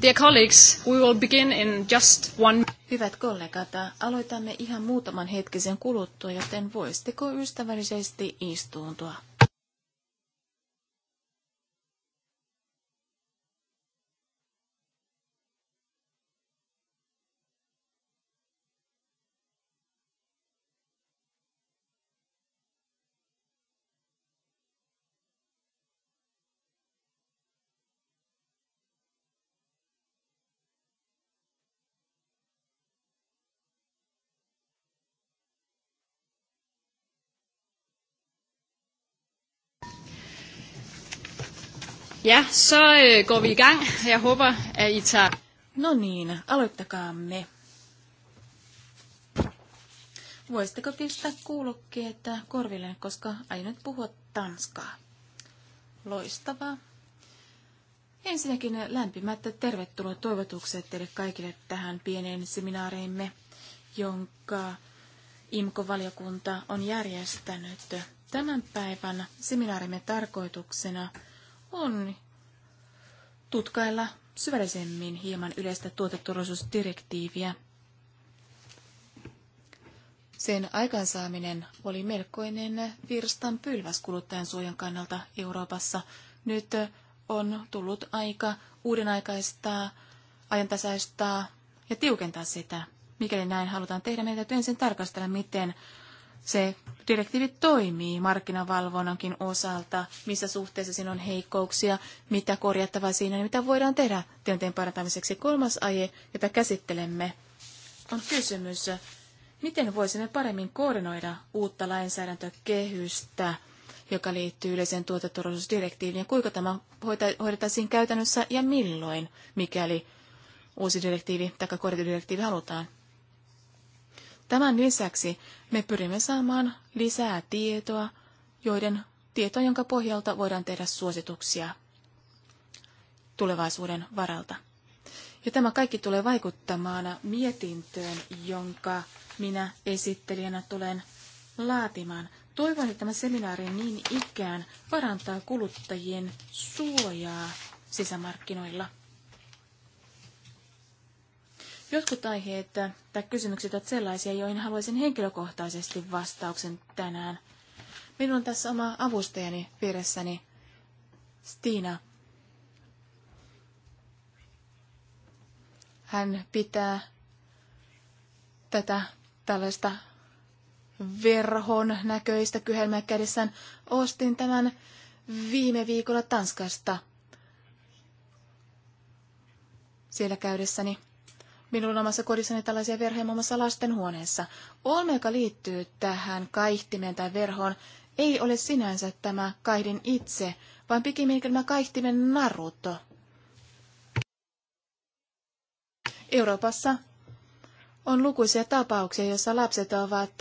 Dear colleagues, we will begin in just one... Hyvät kollegat, aloitamme ihan muutaman hetkisen kuluttua, joten voisitteko ystävällisesti istuuntua? Ja, så øh, går vi i gang. Jeg håber, at I tager... No niin, aloittakaamme. Voisitteko pistää kuulokkeet korville, koska aion nyt puhua tanskaa. Loistavaa. Ensinnäkin lämpimät tervetuloa toivotukset teille kaikille tähän pieneen seminaariimme, jonka IMKO-valiokunta on järjestänyt. Tämän päivän seminaarimme tarkoituksena on tutkailla syvällisemmin hieman yleistä tuoteturvallisuusdirektiiviä. Sen aikaansaaminen oli melkoinen virstan pylväs kuluttajan suojan kannalta Euroopassa. Nyt on tullut aika uudenaikaistaa, ajantasaistaa ja tiukentaa sitä. Mikäli näin halutaan tehdä, meidän täytyy ensin tarkastella, miten se direktiivi toimii markkinavalvonnankin osalta, missä suhteessa siinä on heikkouksia, mitä korjattavaa siinä ja niin mitä voidaan tehdä tilanteen parantamiseksi. Kolmas aihe, jota käsittelemme, on kysymys, miten voisimme paremmin koordinoida uutta lainsäädäntökehystä, joka liittyy yleiseen tuoteturvallisuusdirektiiviin, ja kuinka tämä hoidettaisiin käytännössä ja milloin, mikäli uusi direktiivi tai korjattu direktiivi halutaan Tämän lisäksi me pyrimme saamaan lisää tietoa, joiden tietoa, jonka pohjalta voidaan tehdä suosituksia tulevaisuuden varalta. Ja tämä kaikki tulee vaikuttamaan mietintöön, jonka minä esittelijänä tulen laatimaan. Toivon, että tämä seminaari niin ikään parantaa kuluttajien suojaa sisämarkkinoilla. Jotkut aiheet tai kysymykset ovat sellaisia, joihin haluaisin henkilökohtaisesti vastauksen tänään. Minulla on tässä oma avustajani vieressäni, Stina. Hän pitää tätä tällaista verhon näköistä kyhelmää kädessään. Ostin tämän viime viikolla Tanskasta. Siellä käydessäni Minun omassa kodissani tällaisia verhoja muun muassa lastenhuoneessa. Olme, joka liittyy tähän kaihtimeen tai verhoon, ei ole sinänsä tämä kaihdin itse, vaan pikemminkin tämä kaihtimen naruto. Euroopassa on lukuisia tapauksia, joissa lapset ovat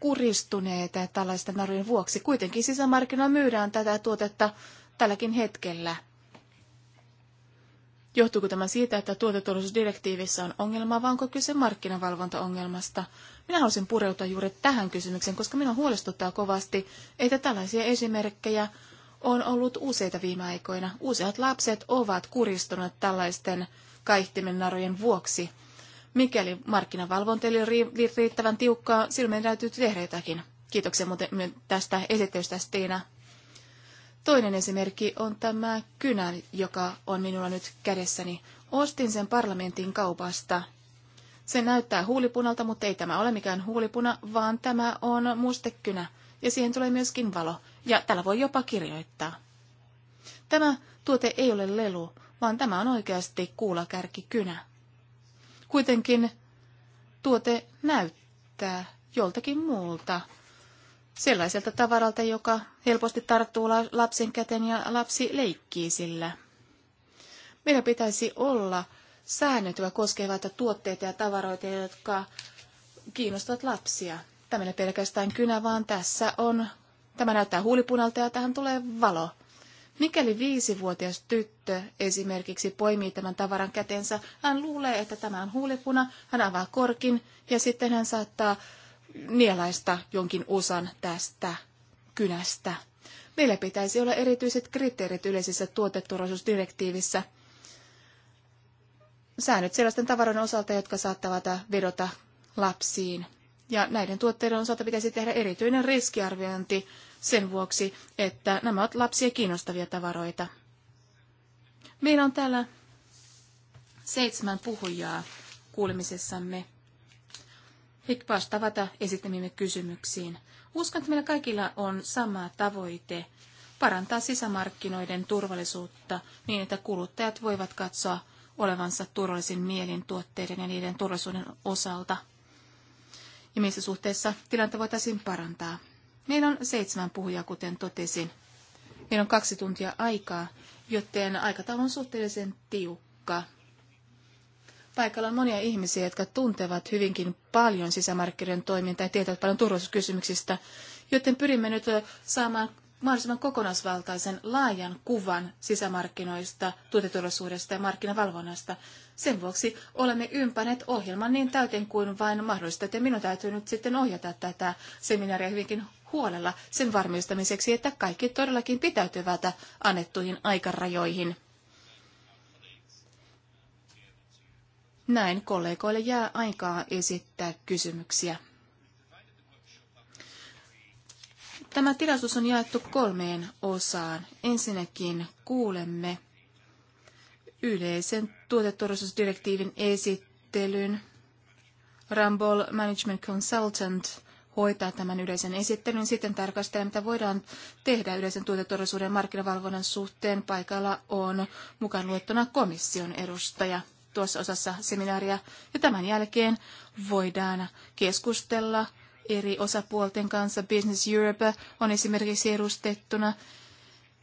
kuristuneita tällaisten narujen vuoksi. Kuitenkin sisämarkkinoilla myydään tätä tuotetta tälläkin hetkellä. Johtuuko tämä siitä, että tuoteturvallisuusdirektiivissä on ongelma, vai onko kyse markkinavalvontaongelmasta? Minä haluaisin pureutua juuri tähän kysymykseen, koska minua huolestuttaa kovasti, että tällaisia esimerkkejä on ollut useita viime aikoina. Useat lapset ovat kuristuneet tällaisten kaihtimennarojen vuoksi. Mikäli markkinavalvonta ei ole riittävän tiukkaa, silloin meidän täytyy tehdä jotakin. Kiitoksia muuten tästä esittelystä, Stina. Toinen esimerkki on tämä kynä, joka on minulla nyt kädessäni. Ostin sen parlamentin kaupasta. Se näyttää huulipunalta, mutta ei tämä ole mikään huulipuna, vaan tämä on mustekynä. Ja siihen tulee myöskin valo. Ja tällä voi jopa kirjoittaa. Tämä tuote ei ole lelu, vaan tämä on oikeasti kuulakärkikynä. Kuitenkin tuote näyttää joltakin muulta sellaiselta tavaralta, joka helposti tarttuu lapsen käteen ja lapsi leikkii sillä. Meillä pitäisi olla säännöt, jotka koskevat tuotteita ja tavaroita, jotka kiinnostavat lapsia. Tämä ei pelkästään kynä, vaan tässä on, tämä näyttää huulipunalta ja tähän tulee valo. Mikäli viisivuotias tyttö esimerkiksi poimii tämän tavaran kätensä, hän luulee, että tämä on huulipuna, hän avaa korkin ja sitten hän saattaa nielaista jonkin osan tästä kynästä. Meillä pitäisi olla erityiset kriteerit yleisessä tuoteturvallisuusdirektiivissä. Säännöt sellaisten tavaroiden osalta, jotka saattavat vedota lapsiin. Ja näiden tuotteiden osalta pitäisi tehdä erityinen riskiarviointi sen vuoksi, että nämä ovat lapsia kiinnostavia tavaroita. Meillä on täällä seitsemän puhujaa kuulemisessamme. He vastaavat esittämimme kysymyksiin. Uskon, että meillä kaikilla on sama tavoite parantaa sisämarkkinoiden turvallisuutta niin, että kuluttajat voivat katsoa olevansa turvallisin mielin tuotteiden ja niiden turvallisuuden osalta. Ja missä suhteessa tilannetta voitaisiin parantaa. Meillä on seitsemän puhujaa, kuten totesin. Meillä on kaksi tuntia aikaa, joten aikataulu on suhteellisen tiukka. Paikalla on monia ihmisiä, jotka tuntevat hyvinkin paljon sisämarkkinoiden toimintaa ja tietävät paljon turvallisuuskysymyksistä, joten pyrimme nyt saamaan mahdollisimman kokonaisvaltaisen laajan kuvan sisämarkkinoista, tuoteturvallisuudesta ja markkinavalvonnasta. Sen vuoksi olemme ympäneet ohjelman niin täyteen kuin vain mahdollista, että minun täytyy nyt sitten ohjata tätä seminaaria hyvinkin huolella sen varmistamiseksi, että kaikki todellakin pitäytyvät annettuihin aikarajoihin. Näin kollegoille jää aikaa esittää kysymyksiä. Tämä tilaisuus on jaettu kolmeen osaan. Ensinnäkin kuulemme yleisen tuoteturvallisuusdirektiivin esittelyn. Rambol Management Consultant hoitaa tämän yleisen esittelyn. Sitten tarkastelemme, mitä voidaan tehdä yleisen tuoteturvallisuuden markkinavalvonnan suhteen. Paikalla on mukaan luettuna komission edustaja tuossa osassa seminaaria. Ja tämän jälkeen voidaan keskustella eri osapuolten kanssa. Business Europe on esimerkiksi edustettuna.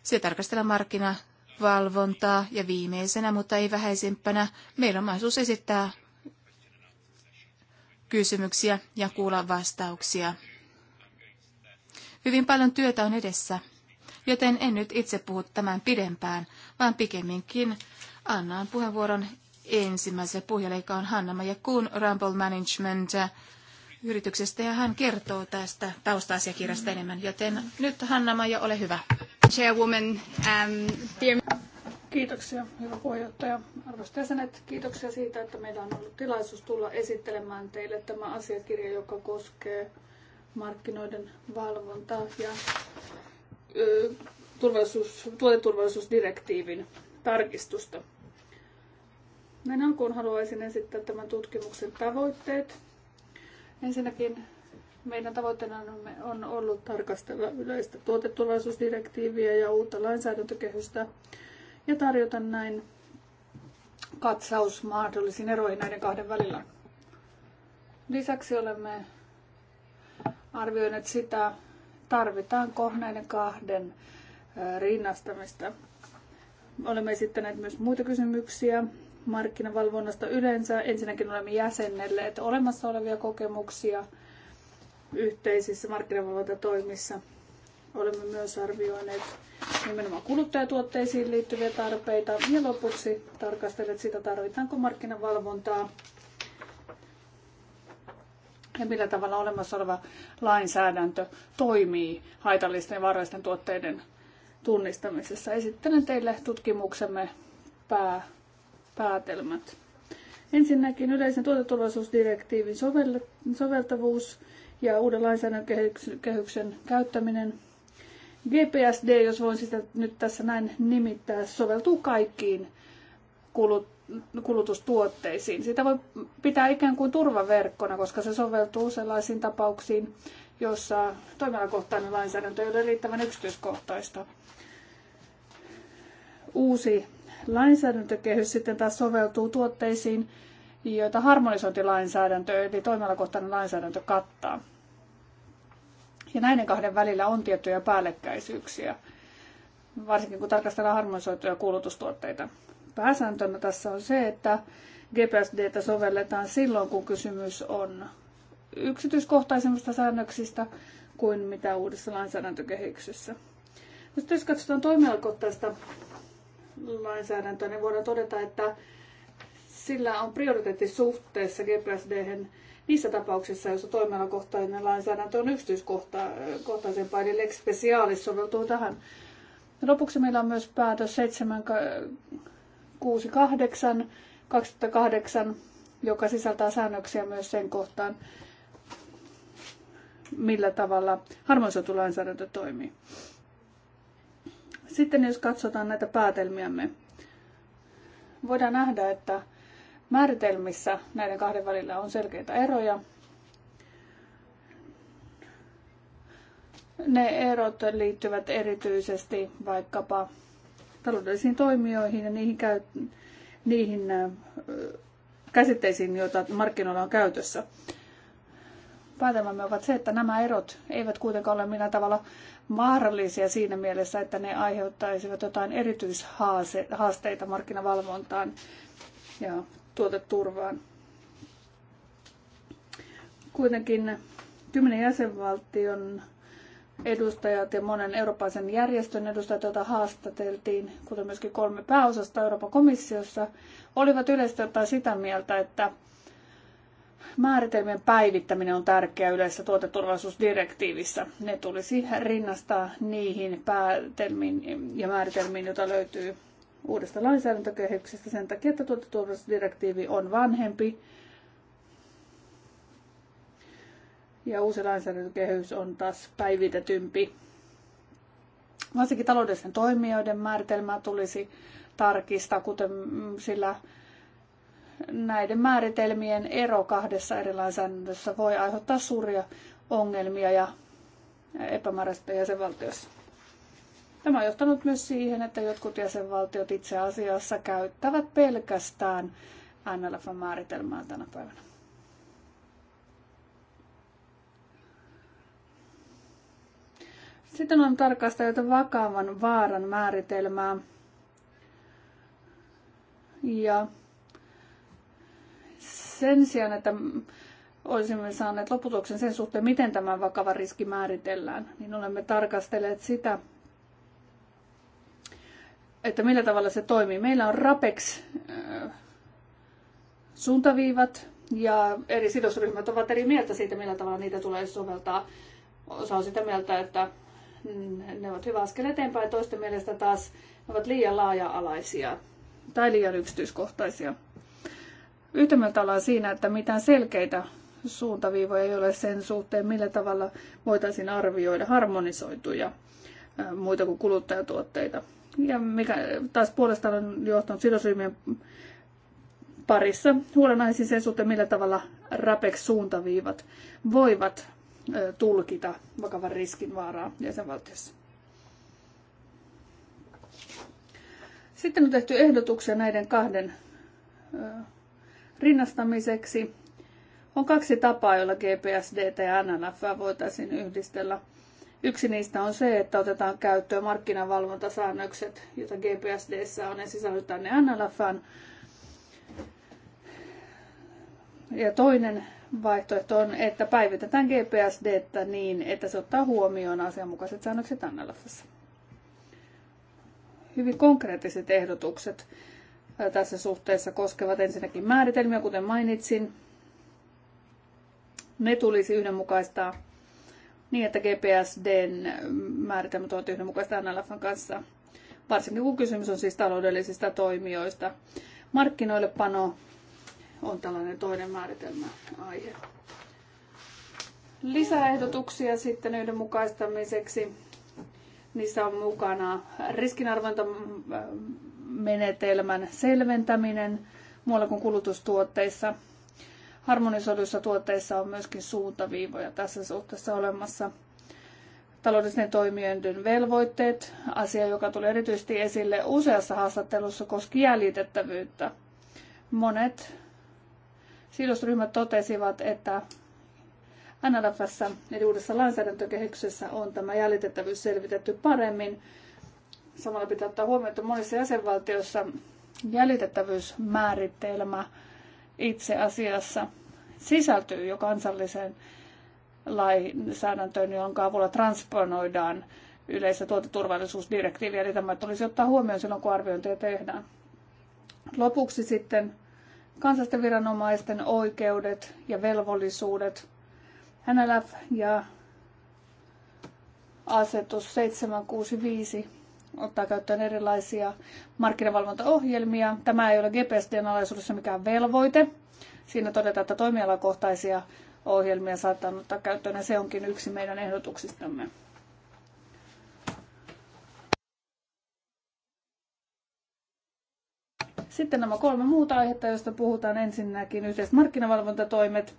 Se tarkastella markkinavalvontaa ja viimeisenä, mutta ei vähäisimpänä, meillä on mahdollisuus esittää kysymyksiä ja kuulla vastauksia. Hyvin paljon työtä on edessä, joten en nyt itse puhu tämän pidempään, vaan pikemminkin annan puheenvuoron ensimmäisellä puhujalla, on Hanna-Maja Kuhn Rumble Management äh, yrityksestä, ja hän kertoo tästä tausta-asiakirjasta enemmän. Joten nyt Hanna-Maja, ole hyvä. Chairwoman, um, dear... Kiitoksia, hyvä puheenjohtaja. Arvoisat jäsenet, kiitoksia siitä, että meillä on ollut tilaisuus tulla esittelemään teille tämä asiakirja, joka koskee markkinoiden valvontaa ja turvallisuus, tuoteturvallisuusdirektiivin tarkistusta. Näin alkuun haluaisin esittää tämän tutkimuksen tavoitteet. Ensinnäkin meidän tavoitteena on ollut tarkastella yleistä tuoteturvallisuusdirektiiviä ja uutta lainsäädäntökehystä ja tarjota näin katsaus mahdollisiin eroihin näiden kahden välillä. Lisäksi olemme arvioineet sitä, tarvitaanko näiden kahden rinnastamista. Olemme esittäneet myös muita kysymyksiä, markkinavalvonnasta yleensä. Ensinnäkin olemme jäsennelleet olemassa olevia kokemuksia yhteisissä markkinavalvontatoimissa. Olemme myös arvioineet nimenomaan kuluttajatuotteisiin liittyviä tarpeita ja lopuksi tarkastelleet sitä, tarvitaanko markkinavalvontaa ja millä tavalla olemassa oleva lainsäädäntö toimii haitallisten ja vaarallisten tuotteiden tunnistamisessa. Esittelen teille tutkimuksemme pää päätelmät. Ensinnäkin yleisen tuoteturvallisuusdirektiivin soveltavuus ja uuden lainsäädännön käyttäminen. GPSD, jos voin sitä nyt tässä näin nimittää, soveltuu kaikkiin kulutustuotteisiin. Sitä voi pitää ikään kuin turvaverkkona, koska se soveltuu sellaisiin tapauksiin, joissa toimialakohtainen lainsäädäntö ei ole riittävän yksityiskohtaista. Uusi Lainsäädäntökehys sitten taas soveltuu tuotteisiin, joita harmonisointilainsäädäntö eli toimialakohtainen lainsäädäntö kattaa. Ja näiden kahden välillä on tiettyjä päällekkäisyyksiä, varsinkin kun tarkastellaan harmonisoituja kulutustuotteita. Pääsääntönä tässä on se, että GPSDtä sovelletaan silloin, kun kysymys on yksityiskohtaisemmista säännöksistä kuin mitä uudessa lainsäädäntökehyksessä. Sitten jos katsotaan toimialakohtaista lainsäädäntöä, niin voidaan todeta, että sillä on prioriteetti suhteessa GPSD niissä tapauksissa, joissa toimialakohtainen lainsäädäntö on yksityiskohtaisempaa, eli lex specialis soveltuu tähän. Lopuksi meillä on myös päätös 768 2008, joka sisältää säännöksiä myös sen kohtaan, millä tavalla harmonisoitu lainsäädäntö toimii. Sitten jos katsotaan näitä päätelmiämme, voidaan nähdä, että määritelmissä näiden kahden välillä on selkeitä eroja. Ne erot liittyvät erityisesti vaikkapa taloudellisiin toimijoihin ja niihin, käy, niihin käsitteisiin, joita markkinoilla on käytössä päätelmämme ovat se, että nämä erot eivät kuitenkaan ole millään tavalla vaarallisia siinä mielessä, että ne aiheuttaisivat jotain erityishaasteita markkinavalvontaan ja tuoteturvaan. Kuitenkin kymmenen jäsenvaltion edustajat ja monen eurooppalaisen järjestön edustajat, joita haastateltiin, kuten myöskin kolme pääosasta Euroopan komissiossa, olivat yleisesti sitä mieltä, että määritelmien päivittäminen on tärkeää yleisessä tuoteturvallisuusdirektiivissä. Ne tulisi rinnastaa niihin päätelmiin ja määritelmiin, joita löytyy uudesta lainsäädäntökehyksestä sen takia, että tuoteturvallisuusdirektiivi on vanhempi ja uusi lainsäädäntökehys on taas päivitetympi. Varsinkin taloudellisten toimijoiden määritelmää tulisi tarkistaa, kuten sillä näiden määritelmien ero kahdessa eri lainsäädännössä voi aiheuttaa suuria ongelmia ja epämääräistä jäsenvaltiossa. Tämä on johtanut myös siihen, että jotkut jäsenvaltiot itse asiassa käyttävät pelkästään NLF-määritelmää tänä päivänä. Sitten on tarkasteltu vakavan vaaran määritelmää. Ja sen sijaan, että olisimme saaneet lopputuloksen sen suhteen, miten tämä vakava riski määritellään, niin olemme tarkastelleet sitä, että millä tavalla se toimii. Meillä on RAPEX äh, suuntaviivat ja eri sidosryhmät ovat eri mieltä siitä, millä tavalla niitä tulee soveltaa. Osa on sitä mieltä, että ne ovat hyvä askel eteenpäin, toisten mielestä taas ne ovat liian laaja-alaisia tai liian yksityiskohtaisia yhtä ollaan siinä, että mitään selkeitä suuntaviivoja ei ole sen suhteen, millä tavalla voitaisiin arvioida harmonisoituja muita kuin kuluttajatuotteita. Ja mikä taas puolestaan on johtanut sidosryhmien parissa huolenaisiin sen suhteen, millä tavalla RAPEX-suuntaviivat voivat tulkita vakavan riskin vaaraa jäsenvaltiossa. Sitten on tehty ehdotuksia näiden kahden rinnastamiseksi. On kaksi tapaa, joilla GPSDT ja NNF voitaisiin yhdistellä. Yksi niistä on se, että otetaan käyttöön markkinavalvontasäännökset, joita GPSDssä on, ja sisällytetään ne NLFään. Ja toinen vaihtoehto on, että päivitetään GPSDtä niin, että se ottaa huomioon asianmukaiset säännökset NLFssä. Hyvin konkreettiset ehdotukset tässä suhteessa koskevat ensinnäkin määritelmiä, kuten mainitsin. Ne tulisi yhdenmukaistaa niin, että GPSDn määritelmät ovat yhdenmukaista NLFn kanssa, varsinkin kun kysymys on siis taloudellisista toimijoista. Markkinoille pano on tällainen toinen määritelmä aihe. Lisäehdotuksia sitten yhdenmukaistamiseksi. Niissä on mukana riskinarvonta menetelmän selventäminen muualla kuin kulutustuotteissa. Harmonisoiduissa tuotteissa on myöskin suuntaviivoja tässä suhteessa olemassa. Taloudellisten toimijoiden velvoitteet, asia, joka tuli erityisesti esille useassa haastattelussa, koski jäljitettävyyttä. Monet sidosryhmät totesivat, että NLFssä eli uudessa lainsäädäntökehyksessä on tämä jäljitettävyys selvitetty paremmin Samalla pitää ottaa huomioon, että monissa jäsenvaltioissa jäljitettävyysmääritelmä itse asiassa sisältyy jo kansalliseen lainsäädäntöön, jonka avulla transponoidaan yleistä tuoteturvallisuusdirektiiviä, eli tämä tulisi ottaa huomioon silloin, kun arviointia tehdään. Lopuksi sitten kansallisten viranomaisten oikeudet ja velvollisuudet. NLF ja asetus 765 ottaa käyttöön erilaisia markkinavalvontaohjelmia. Tämä ei ole GPSDn alaisuudessa mikään velvoite. Siinä todetaan, että toimialakohtaisia ohjelmia saattaa ottaa käyttöön, ja se onkin yksi meidän ehdotuksistamme. Sitten nämä kolme muuta aihetta, joista puhutaan ensinnäkin yhteiset markkinavalvontatoimet –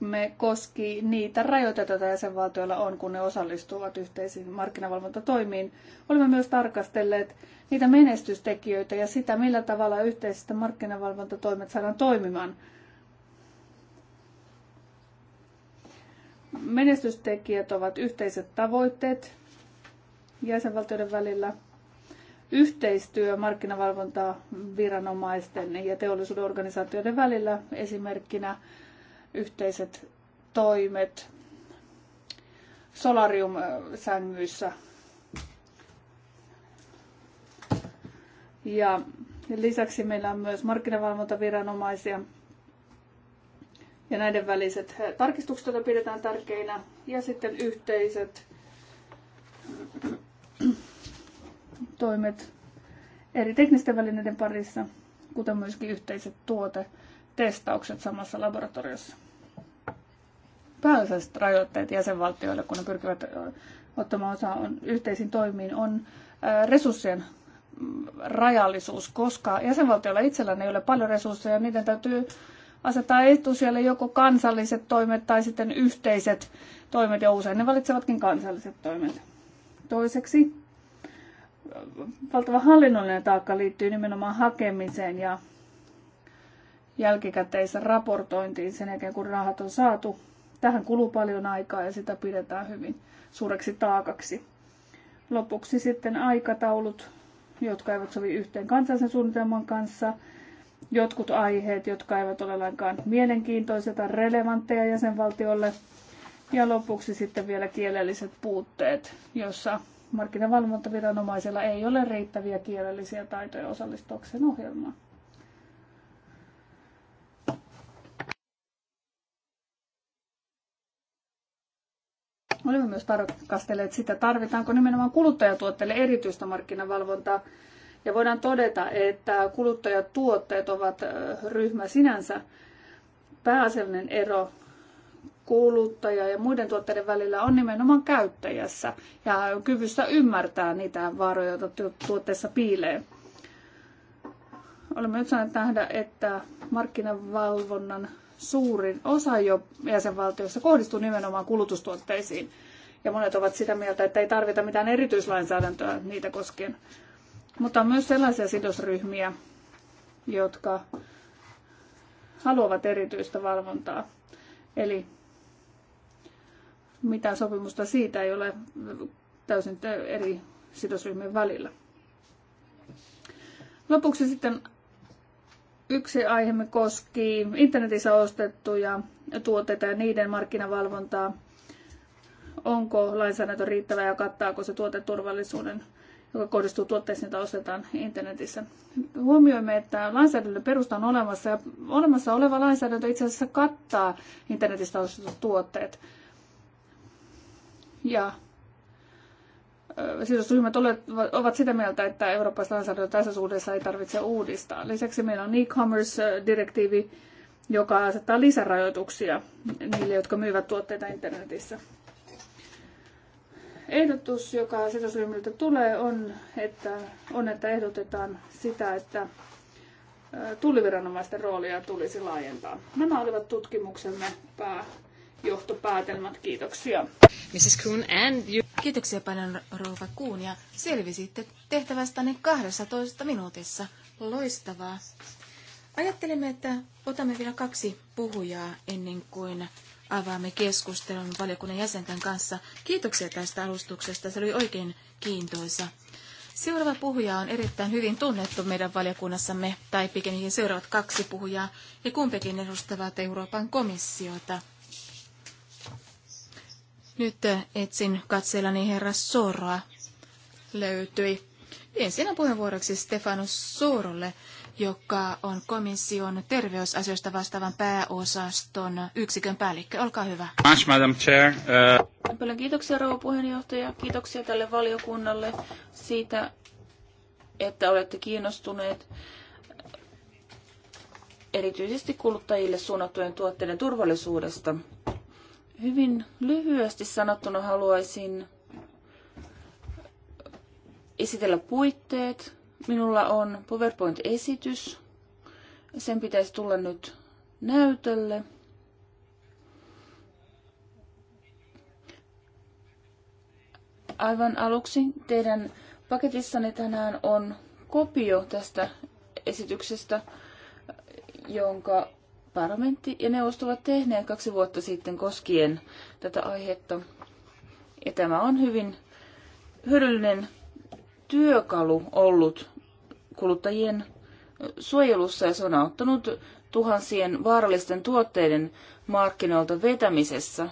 me koski niitä rajoitteita, joita jäsenvaltioilla on, kun ne osallistuvat yhteisiin markkinavalvontatoimiin. Olemme myös tarkastelleet niitä menestystekijöitä ja sitä, millä tavalla yhteisistä markkinavalvontatoimet saadaan toimimaan. Menestystekijät ovat yhteiset tavoitteet jäsenvaltioiden välillä, yhteistyö markkinavalvontaviranomaisten viranomaisten ja teollisuuden organisaatioiden välillä esimerkkinä yhteiset toimet solariumsängyissä. Ja lisäksi meillä on myös markkinavalvontaviranomaisia ja näiden väliset tarkistukset, joita pidetään tärkeinä, ja sitten yhteiset toimet eri teknisten välineiden parissa, kuten myöskin yhteiset tuotetestaukset samassa laboratoriossa pääasialliset rajoitteet jäsenvaltioille, kun ne pyrkivät ottamaan osaa yhteisiin toimiin, on resurssien mm, rajallisuus, koska jäsenvaltioilla itsellään ei ole paljon resursseja, niiden täytyy asettaa etusijalle joko kansalliset toimet tai sitten yhteiset toimet, ja usein ne valitsevatkin kansalliset toimet. Toiseksi valtava hallinnollinen taakka liittyy nimenomaan hakemiseen ja jälkikäteisraportointiin sen jälkeen, kun rahat on saatu. Tähän kuluu paljon aikaa ja sitä pidetään hyvin suureksi taakaksi. Lopuksi sitten aikataulut, jotka eivät sovi yhteen kansallisen suunnitelman kanssa. Jotkut aiheet, jotka eivät ole lainkaan mielenkiintoisia tai relevantteja jäsenvaltiolle. Ja lopuksi sitten vielä kielelliset puutteet, jossa markkinavalvontaviranomaisella ei ole riittäviä kielellisiä taitoja osallistuakseen ohjelmaan. Olemme myös tarkastelleet sitä, tarvitaanko nimenomaan kuluttajatuotteille erityistä markkinavalvontaa. Ja voidaan todeta, että kuluttajatuotteet ovat ryhmä sinänsä pääasiallinen ero kuluttaja ja muiden tuotteiden välillä on nimenomaan käyttäjässä ja kyvyssä ymmärtää niitä vaaroja, joita tuotteessa piilee. Olemme nyt saaneet nähdä, että markkinavalvonnan suurin osa jo jäsenvaltioissa kohdistuu nimenomaan kulutustuotteisiin. Ja monet ovat sitä mieltä, että ei tarvita mitään erityislainsäädäntöä niitä koskien. Mutta on myös sellaisia sidosryhmiä, jotka haluavat erityistä valvontaa. Eli mitään sopimusta siitä ei ole täysin eri sidosryhmien välillä. Lopuksi sitten Yksi aihe koski internetissä ostettuja tuotteita ja niiden markkinavalvontaa. Onko lainsäädäntö riittävä ja kattaako se tuoteturvallisuuden, joka kohdistuu tuotteisiin, joita ostetaan internetissä? Huomioimme, että lainsäädännön perusta on olemassa ja olemassa oleva lainsäädäntö itse asiassa kattaa internetistä ostetut tuotteet. Ja sidosryhmät ovat sitä mieltä, että eurooppalaista lainsäädäntöä tässä suhteessa ei tarvitse uudistaa. Lisäksi meillä on e-commerce-direktiivi, joka asettaa lisärajoituksia niille, jotka myyvät tuotteita internetissä. Ehdotus, joka sidosryhmiltä tulee, on, että, on, että ehdotetaan sitä, että tulliviranomaisten roolia tulisi laajentaa. Nämä olivat tutkimuksemme pää johtopäätelmät. Kiitoksia. Mrs. Kuhn and you... Kiitoksia paljon Rouva Kuhn ja selvisitte tehtävästänne 12 minuutissa. Loistavaa. Ajattelimme, että otamme vielä kaksi puhujaa ennen kuin avaamme keskustelun valiokunnan jäsenten kanssa. Kiitoksia tästä alustuksesta, se oli oikein kiintoisa. Seuraava puhuja on erittäin hyvin tunnettu meidän valiokunnassamme, tai pikemminkin seuraavat kaksi puhujaa, ja kumpikin edustavat Euroopan komissiota. Nyt etsin katsellani herra Soroa. Löytyi. Ensinnä puheenvuoroksi Stefano Sorolle, joka on komission terveysasioista vastaavan pääosaston yksikön päällikkö. Olkaa hyvä. Madam Chair. Äh, Paljon kiitoksia rouva puheenjohtaja. Kiitoksia tälle valiokunnalle siitä, että olette kiinnostuneet erityisesti kuluttajille suunnattujen tuotteiden turvallisuudesta. Hyvin lyhyesti sanottuna haluaisin esitellä puitteet. Minulla on PowerPoint-esitys. Sen pitäisi tulla nyt näytölle. Aivan aluksi teidän paketissanne tänään on kopio tästä esityksestä, jonka parlamentti ja neuvosto ovat tehneet kaksi vuotta sitten koskien tätä aihetta. Ja tämä on hyvin hyödyllinen työkalu ollut kuluttajien suojelussa ja se on auttanut tuhansien vaarallisten tuotteiden markkinoilta vetämisessä.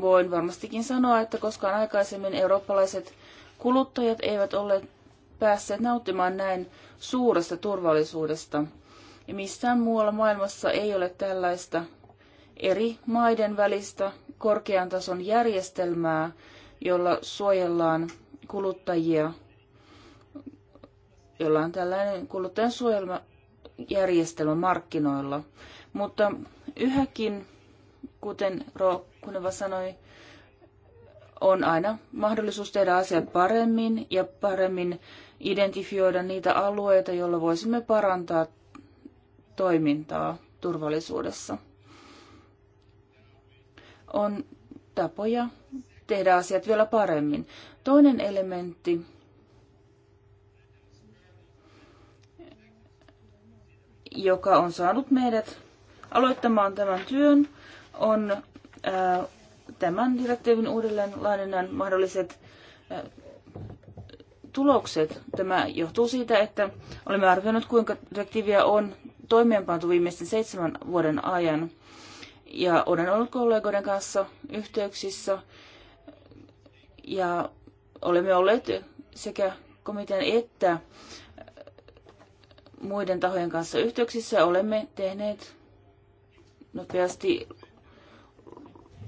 Voin varmastikin sanoa, että koskaan aikaisemmin eurooppalaiset kuluttajat eivät ole päässeet nauttimaan näin suuresta turvallisuudesta ja missään muualla maailmassa ei ole tällaista eri maiden välistä korkean tason järjestelmää, jolla suojellaan kuluttajia, jolla on tällainen kuluttajan suojelmajärjestelmä markkinoilla. Mutta yhäkin, kuten Rokuneva sanoi, on aina mahdollisuus tehdä asiat paremmin ja paremmin identifioida niitä alueita, joilla voisimme parantaa toimintaa turvallisuudessa. On tapoja tehdä asiat vielä paremmin. Toinen elementti joka on saanut meidät aloittamaan tämän työn, on ää, äh, tämän direktiivin uudelleenlaadinnan mahdolliset ää, äh, tulokset. Tämä johtuu siitä, että olemme arvioineet, kuinka direktiiviä on toimeenpantu viimeisten seitsemän vuoden ajan. Ja olen ollut kollegoiden kanssa yhteyksissä ja olemme olleet sekä komitean että äh, muiden tahojen kanssa yhteyksissä. Olemme tehneet nopeasti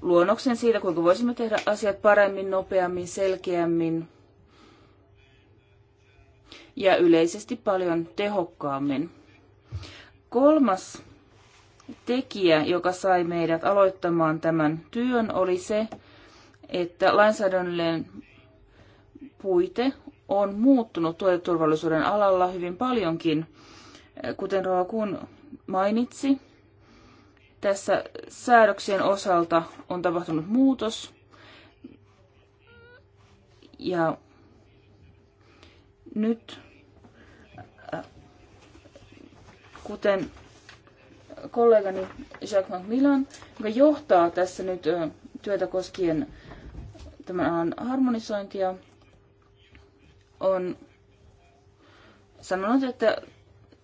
luonnoksen siitä, kuinka voisimme tehdä asiat paremmin, nopeammin, selkeämmin ja yleisesti paljon tehokkaammin. Kolmas tekijä, joka sai meidät aloittamaan tämän työn, oli se, että lainsäädännöllinen puite on muuttunut tuoteturvallisuuden alalla hyvin paljonkin. Kuten Roa Kun mainitsi, tässä säädöksien osalta on tapahtunut muutos. Ja nyt kuten kollegani Jacques Macmillan, joka johtaa tässä nyt työtä koskien tämän alan harmonisointia, on sanonut, että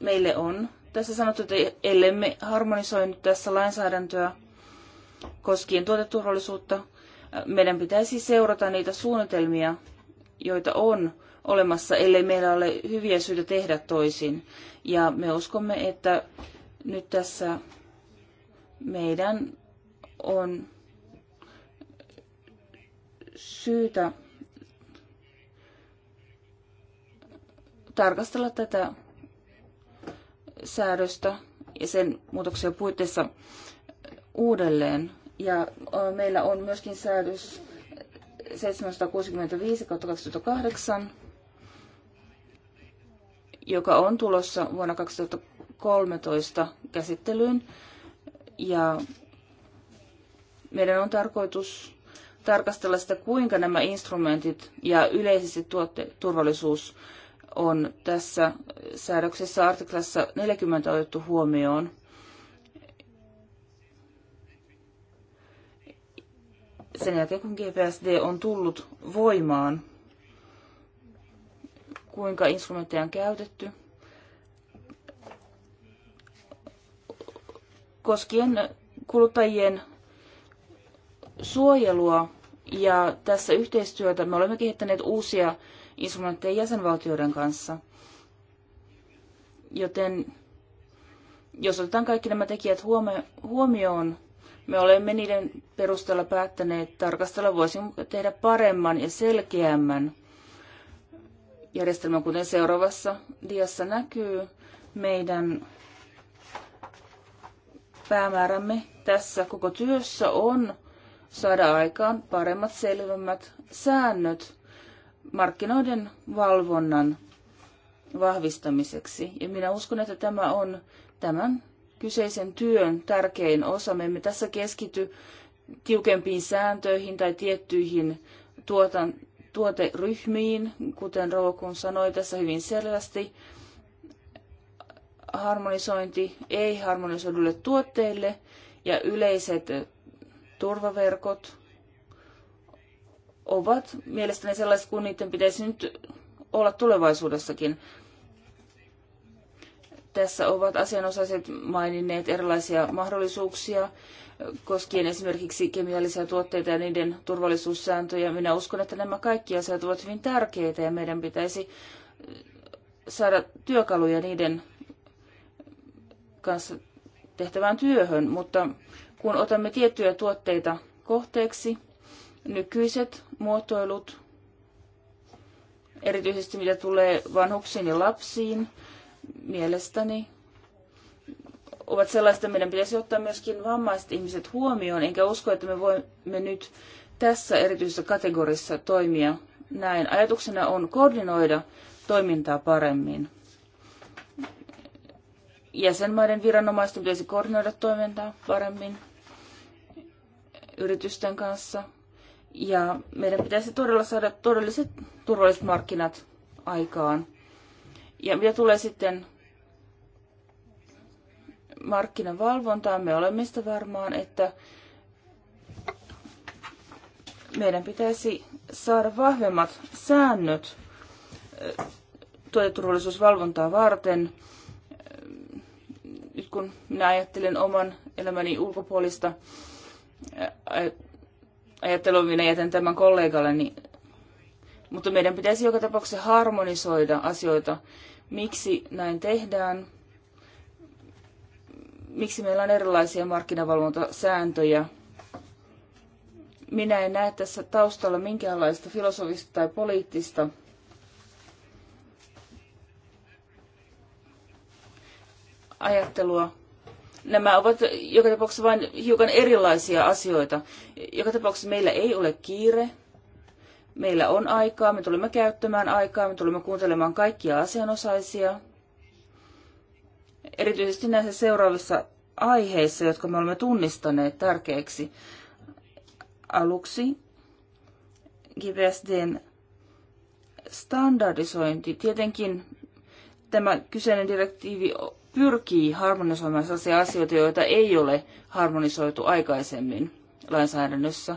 meille on tässä sanottu, että ellemme harmonisoi nyt tässä lainsäädäntöä koskien tuoteturvallisuutta, meidän pitäisi seurata niitä suunnitelmia, joita on olemassa, ellei meillä ole hyviä syitä tehdä toisin. Ja me uskomme, että nyt tässä meidän on syytä tarkastella tätä säädöstä ja sen muutoksia puitteissa uudelleen. Ja meillä on myöskin säädös 765 2008 joka on tulossa vuonna 2013 käsittelyyn. Ja meidän on tarkoitus tarkastella sitä, kuinka nämä instrumentit ja yleisesti tuoteturvallisuus on tässä säädöksessä artiklassa 40 otettu huomioon. Sen jälkeen, kun GPSD on tullut voimaan, kuinka instrumentteja on käytetty. Koskien kuluttajien suojelua ja tässä yhteistyötä me olemme kehittäneet uusia instrumentteja jäsenvaltioiden kanssa. Joten jos otetaan kaikki nämä tekijät huomioon, me olemme niiden perusteella päättäneet tarkastella, voisimmeko tehdä paremman ja selkeämmän järjestelmä, kuten seuraavassa diassa näkyy, meidän päämäärämme tässä koko työssä on saada aikaan paremmat, selvemmät säännöt markkinoiden valvonnan vahvistamiseksi. Ja minä uskon, että tämä on tämän kyseisen työn tärkein osa. Me emme tässä keskity tiukempiin sääntöihin tai tiettyihin tuotan, tuoteryhmiin, kuten Rookun sanoi tässä hyvin selvästi. Harmonisointi ei harmonisoidulle tuotteille ja yleiset turvaverkot ovat mielestäni sellaiset kuin niiden pitäisi nyt olla tulevaisuudessakin. Tässä ovat asianosaiset maininneet erilaisia mahdollisuuksia koskien esimerkiksi kemiallisia tuotteita ja niiden turvallisuussääntöjä. Minä uskon, että nämä kaikki asiat ovat hyvin tärkeitä ja meidän pitäisi äh, saada työkaluja niiden kanssa tehtävään työhön, mutta kun otamme tiettyjä tuotteita kohteeksi, nykyiset muotoilut, erityisesti mitä tulee vanhuksiin ja lapsiin, mielestäni ovat sellaista, meidän pitäisi ottaa myöskin vammaiset ihmiset huomioon, enkä usko, että me voimme nyt tässä erityisessä kategorissa toimia näin. Ajatuksena on koordinoida toimintaa paremmin. Jäsenmaiden viranomaisten pitäisi koordinoida toimintaa paremmin yritysten kanssa. Ja meidän pitäisi todella saada todelliset turvalliset markkinat aikaan. Ja mitä tulee sitten markkinavalvontaa. Me olemme sitä varmaan, että meidän pitäisi saada vahvemmat säännöt eh, tuoteturvallisuusvalvontaa varten. Eh, nyt kun minä ajattelen oman elämäni ulkopuolista eh, ajattelua, minä jätän tämän niin Mutta meidän pitäisi joka tapauksessa harmonisoida asioita. Miksi näin tehdään? miksi meillä on erilaisia markkinavalvontasääntöjä. Minä en näe tässä taustalla minkäänlaista filosofista tai poliittista ajattelua. Nämä ovat joka tapauksessa vain hiukan erilaisia asioita. Joka tapauksessa meillä ei ole kiire, meillä on aikaa, me tulemme käyttämään aikaa, me tulemme kuuntelemaan kaikkia asianosaisia – erityisesti näissä seuraavissa aiheissa, jotka me olemme tunnistaneet tärkeiksi. Aluksi GPSDn standardisointi. Tietenkin tämä kyseinen direktiivi pyrkii harmonisoimaan sellaisia asioita, joita ei ole harmonisoitu aikaisemmin lainsäädännössä.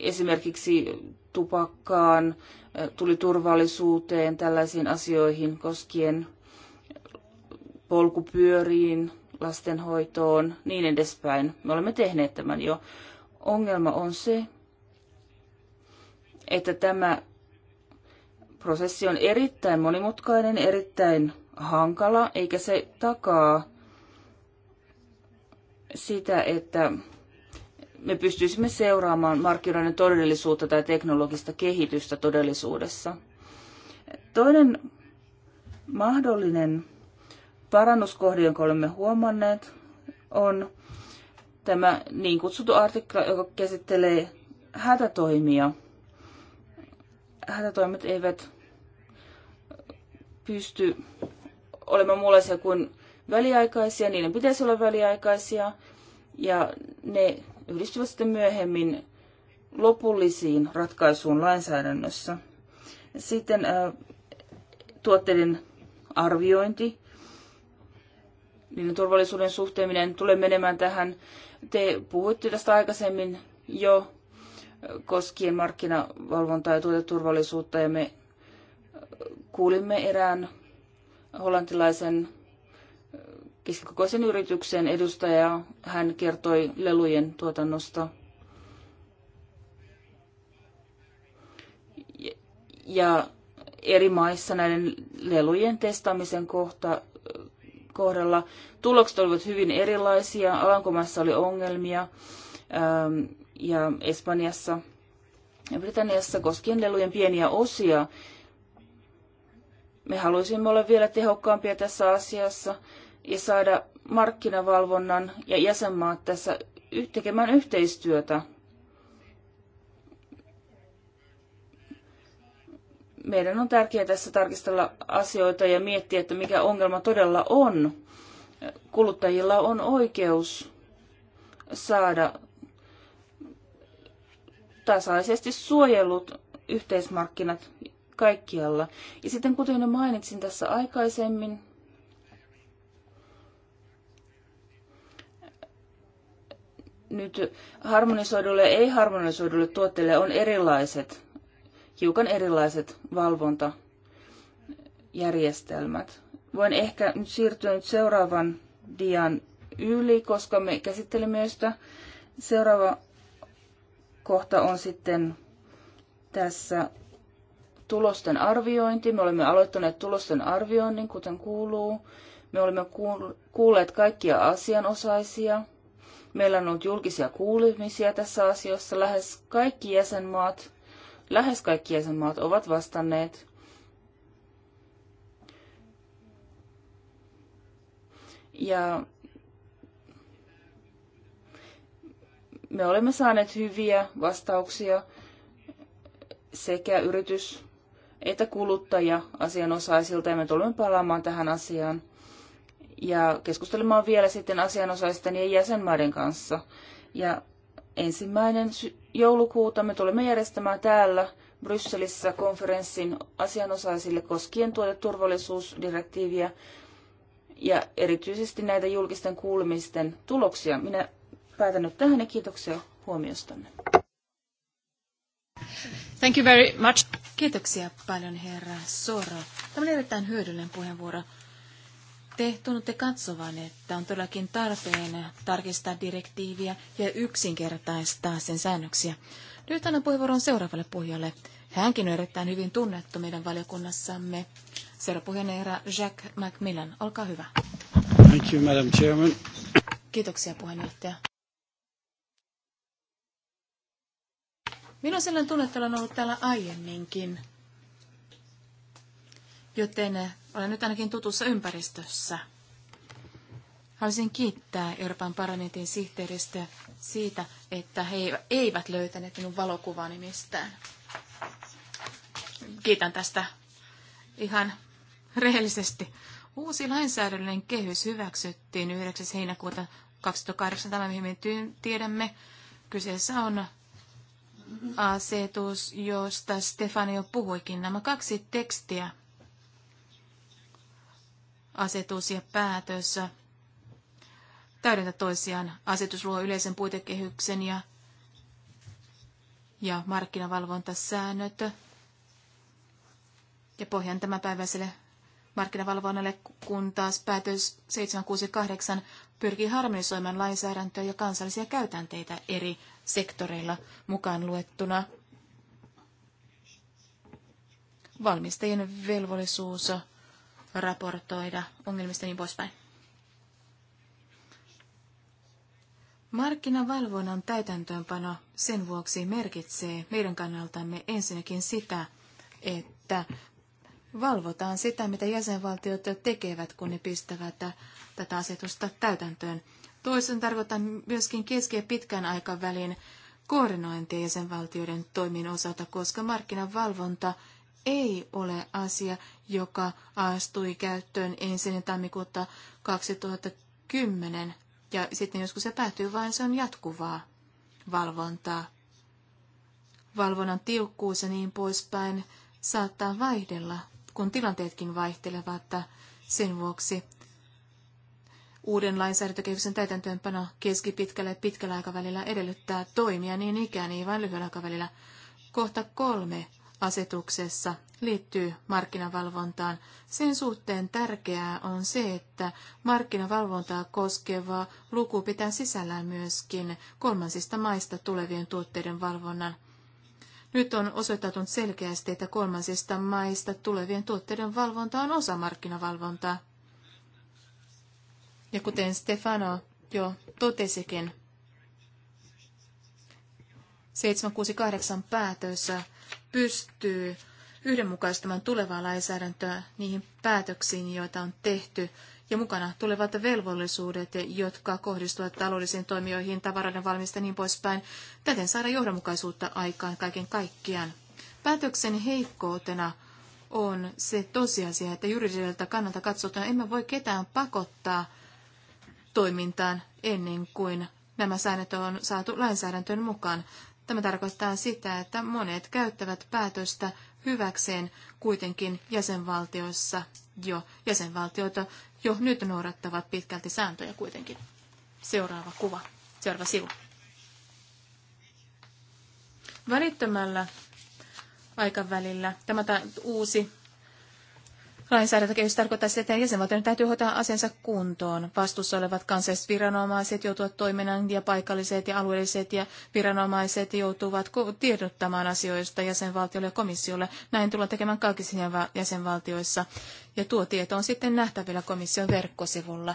Esimerkiksi tupakkaan, tuliturvallisuuteen, tällaisiin asioihin koskien – polkupyöriin, lastenhoitoon, niin edespäin. Me olemme tehneet tämän jo. Ongelma on se, että tämä prosessi on erittäin monimutkainen, erittäin hankala, eikä se takaa sitä, että me pystyisimme seuraamaan markkinoiden todellisuutta tai teknologista kehitystä todellisuudessa. Toinen mahdollinen parannuskohde, jonka olemme huomanneet, on tämä niin kutsuttu artikla, joka käsittelee hätätoimia. Hätätoimet eivät pysty olemaan muunlaisia kuin väliaikaisia, niiden pitäisi olla väliaikaisia, ja ne yhdistyvät sitten myöhemmin lopullisiin ratkaisuun lainsäädännössä. Sitten äh, tuotteiden arviointi, niiden turvallisuuden suhteen. Minä en tule menemään tähän. Te puhuitte tästä aikaisemmin jo koskien markkinavalvontaa ja tuoteturvallisuutta ja me kuulimme erään hollantilaisen keskikokoisen yrityksen edustaja. Hän kertoi lelujen tuotannosta. Ja eri maissa näiden lelujen testaamisen kohta kohdalla tulokset olivat hyvin erilaisia. Alankomaissa oli ongelmia ähm, ja Espanjassa ja Britanniassa koskien lelujen pieniä osia. Me haluaisimme olla vielä tehokkaampia tässä asiassa ja saada markkinavalvonnan ja jäsenmaat tässä tekemään yhteistyötä. meidän on tärkeää tässä tarkistella asioita ja miettiä, että mikä ongelma todella on. Kuluttajilla on oikeus saada tasaisesti suojellut yhteismarkkinat kaikkialla. Ja sitten kuten jo mainitsin tässä aikaisemmin, nyt harmonisoidulle ja ei-harmonisoidulle tuotteille on erilaiset hiukan erilaiset valvontajärjestelmät. Voin ehkä nyt siirtyä nyt seuraavan dian yli, koska me käsittelimme sitä. Seuraava kohta on sitten tässä tulosten arviointi. Me olemme aloittaneet tulosten arvioinnin, kuten kuuluu. Me olemme kuulleet kaikkia asianosaisia. Meillä on ollut julkisia kuulemisia tässä asiassa. Lähes kaikki jäsenmaat lähes kaikki jäsenmaat ovat vastanneet. Ja me olemme saaneet hyviä vastauksia sekä yritys- että kuluttaja-asianosaisilta ja me tulemme palaamaan tähän asiaan ja keskustelemaan vielä sitten asianosaisten ja jäsenmaiden kanssa. Ja ensimmäinen joulukuuta me tulemme järjestämään täällä Brysselissä konferenssin asianosaisille koskien tuoteturvallisuusdirektiiviä ja erityisesti näitä julkisten kuulemisten tuloksia. Minä päätän nyt tähän ja kiitoksia huomiostanne. Thank you very much. Kiitoksia paljon herra Soro. Tämä on erittäin hyödyllinen puheenvuoro. Te tunnutte katsovan, että on todellakin tarpeen tarkistaa direktiiviä ja yksinkertaistaa sen säännöksiä. Nyt annan puheenvuoron seuraavalle puhujalle. Hänkin on erittäin hyvin tunnettu meidän valiokunnassamme. Seuraava puheenjohtaja Jack Macmillan, olkaa hyvä. Thank you, Madam Chairman. Kiitoksia puheenjohtaja. Minä on sellainen tunne, että olen ollut täällä aiemminkin. Joten olen nyt ainakin tutussa ympäristössä. Haluaisin kiittää Euroopan parlamentin sihteeristä siitä, että he eivät löytäneet minun valokuvani mistään. Kiitän tästä ihan rehellisesti. Uusi lainsäädännöllinen kehys hyväksyttiin 9. heinäkuuta 2008. Tämä mihin me tiedämme. Kyseessä on asetus, josta Stefani jo puhuikin. Nämä kaksi tekstiä asetus ja päätös täydentä toisiaan. Asetus luo yleisen puitekehyksen ja, ja markkinavalvontasäännöt. Ja pohjan tämänpäiväiselle markkinavalvonnalle, kun taas päätös 768 pyrkii harmonisoimaan lainsäädäntöä ja kansallisia käytänteitä eri sektoreilla mukaan luettuna. Valmistajien velvollisuus raportoida ongelmista niin poispäin. Markkinavalvonnan täytäntöönpano sen vuoksi merkitsee meidän kannaltamme ensinnäkin sitä, että valvotaan sitä, mitä jäsenvaltiot tekevät, kun ne pistävät tätä asetusta täytäntöön. Toisen tarkoitan myöskin keski- ja pitkän aikavälin koordinointia jäsenvaltioiden toimin osalta, koska markkinavalvonta ei ole asia, joka astui käyttöön ensin tammikuuta 2010 ja sitten joskus se päättyy, vaan se on jatkuvaa valvontaa. Valvonnan tiukkuus ja niin poispäin saattaa vaihdella, kun tilanteetkin vaihtelevat, sen vuoksi uuden lainsäädäntökehyksen täytäntöönpano keskipitkällä ja pitkällä aikavälillä edellyttää toimia niin ikään, ei vain lyhyellä aikavälillä. Kohta kolme asetuksessa liittyy markkinavalvontaan. Sen suhteen tärkeää on se, että markkinavalvontaa koskeva luku pitää sisällään myöskin kolmansista maista tulevien tuotteiden valvonnan. Nyt on osoittautunut selkeästi, että kolmansista maista tulevien tuotteiden valvonta on osa markkinavalvontaa. Ja kuten Stefano jo totesikin, 768 päätössä pystyy yhdenmukaistamaan tulevaa lainsäädäntöä niihin päätöksiin, joita on tehty, ja mukana tulevat velvollisuudet, jotka kohdistuvat taloudellisiin toimijoihin, tavaroiden valmista ja niin poispäin, täten saada johdonmukaisuutta aikaan kaiken kaikkiaan. Päätöksen heikkoutena on se tosiasia, että juridiselta kannalta katsottuna emme voi ketään pakottaa toimintaan ennen kuin nämä säännöt on saatu lainsäädäntöön mukaan. Tämä tarkoittaa sitä, että monet käyttävät päätöstä hyväkseen kuitenkin jäsenvaltioissa jo. Jäsenvaltioita jo nyt noudattavat pitkälti sääntöjä kuitenkin. Seuraava kuva, seuraava sivu. Välittömällä aikavälillä tämä uusi Lainsäädäntökehys tarkoittaa sitä, että jäsenvaltioiden täytyy hoitaa asiansa kuntoon. Vastuussa olevat kansalliset viranomaiset joutuvat toiminnan ja paikalliset ja alueelliset ja viranomaiset joutuvat tiedottamaan asioista jäsenvaltiolle ja komissiolle. Näin tullaan tekemään kaikissa jäsenvaltioissa. Ja tuo tieto on sitten nähtävillä komission verkkosivulla.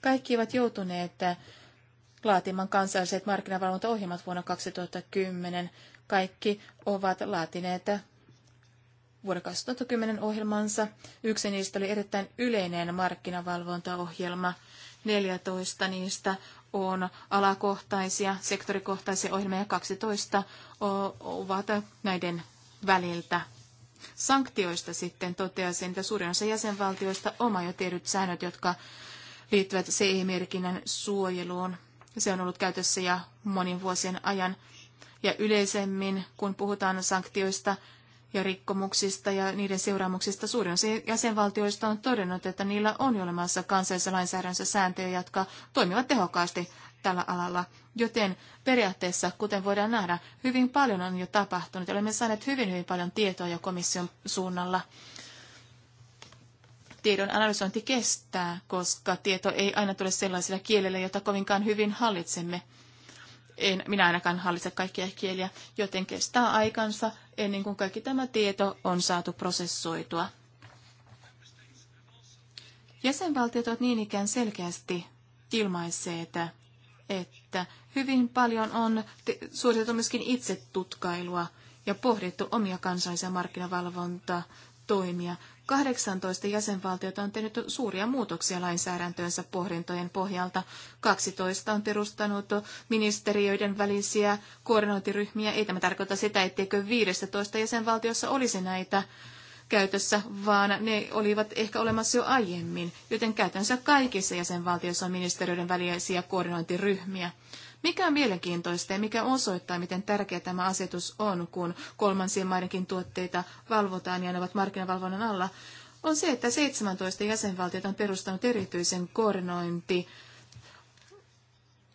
Kaikki ovat joutuneet laatimaan kansalliset markkinavalvontaohjelmat vuonna 2010. Kaikki ovat laatineet vuoden 2010 ohjelmansa. Yksi niistä oli erittäin yleinen markkinavalvontaohjelma. 14 niistä on alakohtaisia, sektorikohtaisia ohjelmia ja 12 ovat näiden väliltä. Sanktioista sitten toteaisin, että suurin osa jäsenvaltioista oma jo tiedyt säännöt, jotka liittyvät CE-merkinnän suojeluun. Se on ollut käytössä ja monin vuosien ajan. Ja yleisemmin, kun puhutaan sanktioista, ja rikkomuksista ja niiden seuraamuksista suurin osa jäsenvaltioista on todennut, että niillä on olemassa kansallisessa lainsäädännössä sääntöjä, jotka toimivat tehokkaasti tällä alalla. Joten periaatteessa, kuten voidaan nähdä, hyvin paljon on jo tapahtunut. Olemme saaneet hyvin, hyvin paljon tietoa jo komission suunnalla. Tiedon analysointi kestää, koska tieto ei aina tule sellaisilla kielillä, jota kovinkaan hyvin hallitsemme. En minä ainakaan hallitse kaikkia kieliä, joten kestää aikansa ennen kuin kaikki tämä tieto on saatu prosessoitua. Jäsenvaltiot ovat niin ikään selkeästi ilmaisseet, että hyvin paljon on suoritettu myöskin itsetutkailua ja pohdittu omia kansallisia markkinavalvontatoimia. 18 jäsenvaltiota on tehnyt suuria muutoksia lainsäädäntöönsä pohdintojen pohjalta. 12 on perustanut ministeriöiden välisiä koordinointiryhmiä. Ei tämä tarkoita sitä, etteikö 15 jäsenvaltiossa olisi näitä käytössä, vaan ne olivat ehkä olemassa jo aiemmin, joten käytännössä kaikissa jäsenvaltioissa on ministeriöiden välisiä koordinointiryhmiä. Mikä on mielenkiintoista ja mikä osoittaa, miten tärkeä tämä asetus on, kun kolmansien maidenkin tuotteita valvotaan ja ne ovat markkinavalvonnan alla, on se, että 17 jäsenvaltiota on perustanut erityisen koordinointi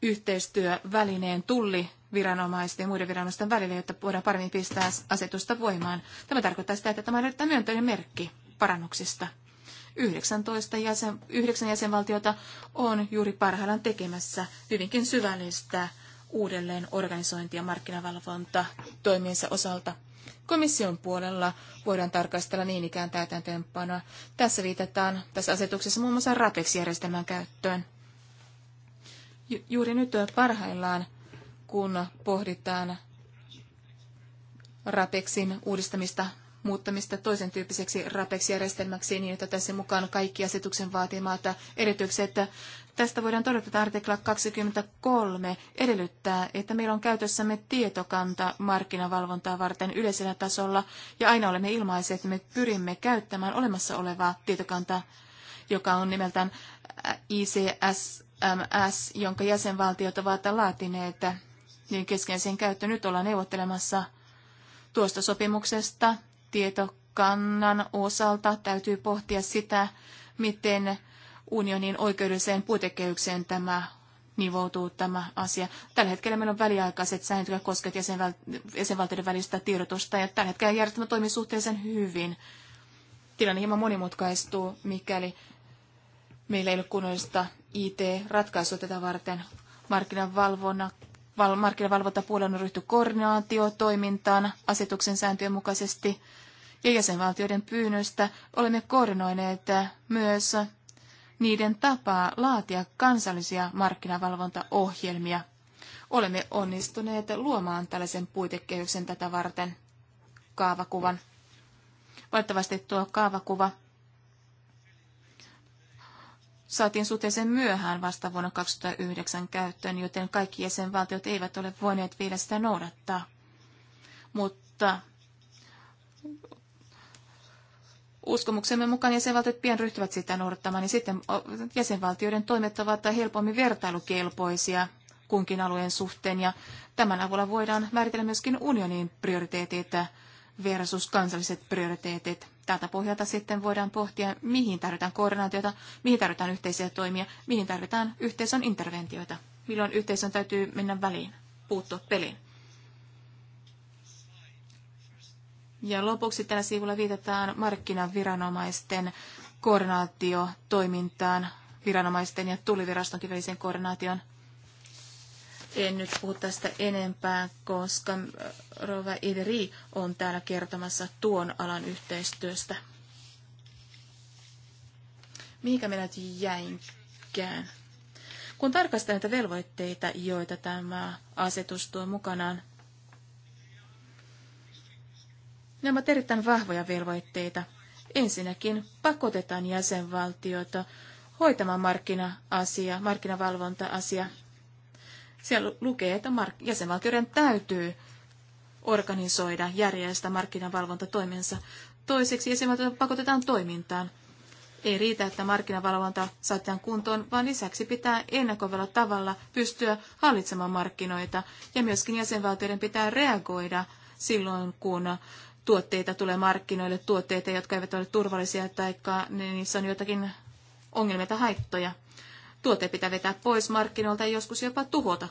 yhteistyövälineen tulli viranomaisten ja muiden viranomaisten välillä, jotta voidaan paremmin pistää asetusta voimaan. Tämä tarkoittaa sitä, että tämä on erittäin myönteinen merkki parannuksista. 19 jäsen, 9 jäsenvaltiota on juuri parhaillaan tekemässä hyvinkin syvällistä uudelleen organisointia markkinavalvonta toimiensa osalta. Komission puolella voidaan tarkastella niin ikään täytäntöönpanoa. Tässä viitataan tässä asetuksessa muun muassa RAPEX-järjestelmän käyttöön. Ju- juuri nyt parhaillaan, kun pohditaan RAPEXin uudistamista muuttamista toisen tyyppiseksi RAPEX-järjestelmäksi niin, että tässä mukaan kaikki asetuksen vaatimat edellytykset. Tästä voidaan todeta, että artikla 23 edellyttää, että meillä on käytössämme tietokanta markkinavalvontaa varten yleisellä tasolla, ja aina olemme ilmaiset, että me pyrimme käyttämään olemassa olevaa tietokantaa, joka on nimeltään ICSMS, jonka jäsenvaltiot ovat laatineet niin keskeiseen käyttöön. Nyt ollaan neuvottelemassa tuosta sopimuksesta tietokannan osalta täytyy pohtia sitä, miten unionin oikeudelliseen puitekehykseen tämä nivoutuu tämä asia. Tällä hetkellä meillä on väliaikaiset säännöt, jotka koskevat jäsenval- jäsenvaltioiden välistä tiedotusta, ja tällä hetkellä järjestelmä toimii suhteellisen hyvin. Tilanne hieman monimutkaistuu, mikäli meillä ei ole kunnollista IT-ratkaisua tätä varten. Markkinavalvonnan val- markkinavalvontapuolella on ryhty koordinaatiotoimintaan asetuksen sääntöjen mukaisesti – ja jäsenvaltioiden pyynnöstä olemme koordinoineet myös niiden tapaa laatia kansallisia markkinavalvontaohjelmia. Olemme onnistuneet luomaan tällaisen puitekehyksen tätä varten kaavakuvan. Valitettavasti tuo kaavakuva saatiin suhteellisen myöhään vasta vuonna 2009 käyttöön, joten kaikki jäsenvaltiot eivät ole voineet vielä sitä noudattaa. Mutta uskomuksemme mukaan jäsenvaltiot pian ryhtyvät sitä noudattamaan, niin sitten jäsenvaltioiden toimet ovat helpommin vertailukelpoisia kunkin alueen suhteen, ja tämän avulla voidaan määritellä myöskin unionin prioriteetit versus kansalliset prioriteetit. Tältä pohjalta sitten voidaan pohtia, mihin tarvitaan koordinaatiota, mihin tarvitaan yhteisiä toimia, mihin tarvitaan yhteisön interventioita, milloin yhteisön täytyy mennä väliin, puuttua peliin. Ja lopuksi tällä sivulla viitataan markkinaviranomaisten koordinaatiotoimintaan, viranomaisten ja tullivirastonkin välisen koordinaation. En nyt puhu tästä enempää, koska äh, Rova Iveri on täällä kertomassa tuon alan yhteistyöstä. Mikä minä nyt jäinkään? Kun tarkastan näitä velvoitteita, joita tämä asetus tuo mukanaan, Nämä ovat erittäin vahvoja velvoitteita. Ensinnäkin pakotetaan jäsenvaltiota hoitamaan markkina-asia, markkinavalvonta-asia. Siellä lukee, että jäsenvaltioiden täytyy organisoida, järjestää markkinavalvontatoimensa. Toiseksi jäsenvaltiot pakotetaan toimintaan. Ei riitä, että markkinavalvonta saatetaan kuntoon, vaan lisäksi pitää ennakoivalla tavalla pystyä hallitsemaan markkinoita ja myöskin jäsenvaltioiden pitää reagoida silloin, kun tuotteita tulee markkinoille, tuotteita, jotka eivät ole turvallisia tai niissä on jotakin ongelmia tai haittoja. Tuote pitää vetää pois markkinoilta ja joskus jopa tuhota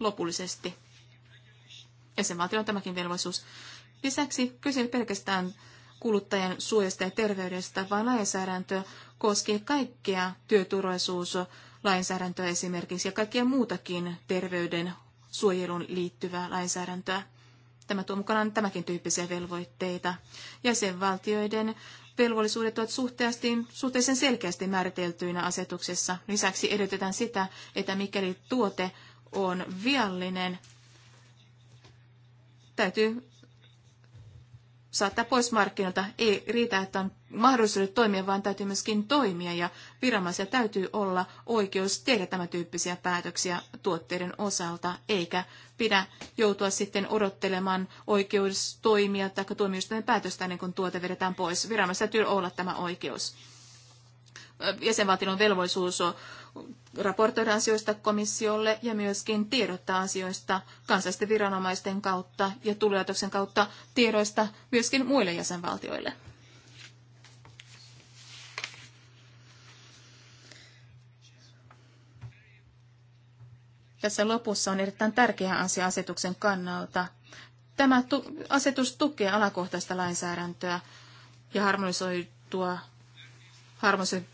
lopullisesti. Jäsenvaltio on tämäkin velvollisuus. Lisäksi kyse pelkästään kuluttajan suojasta ja terveydestä, vaan lainsäädäntö koskee työturvallisuus lainsäädäntöä esimerkiksi ja kaikkia muutakin terveyden suojeluun liittyvää lainsäädäntöä. Tämä tuo mukanaan tämäkin tyyppisiä velvoitteita. Jäsenvaltioiden velvollisuudet ovat suhteellisen selkeästi määriteltyinä asetuksessa. Lisäksi edellytetään sitä, että mikäli tuote on viallinen, täytyy saattaa pois markkinoilta. Ei riitä, että on mahdollisuudet toimia, vaan täytyy myöskin toimia ja viranomaisilla täytyy olla oikeus tehdä tämän tyyppisiä päätöksiä tuotteiden osalta, eikä pidä joutua sitten odottelemaan oikeustoimia tai tuomioistuimen päätöstä ennen kuin tuote vedetään pois. Viranomaisilla täytyy olla tämä oikeus jäsenvaltion velvollisuus raportoida asioista komissiolle ja myöskin tiedottaa asioista kansallisten viranomaisten kautta ja tulilaitoksen kautta tiedoista myöskin muille jäsenvaltioille. Tässä lopussa on erittäin tärkeä asia asetuksen kannalta. Tämä asetus tukee alakohtaista lainsäädäntöä ja harmonisoitua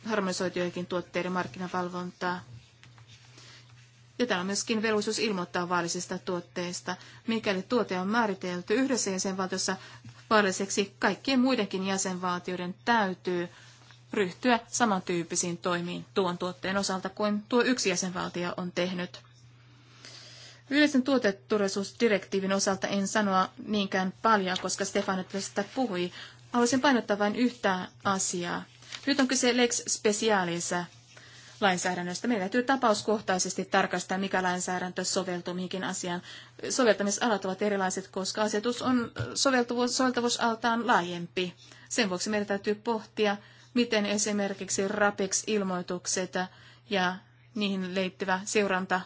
harmonisoitujenkin tuotteiden markkinavalvontaa. Ja täällä on myöskin velvollisuus ilmoittaa vaarallisista tuotteista. Mikäli tuote on määritelty yhdessä jäsenvaltiossa vaaralliseksi, kaikkien muidenkin jäsenvaltioiden täytyy ryhtyä samantyyppisiin toimiin tuon tuotteen osalta kuin tuo yksi jäsenvaltio on tehnyt. Yleisen tuoteturvallisuusdirektiivin osalta en sanoa niinkään paljon, koska Stefan tästä puhui. Haluaisin painottaa vain yhtä asiaa. Nyt on kyse Lex Specialinsa lainsäädännöstä. Meidän täytyy tapauskohtaisesti tarkastaa, mikä lainsäädäntö soveltuu mihinkin asiaan. Soveltamisalat ovat erilaiset, koska asetus on soveltavuusaltaan laajempi. Sen vuoksi meidän täytyy pohtia, miten esimerkiksi RAPEX-ilmoitukset ja niihin liittyvä seuranta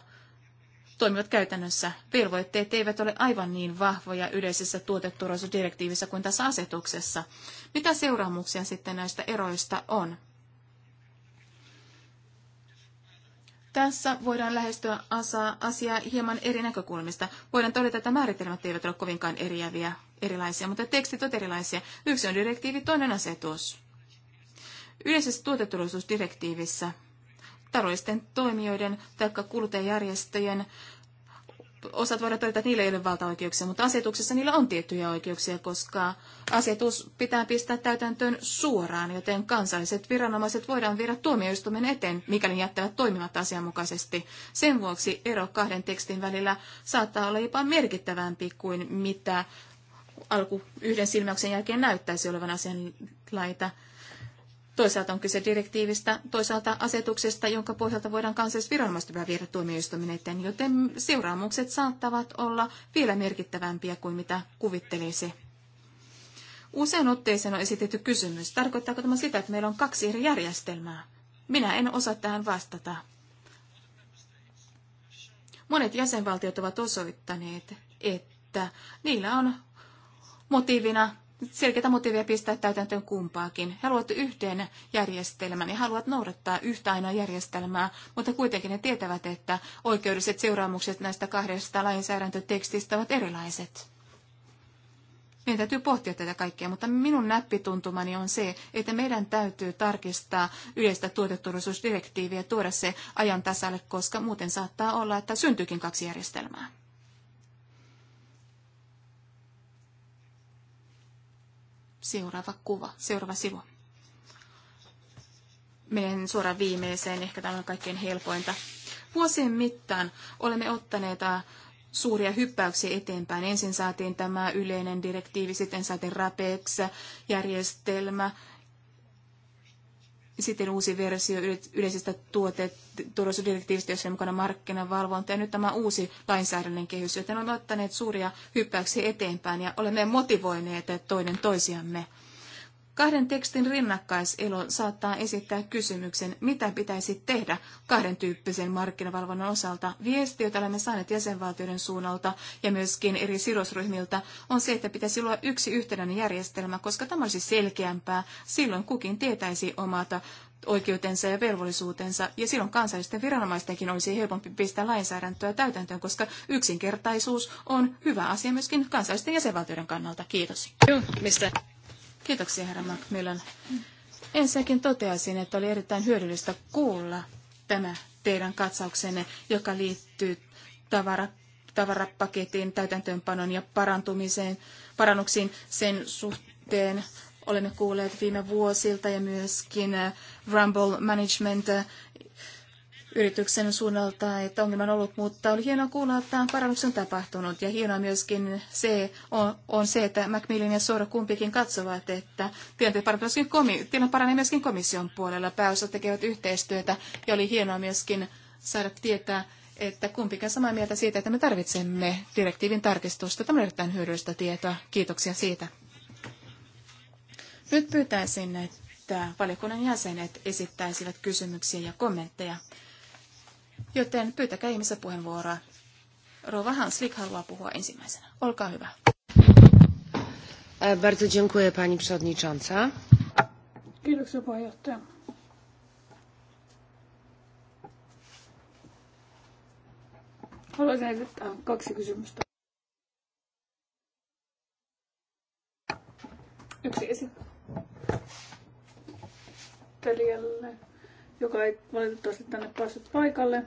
toimivat käytännössä. Velvoitteet eivät ole aivan niin vahvoja yleisessä tuoteturvallisuusdirektiivissä kuin tässä asetuksessa. Mitä seuraamuksia sitten näistä eroista on? Tässä voidaan lähestyä asiaa hieman eri näkökulmista. Voidaan todeta, että määritelmät eivät ole kovinkaan eriäviä, erilaisia, mutta tekstit ovat erilaisia. Yksi on direktiivi, toinen asetus. Yleisessä tuoteturvallisuusdirektiivissä taloudellisten toimijoiden tai kuluttajajärjestöjen osat voida todeta, että niillä ei ole valtaoikeuksia, mutta asetuksessa niillä on tiettyjä oikeuksia, koska asetus pitää pistää täytäntöön suoraan, joten kansalliset viranomaiset voidaan viedä tuomioistuimen eteen, mikäli jättävät toimimatta asianmukaisesti. Sen vuoksi ero kahden tekstin välillä saattaa olla jopa merkittävämpi kuin mitä alku yhden silmäyksen jälkeen näyttäisi olevan asian laita. Toisaalta on kyse direktiivistä, toisaalta asetuksesta, jonka pohjalta voidaan kansalliset viranomaiset viedä tuomioistuimen eteen, joten seuraamukset saattavat olla vielä merkittävämpiä kuin mitä kuvittelisi. Usein otteeseen on esitetty kysymys, tarkoittaako tämä sitä, että meillä on kaksi eri järjestelmää? Minä en osaa tähän vastata. Monet jäsenvaltiot ovat osoittaneet, että niillä on motiivina selkeitä motiiveja pistää täytäntöön kumpaakin. Haluat yhteen yhden järjestelmän ja haluat noudattaa yhtä aina järjestelmää, mutta kuitenkin ne tietävät, että oikeudelliset seuraamukset näistä kahdesta lainsäädäntötekstistä ovat erilaiset. Meidän täytyy pohtia tätä kaikkea, mutta minun näppituntumani on se, että meidän täytyy tarkistaa yleistä tuoteturvallisuusdirektiiviä ja tuoda se ajan tasalle, koska muuten saattaa olla, että syntyykin kaksi järjestelmää. Seuraava kuva, seuraava sivu. Menen suoraan viimeiseen, ehkä tämä on kaikkein helpointa. Vuosien mittaan olemme ottaneet äh, suuria hyppäyksiä eteenpäin. Ensin saatiin tämä yleinen direktiivi, sitten saatiin RAPEX-järjestelmä, sitten uusi versio yleisestä tuoteturvallisuusdirektiivistä, jossa on mukana markkinavalvonta ja nyt tämä uusi lainsäädännön kehys, joten on ottaneet suuria hyppäyksiä eteenpäin ja olemme motivoineet toinen toisiamme. Kahden tekstin rinnakkaiselo saattaa esittää kysymyksen, mitä pitäisi tehdä kahden tyyppisen markkinavalvonnan osalta. Viesti, jota olemme saaneet jäsenvaltioiden suunnalta ja myöskin eri sidosryhmiltä, on se, että pitäisi luoda yksi yhtenäinen järjestelmä, koska tämä olisi selkeämpää. Silloin kukin tietäisi omata oikeutensa ja velvollisuutensa, ja silloin kansallisten viranomaistenkin olisi helpompi pistää lainsäädäntöä täytäntöön, koska yksinkertaisuus on hyvä asia myöskin kansallisten jäsenvaltioiden kannalta. Kiitos. Joo, mistä? Kiitoksia, herra Macmillan. Ensinnäkin toteaisin, että oli erittäin hyödyllistä kuulla tämä teidän katsauksenne, joka liittyy tavara, tavarapaketin täytäntöönpanon ja parantumiseen, parannuksiin sen suhteen. Olemme kuulleet viime vuosilta ja myöskin äh, Rumble Management äh, yrityksen suunnalta, että ongelma on ollut, mutta oli hienoa kuulla, että parannus on tapahtunut. Ja hienoa myöskin se on, on se, että Macmillan ja Sora kumpikin katsovat, että tilanne paranee myöskin, komi- tilanne paranee myöskin komission puolella. Pääosa tekevät yhteistyötä ja oli hienoa myöskin saada tietää, että kumpikin samaa mieltä siitä, että me tarvitsemme direktiivin tarkistusta. Tämä on erittäin hyödyllistä tietoa. Kiitoksia siitä. Nyt pyytäisin, että valiokunnan jäsenet esittäisivät kysymyksiä ja kommentteja. Joten pyytäkää ihmisessä puheenvuoroa. Rova Hanslik haluaa puhua ensimmäisenä. Olkaa hyvä. E, bardzo dziękuję pani przewodnicząca. Kiitoksia puheenjohtaja. Haluaisin esittää kaksi kysymystä. Yksi esittelijälle joka ei valitettavasti tänne päässyt paikalle.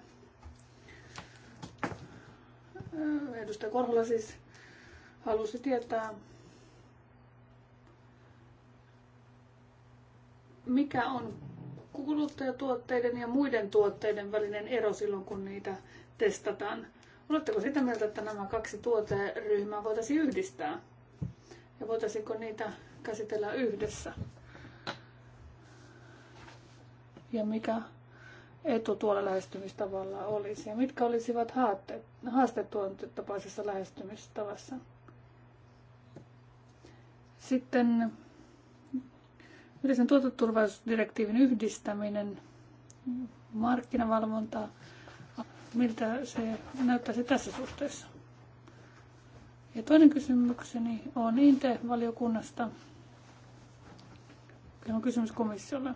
Äh, edustaja Korhola siis halusi tietää, mikä on kuluttajatuotteiden ja muiden tuotteiden välinen ero silloin, kun niitä testataan. Oletteko sitä mieltä, että nämä kaksi tuoteryhmää voitaisiin yhdistää? Ja voitaisiinko niitä käsitellä yhdessä? ja mikä etu tuolla lähestymistavalla olisi ja mitkä olisivat haasteet, haasteet tuon tapaisessa lähestymistavassa. Sitten yleisen tuototurvallisuusdirektiivin yhdistäminen, markkinavalvonta miltä se näyttäisi tässä suhteessa. Ja toinen kysymykseni on INTE-valiokunnasta. On kysymys komissiolle.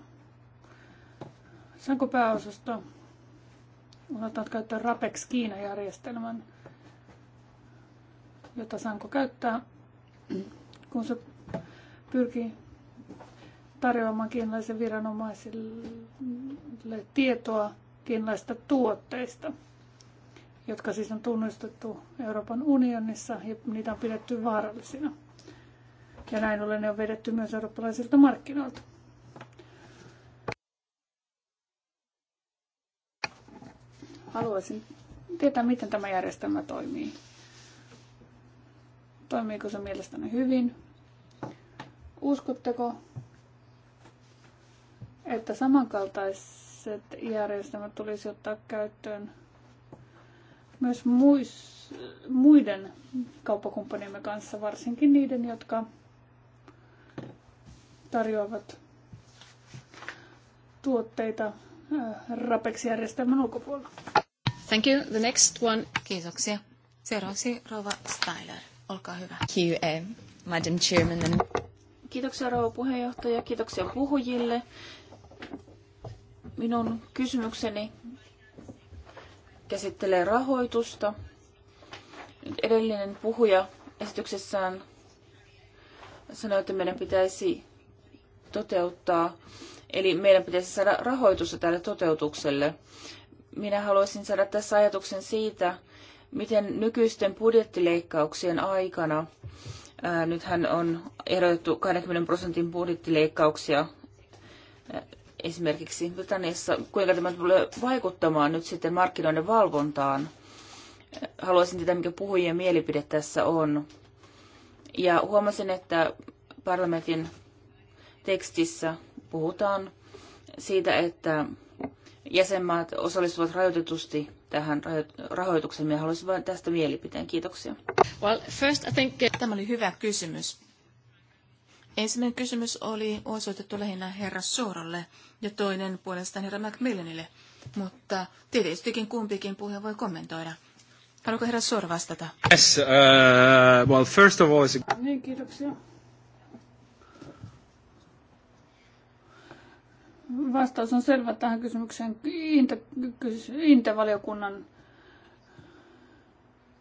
Sanko pääosasto, osataan käyttää RAPEX Kiina-järjestelmän, jota Sanko käyttää, kun se pyrkii tarjoamaan kiinalaisen viranomaisille tietoa kiinalaisista tuotteista, jotka siis on tunnistettu Euroopan unionissa ja niitä on pidetty vaarallisina. Ja näin ollen ne on vedetty myös eurooppalaisilta markkinoilta. Haluaisin tietää, miten tämä järjestelmä toimii. Toimiiko se mielestäni hyvin? Uskotteko, että samankaltaiset järjestelmät tulisi ottaa käyttöön myös muis, muiden kauppakumppaniemme kanssa, varsinkin niiden, jotka tarjoavat tuotteita äh, RAPEX-järjestelmän ulkopuolella. Thank you. The next one. Kiitoksia. Seuraavaksi Styler. Olkaa hyvä. QA, eh, Madam Chairman. Kiitoksia rouva puheenjohtaja. Kiitoksia puhujille. Minun kysymykseni käsittelee rahoitusta. edellinen puhuja esityksessään sanoi, että meidän pitäisi toteuttaa, eli meidän pitäisi saada rahoitusta tälle toteutukselle minä haluaisin saada tässä ajatuksen siitä, miten nykyisten budjettileikkauksien aikana, nythän on ehdotettu 20 prosentin budjettileikkauksia esimerkiksi Britanniassa, kuinka tämä tulee vaikuttamaan nyt sitten markkinoiden valvontaan. Haluaisin tietää, mikä puhujien mielipide tässä on. Ja huomasin, että parlamentin tekstissä puhutaan siitä, että jäsenmaat osallistuvat rajoitetusti tähän rahoitukseen. Minä haluaisin vain tästä mielipiteen. Kiitoksia. Well, first I think... Uh, tämä oli hyvä kysymys. Ensimmäinen kysymys oli osoitettu lähinnä herra Soorolle ja toinen puolestaan herra Macmillanille, mutta tietystikin kumpikin puhe voi kommentoida. Haluatko herra Soor vastata? Yes, uh, well, first of all... Niin, kiitoksia. vastaus on selvä tähän kysymykseen. Inte-valiokunnan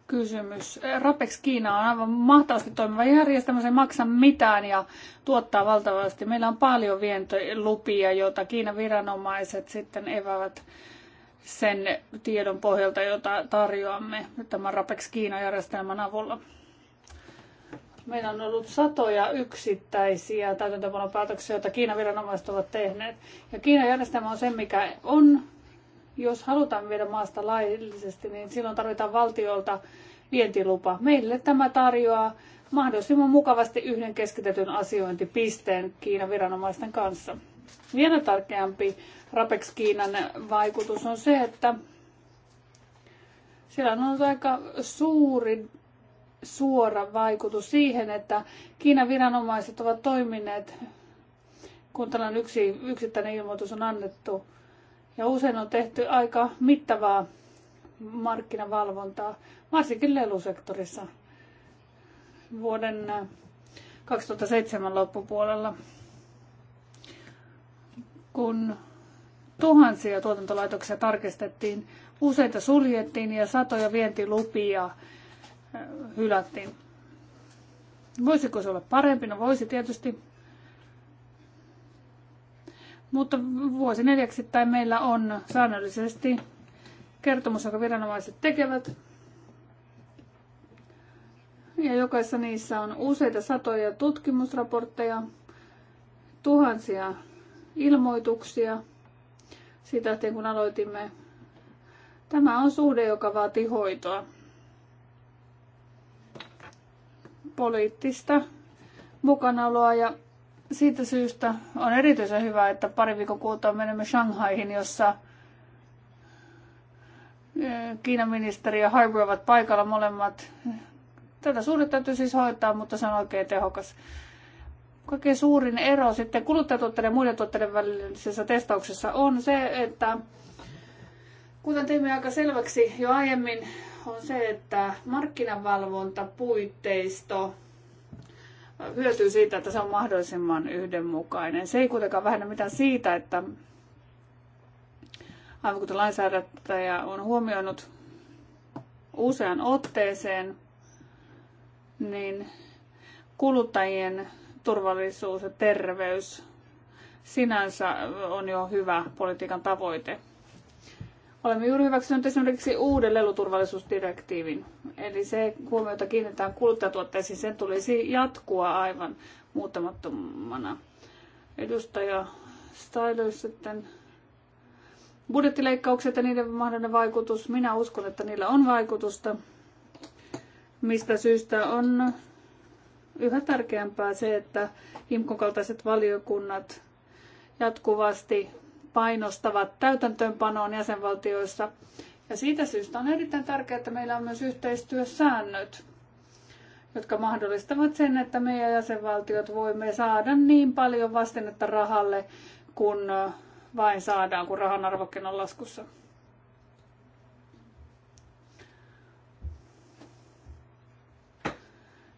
kysymys. Rapex Kiina on aivan mahtavasti toimiva järjestelmä, se ei maksa mitään ja tuottaa valtavasti. Meillä on paljon vientilupia, joita Kiinan viranomaiset sitten evävät sen tiedon pohjalta, jota tarjoamme tämän Rapex Kiina-järjestelmän avulla. Meillä on ollut satoja yksittäisiä täytäntöönpanopäätöksiä, joita Kiinan viranomaiset ovat tehneet. Ja Kiinan järjestelmä on se, mikä on. Jos halutaan viedä maasta laillisesti, niin silloin tarvitaan valtiolta vientilupa. Meille tämä tarjoaa mahdollisimman mukavasti yhden keskitetyn asiointipisteen Kiinan viranomaisten kanssa. Vielä tärkeämpi RAPEX Kiinan vaikutus on se, että siellä on ollut aika suuri suora vaikutus siihen, että Kiinan viranomaiset ovat toimineet, kun tällainen yksi, yksittäinen ilmoitus on annettu. Ja usein on tehty aika mittavaa markkinavalvontaa, varsinkin lelusektorissa vuoden 2007 äh, loppupuolella, kun tuhansia tuotantolaitoksia tarkistettiin, useita suljettiin ja satoja vientilupia hylättiin. Voisiko se olla parempi? No voisi tietysti. Mutta vuosi neljäksi tai meillä on säännöllisesti kertomus, jonka viranomaiset tekevät. Ja jokaisessa niissä on useita satoja tutkimusraportteja, tuhansia ilmoituksia siitä, kun aloitimme. Tämä on suhde, joka vaatii hoitoa. poliittista mukanaoloa ja siitä syystä on erityisen hyvä, että pari viikon kuluttua menemme Shanghaihin, jossa Kiinan ministeri ja Harbour ovat paikalla molemmat. Tätä suuri täytyy siis hoitaa, mutta se on oikein tehokas. Kaikkein suurin ero sitten kuluttajatuotteiden ja muiden tuotteiden välisessä testauksessa on se, että kuten teimme aika selväksi jo aiemmin, on se, että markkinavalvontapuitteisto hyötyy siitä, että se on mahdollisimman yhdenmukainen. Se ei kuitenkaan vähennä mitään siitä, että aivan kuten lainsäädäntäjä on huomioinut usean otteeseen, niin kuluttajien turvallisuus ja terveys sinänsä on jo hyvä politiikan tavoite. Olemme juuri hyväksyneet esimerkiksi uuden leluturvallisuusdirektiivin. Eli se huomiota kiinnitetään kuluttajatuotteisiin, sen tulisi jatkua aivan muuttamattomana. Edustaja Styler sitten budjettileikkaukset ja niiden mahdollinen vaikutus. Minä uskon, että niillä on vaikutusta, mistä syystä on yhä tärkeämpää se, että IMKon kaltaiset valiokunnat jatkuvasti painostavat täytäntöönpanoon jäsenvaltioissa. Ja siitä syystä on erittäin tärkeää, että meillä on myös yhteistyösäännöt, jotka mahdollistavat sen, että meidän jäsenvaltiot voimme saada niin paljon vastennetta rahalle, kun vain saadaan, kun rahan arvokin on laskussa.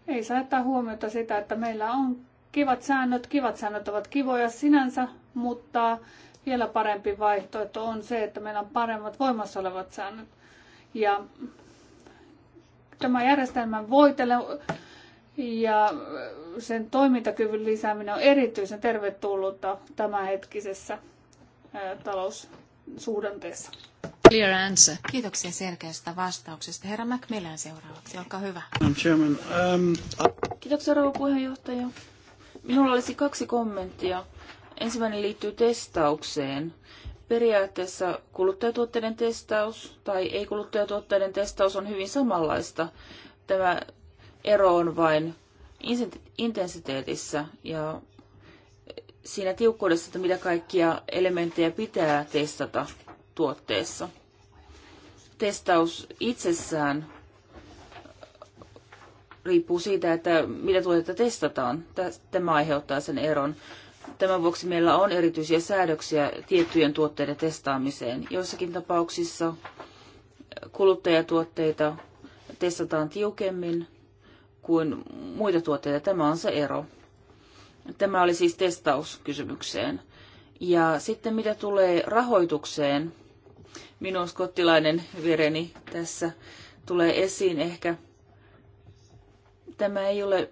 Ei saa jättää huomiota sitä, että meillä on kivat säännöt. Kivat säännöt ovat kivoja sinänsä, mutta vielä parempi vaihtoehto on se, että meillä on paremmat voimassa olevat säännöt. Ja tämä järjestelmän voitele ja sen toimintakyvyn lisääminen on erityisen tervetullutta tämänhetkisessä taloussuhdanteessa. Clear answer. Kiitoksia selkeästä vastauksesta. Herra Macmillan seuraavaksi, olkaa hyvä. Chairman, um, Kiitoksia rouva puheenjohtaja. Minulla olisi kaksi kommenttia. Ensimmäinen liittyy testaukseen. Periaatteessa kuluttajatuotteiden testaus tai ei-kuluttajatuotteiden testaus on hyvin samanlaista. Tämä ero on vain intensiteetissä ja siinä tiukkuudessa, että mitä kaikkia elementtejä pitää testata tuotteessa. Testaus itsessään riippuu siitä, että mitä tuotetta testataan. Tämä aiheuttaa sen eron. Tämän vuoksi meillä on erityisiä säädöksiä tiettyjen tuotteiden testaamiseen. Joissakin tapauksissa kuluttajatuotteita testataan tiukemmin kuin muita tuotteita. Tämä on se ero. Tämä oli siis testauskysymykseen. Ja sitten mitä tulee rahoitukseen, minun skottilainen vereni tässä tulee esiin ehkä. Tämä ei ole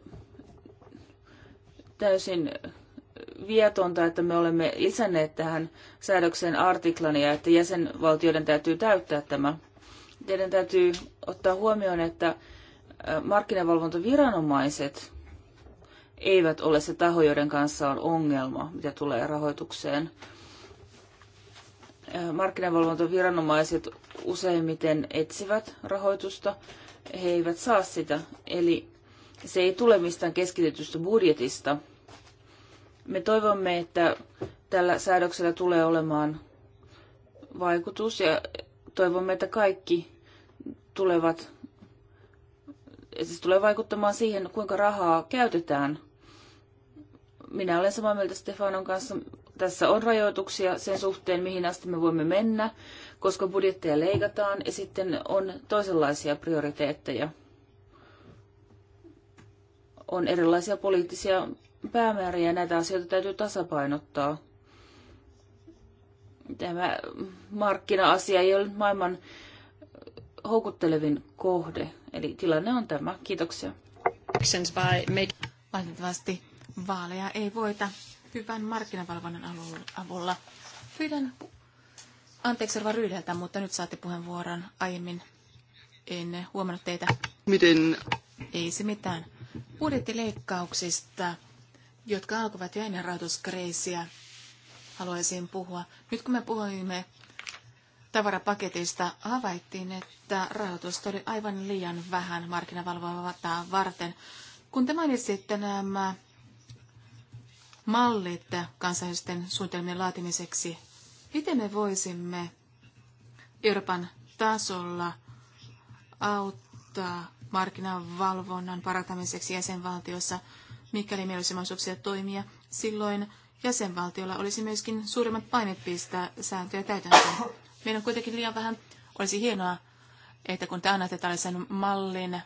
täysin viatonta, että me olemme lisänneet tähän säädökseen artiklan ja että jäsenvaltioiden täytyy täyttää tämä. Teidän täytyy ottaa huomioon, että markkinavalvontaviranomaiset eivät ole se taho, joiden kanssa on ongelma, mitä tulee rahoitukseen. Markkinavalvontaviranomaiset useimmiten etsivät rahoitusta, he eivät saa sitä, eli se ei tule mistään keskitetystä budjetista – me toivomme, että tällä säädöksellä tulee olemaan vaikutus ja toivomme, että kaikki tulevat, siis tulee vaikuttamaan siihen, kuinka rahaa käytetään. Minä olen samaa mieltä Stefanon kanssa. Tässä on rajoituksia sen suhteen, mihin asti me voimme mennä, koska budjetteja leikataan ja sitten on toisenlaisia prioriteetteja. On erilaisia poliittisia päämääriä. Näitä asioita täytyy tasapainottaa. Tämä markkina-asia ei ole maailman houkuttelevin kohde. Eli tilanne on tämä. Kiitoksia. Valitettavasti vaaleja ei voita hyvän markkinavalvonnan avulla. Pyydän anteeksi Rova Ryydeltä, mutta nyt saatte puheenvuoron aiemmin. En huomannut teitä. Miten? Ei se mitään. Budjettileikkauksista jotka alkoivat jo ennen rahoituskriisiä, haluaisin puhua. Nyt kun me puhuimme tavarapaketista, havaittiin, että rahoitusta oli aivan liian vähän markkinavalvontaa varten. Kun te mainitsitte nämä mallit kansallisten suunnitelmien laatimiseksi, miten me voisimme Euroopan tasolla auttaa markkinavalvonnan parantamiseksi jäsenvaltiossa – Mikäli meillä olisi mahdollisuuksia toimia, silloin jäsenvaltiolla olisi myöskin suuremmat painet pistää sääntöjä täytäntöön. Meillä on kuitenkin liian vähän, olisi hienoa, että kun te annatte tällaisen mallin,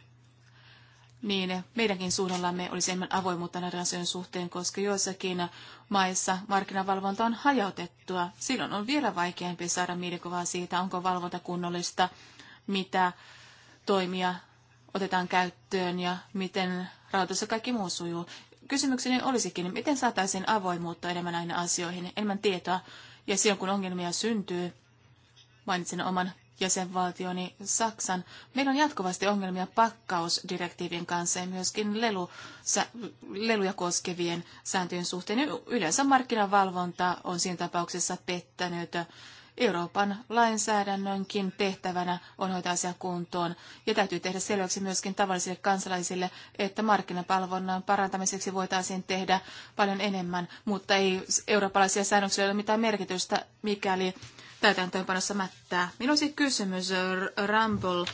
niin meidänkin suunnallamme olisi enemmän avoimuutta näiden asioiden suhteen, koska joissakin maissa markkinavalvonta on hajautettua. Silloin on vielä vaikeampi saada mielikuvaa siitä, onko valvonta kunnollista, mitä toimia otetaan käyttöön ja miten rahoitus ja kaikki muu sujuu. Kysymykseni olisikin, miten saataisiin avoimuutta enemmän näihin asioihin, enemmän tietoa, ja silloin kun ongelmia syntyy, Mainitsin oman jäsenvaltioni Saksan. Meillä on jatkuvasti ongelmia pakkausdirektiivin kanssa ja myöskin lelu, sä, leluja koskevien sääntöjen suhteen. Yleensä markkinavalvonta on siinä tapauksessa pettänyt Euroopan lainsäädännönkin tehtävänä on hoitaa asia kuntoon. Ja täytyy tehdä selväksi myöskin tavallisille kansalaisille, että markkinapalvonnan parantamiseksi voitaisiin tehdä paljon enemmän, mutta ei eurooppalaisia säännöksiä ole mitään merkitystä, mikäli täytäntöönpanossa mättää. Minun olisi kysymys äh, Rumble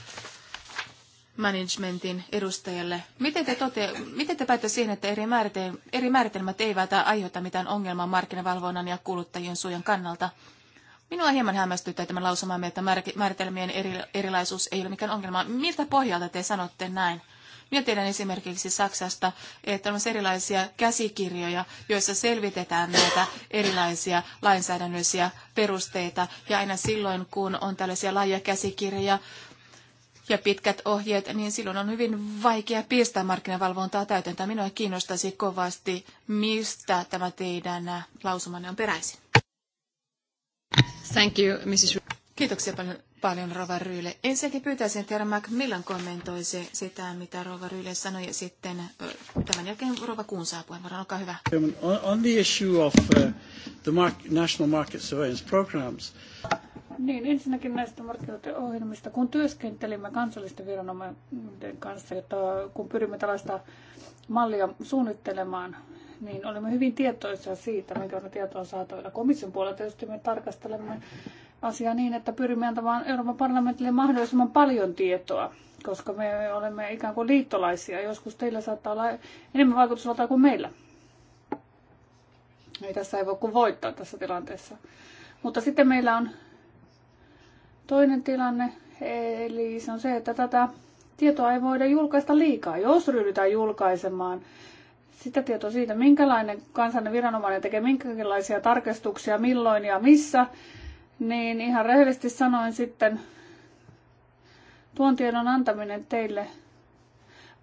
managementin edustajalle. Miten te, tote, miten te päätte siihen, että eri, määritel- eri määritelmät eivät aiheuta mitään ongelmaa markkinavalvonnan ja kuluttajien suojan kannalta? Minua hieman hämmästyttää tämä lausuma, että määritelmien eri, erilaisuus ei ole mikään ongelma. Miltä pohjalta te sanotte näin? Minä tiedän esimerkiksi Saksasta, että on erilaisia käsikirjoja, joissa selvitetään näitä erilaisia lainsäädännöllisiä perusteita. Ja aina silloin, kun on tällaisia laajia käsikirjoja, ja pitkät ohjeet, niin silloin on hyvin vaikea piirtää markkinavalvontaa täytäntöön. Minua kiinnostaisi kovasti, mistä tämä teidän lausumanne on peräisin. Thank you, Mrs. Kiitoksia paljon, paljon Rova Ryyle. Ensinnäkin pyytäisin, että herra McMillan kommentoisi sitä, mitä Rova Ryyle sanoi, ja sitten tämän jälkeen Rova Kuun saa puheenvuoron. Olkaa hyvä. On, the issue of uh, the national market surveillance programs. Niin, ensinnäkin näistä markkinoiden ohjelmista, kun työskentelimme kansallisten viranomaisten kanssa, jotta kun pyrimme tällaista mallia suunnittelemaan, niin olemme hyvin tietoisia siitä, mikä on tietoa saatavilla. Komission puolella tietysti me tarkastelemme asiaa niin, että pyrimme antamaan Euroopan parlamentille mahdollisimman paljon tietoa, koska me olemme ikään kuin liittolaisia. Joskus teillä saattaa olla enemmän vaikutusvaltaa kuin meillä. Ei tässä ei voi kuin voittaa tässä tilanteessa. Mutta sitten meillä on toinen tilanne, eli se on se, että tätä tietoa ei voida julkaista liikaa. Jos ryhdytään julkaisemaan sitä tietoa siitä, minkälainen kansallinen viranomainen tekee minkälaisia tarkastuksia, milloin ja missä, niin ihan rehellisesti sanoen sitten tuon tiedon antaminen teille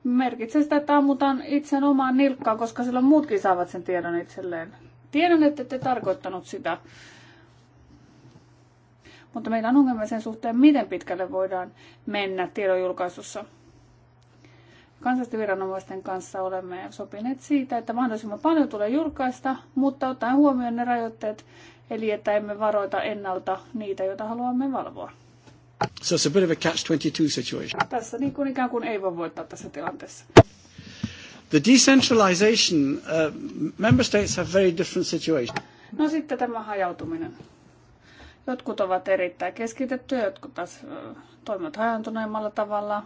merkitsee sitä, että ammutaan itsen omaan nilkkaan, koska silloin muutkin saavat sen tiedon itselleen. Tiedän, että ette tarkoittanut sitä. Mutta meillä on ongelma sen suhteen, miten pitkälle voidaan mennä tiedon julkaisussa kansallisten viranomaisten kanssa olemme sopineet siitä, että mahdollisimman paljon tulee julkaista, mutta ottaen huomioon ne rajoitteet, eli että emme varoita ennalta niitä, joita haluamme valvoa. So it's a bit of a catch-22 situation. Tässä niin kuin ikään kuin ei voi voittaa tässä tilanteessa. The decentralization, uh, member states have very different situations. No sitten tämä hajautuminen. Jotkut ovat erittäin keskitettyjä, jotkut taas uh, toimivat hajantuneemmalla tavalla.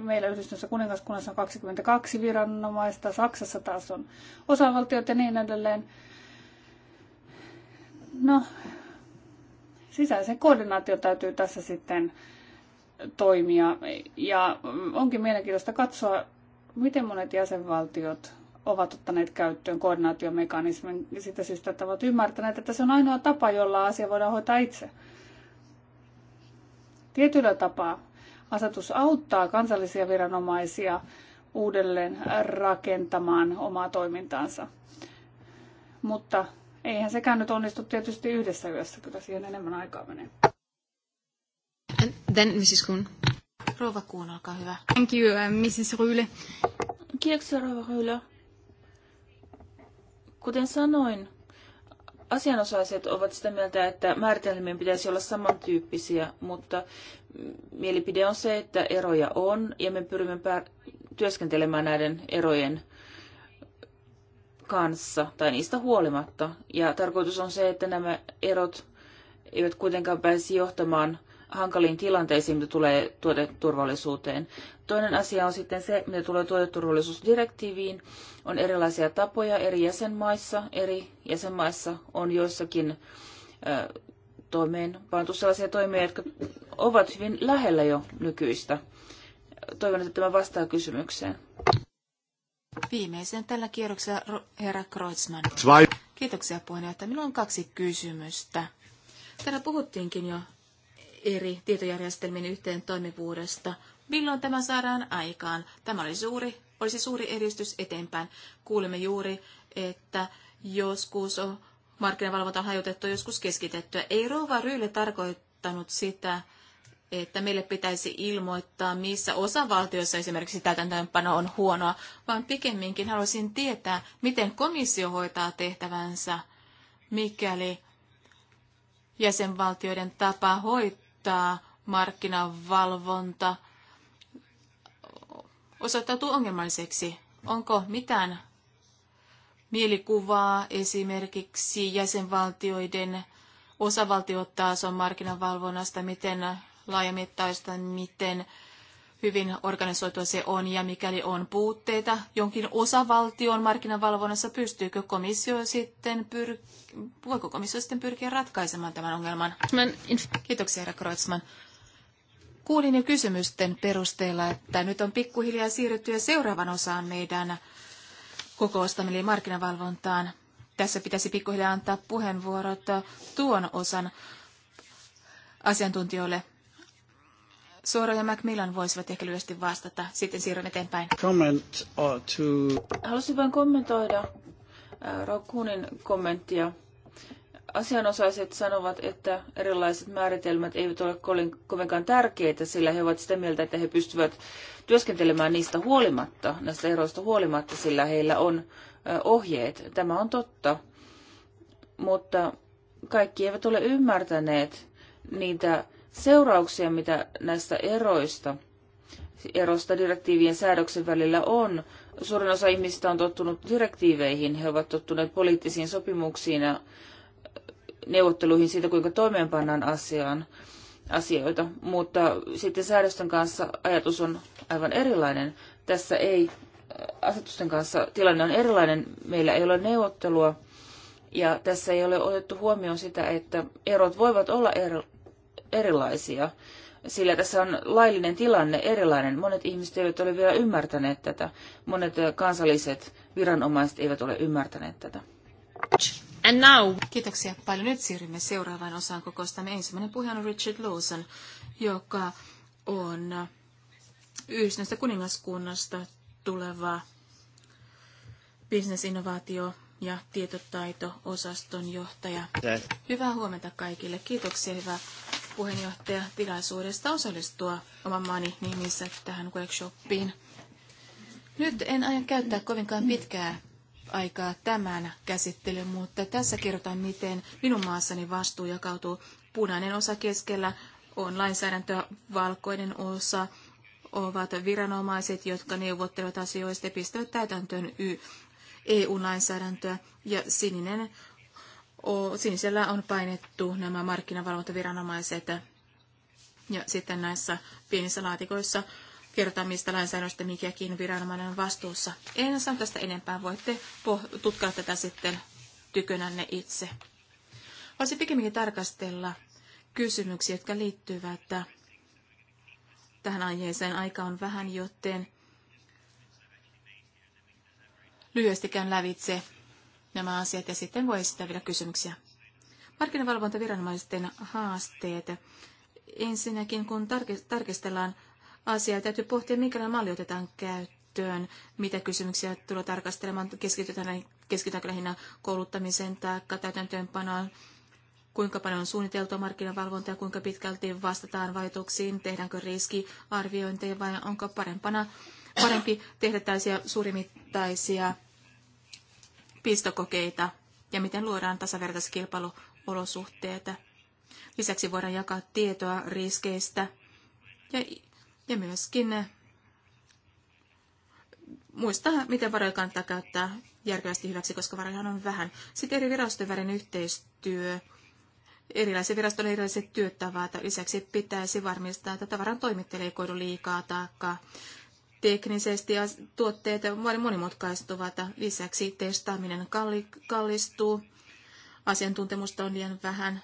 Meillä yhdistyneessä kuningaskunnassa on 22 viranomaista, Saksassa taas on osavaltiot ja niin edelleen. No, sisäisen koordinaatio täytyy tässä sitten toimia. Ja onkin mielenkiintoista katsoa, miten monet jäsenvaltiot ovat ottaneet käyttöön koordinaatiomekanismin sitä syystä, että ovat ymmärtäneet, että se on ainoa tapa, jolla asia voidaan hoitaa itse. Tietyllä tapaa asetus auttaa kansallisia viranomaisia uudelleen rakentamaan omaa toimintaansa. Mutta eihän sekään nyt onnistu tietysti yhdessä yössä, kyllä siihen enemmän aikaa menee. And then Mrs. Kuhn. Rouva Kuhn, olkaa hyvä. Thank you, uh, Mrs. Ryle. Kiitoksia, Rouva Ryle. Kuten sanoin, asianosaiset ovat sitä mieltä, että määritelmien pitäisi olla samantyyppisiä, mutta mielipide on se, että eroja on ja me pyrimme työskentelemään näiden erojen kanssa tai niistä huolimatta. Ja tarkoitus on se, että nämä erot eivät kuitenkaan pääsi johtamaan hankaliin tilanteisiin, mitä tulee tuoteturvallisuuteen. Toinen asia on sitten se, mitä tulee tuoteturvallisuusdirektiiviin. On erilaisia tapoja eri jäsenmaissa. Eri jäsenmaissa on joissakin toimeenpantu sellaisia toimia, jotka ovat hyvin lähellä jo nykyistä. Toivon, että tämä vastaa kysymykseen. Viimeisen tällä kierroksella herra Kreutzmann. Kiitoksia puheenjohtaja. Minulla on kaksi kysymystä. Täällä puhuttiinkin jo eri tietojärjestelmien yhteen toimivuudesta. Milloin tämä saadaan aikaan? Tämä oli suuri, olisi suuri edistys eteenpäin. Kuulemme juuri, että joskus on markkinavalvonta hajotettu, joskus keskitettyä. Ei Rova Ryyle tarkoittanut sitä, että meille pitäisi ilmoittaa, missä osavaltioissa esimerkiksi täytäntöönpano on huonoa, vaan pikemminkin haluaisin tietää, miten komissio hoitaa tehtävänsä, mikäli jäsenvaltioiden tapa hoitaa tämä markkinavalvonta osoittautuu ongelmalliseksi. Onko mitään mielikuvaa esimerkiksi jäsenvaltioiden osavaltiotason markkinavalvonnasta, miten laajamittaista, miten hyvin organisoitua se on ja mikäli on puutteita jonkin osavaltion markkinavalvonnassa, pystyykö komissio sitten pyr- voiko komissio sitten pyrkiä ratkaisemaan tämän ongelman? Kiitoksia, herra Kreutzmann. Kuulin jo kysymysten perusteella, että nyt on pikkuhiljaa siirrytty seuraavan osaan meidän kokoustamme, eli markkinavalvontaan. Tässä pitäisi pikkuhiljaa antaa puheenvuorot tuon osan asiantuntijoille. Soro ja Macmillan voisivat ehkä lyhyesti vastata. Sitten siirrymme eteenpäin. Comment to... Haluaisin vain kommentoida äh, Rokunin kommenttia. Asianosaiset sanovat, että erilaiset määritelmät eivät ole kovinkaan tärkeitä, sillä he ovat sitä mieltä, että he pystyvät työskentelemään niistä huolimatta, näistä eroista huolimatta, sillä heillä on äh, ohjeet. Tämä on totta, mutta kaikki eivät ole ymmärtäneet niitä seurauksia, mitä näistä eroista, erosta direktiivien säädöksen välillä on. Suurin osa ihmistä on tottunut direktiiveihin, he ovat tottuneet poliittisiin sopimuksiin ja neuvotteluihin siitä, kuinka toimeenpannaan asiaan asioita, mutta sitten säädösten kanssa ajatus on aivan erilainen. Tässä ei asetusten kanssa tilanne on erilainen, meillä ei ole neuvottelua ja tässä ei ole otettu huomioon sitä, että erot voivat olla erilaisia, sillä tässä on laillinen tilanne erilainen. Monet ihmiset eivät ole vielä ymmärtäneet tätä. Monet eh, kansalliset viranomaiset eivät ole ymmärtäneet tätä. And now. Kiitoksia paljon. Nyt siirrymme seuraavaan osaan kokoustamme. Ensimmäinen puhe on Richard Lawson, joka on Yhdistyneestä kuningaskunnasta tuleva bisnesinnovaatio ja tietotaito-osaston johtaja. Hyvää huomenta kaikille. Kiitoksia, hyvä puheenjohtaja tilaisuudesta osallistua oman maani nimissä tähän workshopiin. Nyt en aion käyttää kovinkaan pitkää aikaa tämän käsittelyyn, mutta tässä kerrotaan, miten minun maassani vastuu jakautuu. Punainen osa keskellä on lainsäädäntö, valkoinen osa ovat viranomaiset, jotka neuvottelevat asioista ja pistävät täytäntöön EU-lainsäädäntöä, ja sininen sinisellä on painettu nämä markkinavalvontaviranomaiset ja sitten näissä pienissä laatikoissa kerrotaan, mistä lainsäädännöstä mikäkin viranomainen on vastuussa. En sano tästä enempää, voitte tutkia tätä sitten tykönänne itse. Voisi pikemminkin tarkastella kysymyksiä, jotka liittyvät tähän aiheeseen. Aika on vähän, joten lyhyesti käyn lävitse nämä asiat ja sitten voi esittää vielä kysymyksiä. Markkinavalvontaviranomaisten haasteet. Ensinnäkin kun tarkistellaan asiaa, täytyy pohtia, minkälainen malli otetaan käyttöön, mitä kysymyksiä tulee tarkastelemaan, keskitytäänkö lähinnä kouluttamiseen tai täytäntöönpanoon, kuinka paljon on suunniteltua markkinavalvontaa, kuinka pitkälti vastataan vaikutuksiin, tehdäänkö riskiarviointeja vai onko parempana, parempi tehdä tällaisia suurimittaisia pistokokeita ja miten luodaan tasavertaiskilpailuolosuhteita. Lisäksi voidaan jakaa tietoa riskeistä ja, ja myöskin muistaa, miten varoja kannattaa käyttää järkevästi hyväksi, koska varojahan on vähän. Sitten eri virastojen välinen yhteistyö, erilaisia virastojen erilaiset työtavat. Lisäksi pitäisi varmistaa, että tavaran toimittelee ei koidu liikaa taakkaa teknisesti ja tuotteet monimutkaistuvat. Lisäksi testaaminen kallistuu, asiantuntemusta on liian vähän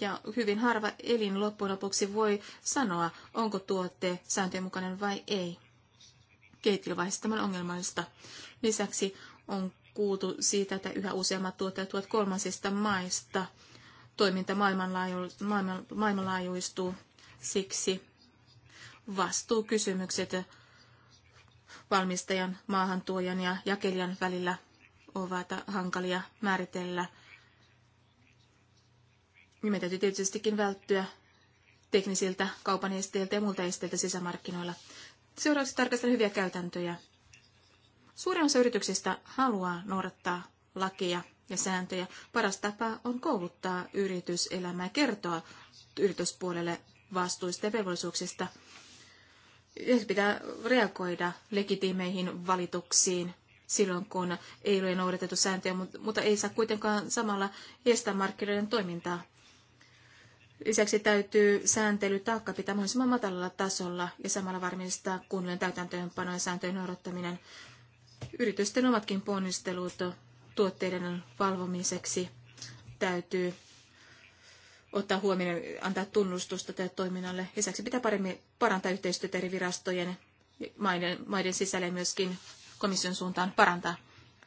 ja hyvin harva elin loppujen lopuksi voi sanoa, onko tuotte sääntöjen mukainen vai ei. Keittiövaiheessa on ongelmallista. Lisäksi on kuultu siitä, että yhä useammat tuotteet tuot kolmansista maista. Toiminta maailmanlaaju, maailman, maailmanlaajuistuu. Siksi vastuukysymykset valmistajan, maahantuojan ja jakelijan välillä ovat hankalia määritellä. Niin meidän täytyy tietystikin välttyä teknisiltä kaupan esteiltä ja muilta esteiltä sisämarkkinoilla. Seuraavaksi tarkastelen hyviä käytäntöjä. Suurin osa yrityksistä haluaa noudattaa lakia ja sääntöjä. Paras tapa on kouluttaa yrityselämää, kertoa yrityspuolelle vastuista ja velvollisuuksista – pitää reagoida legitiimeihin valituksiin silloin, kun ei ole noudatettu sääntöjä, mutta ei saa kuitenkaan samalla estää markkinoiden toimintaa. Lisäksi täytyy sääntelytaakka pitää mahdollisimman matalalla tasolla ja samalla varmistaa kunnollinen täytäntöönpano ja sääntöjen noudattaminen. Yritysten omatkin ponnistelut tuotteiden valvomiseksi täytyy ottaa huomioon, antaa tunnustusta tälle toiminnalle. Lisäksi pitää paremmin parantaa yhteistyötä eri virastojen maiden, maiden sisällä myöskin komission suuntaan parantaa.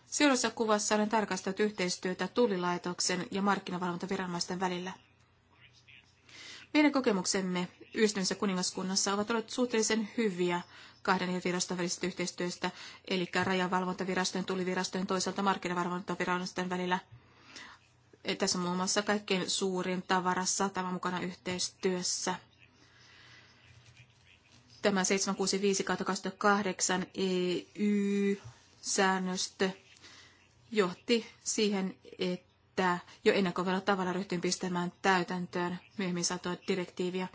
Seuraavassa kuvassa olen tarkastanut yhteistyötä tullilaitoksen ja markkinavalvontaviranomaisten välillä. Meidän kokemuksemme yhdistyneessä kuningaskunnassa ovat olleet suhteellisen hyviä kahden eri viraston välisestä yhteistyöstä, eli rajavalvontavirastojen, tullivirastojen, toisaalta markkinavalvontaviranomaisten välillä – tässä on muun muassa kaikkein suurin tavarassa tämän mukana yhteistyössä. Tämä 765-2008 EU-säännöstö johti siihen, että jo ennakoivalla tavalla ryhtyin pistämään täytäntöön myöhemmin saatoa direktiiviä.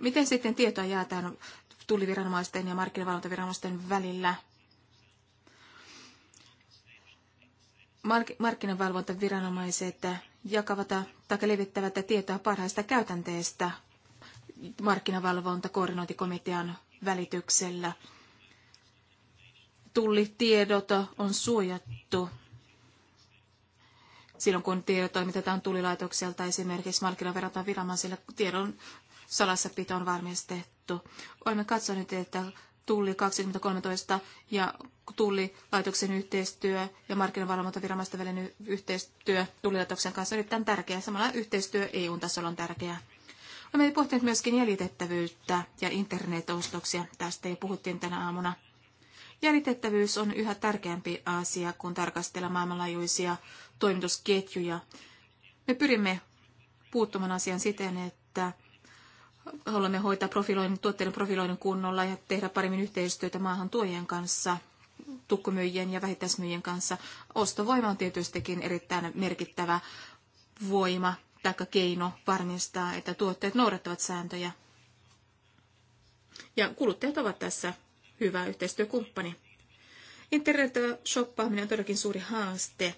Miten sitten tietoa jaetaan tulliviranomaisten ja markkinavalvontaviranomaisten välillä? mark- markkinavalvontaviranomaiset jakavat tai levittävät tietoa parhaista käytänteistä markkinavalvontakoordinointikomitean välityksellä. Tullitiedot on suojattu silloin, kun tiedot toimitetaan tullilaitokselta esimerkiksi markkinaverrataan tiedon salassapito on varmistettu. Olemme katsoneet, että Tulli 2013 ja Tullilaitoksen yhteistyö ja markkinavalvontaviranomaisten välinen yhteistyö Tullilaitoksen kanssa on erittäin tärkeää. Samalla yhteistyö EU-tasolla on tärkeää. Olemme pohtineet myöskin jäljitettävyyttä ja internetostoksia. Tästä jo puhuttiin tänä aamuna. Jäljitettävyys on yhä tärkeämpi asia, kun tarkastellaan maailmanlaajuisia toimitusketjuja. Me pyrimme puuttumaan asiaan siten, että haluamme hoitaa profiloinnin, tuotteiden profiloinnin kunnolla ja tehdä paremmin yhteistyötä maahan tuojien kanssa, tukkumyyjien ja vähittäismyyjien kanssa. Ostovoima on tietystikin erittäin merkittävä voima tai keino varmistaa, että tuotteet noudattavat sääntöjä. Ja kuluttajat ovat tässä hyvä yhteistyökumppani. Internet-shoppaaminen on todellakin suuri haaste.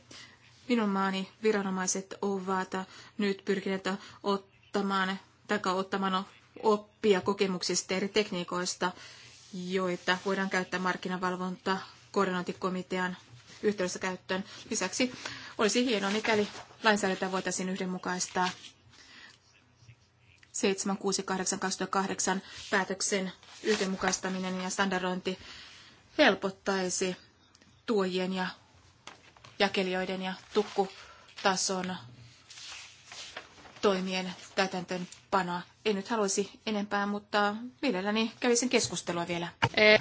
Minun maani viranomaiset ovat nyt pyrkineet ottamaan, tai ottamaan oppia kokemuksista eri tekniikoista, joita voidaan käyttää markkinavalvonta koordinointikomitean yhteydessä käyttöön. Lisäksi olisi hienoa, mikäli lainsäädäntöä voitaisiin yhdenmukaistaa 768-2008 päätöksen yhdenmukaistaminen ja standardointi helpottaisi tuojien ja jakelijoiden ja tukkutason toimien täytäntöönpanoa. En nyt haluaisi enempää, mutta mielelläni kävisin keskustelua vielä. E.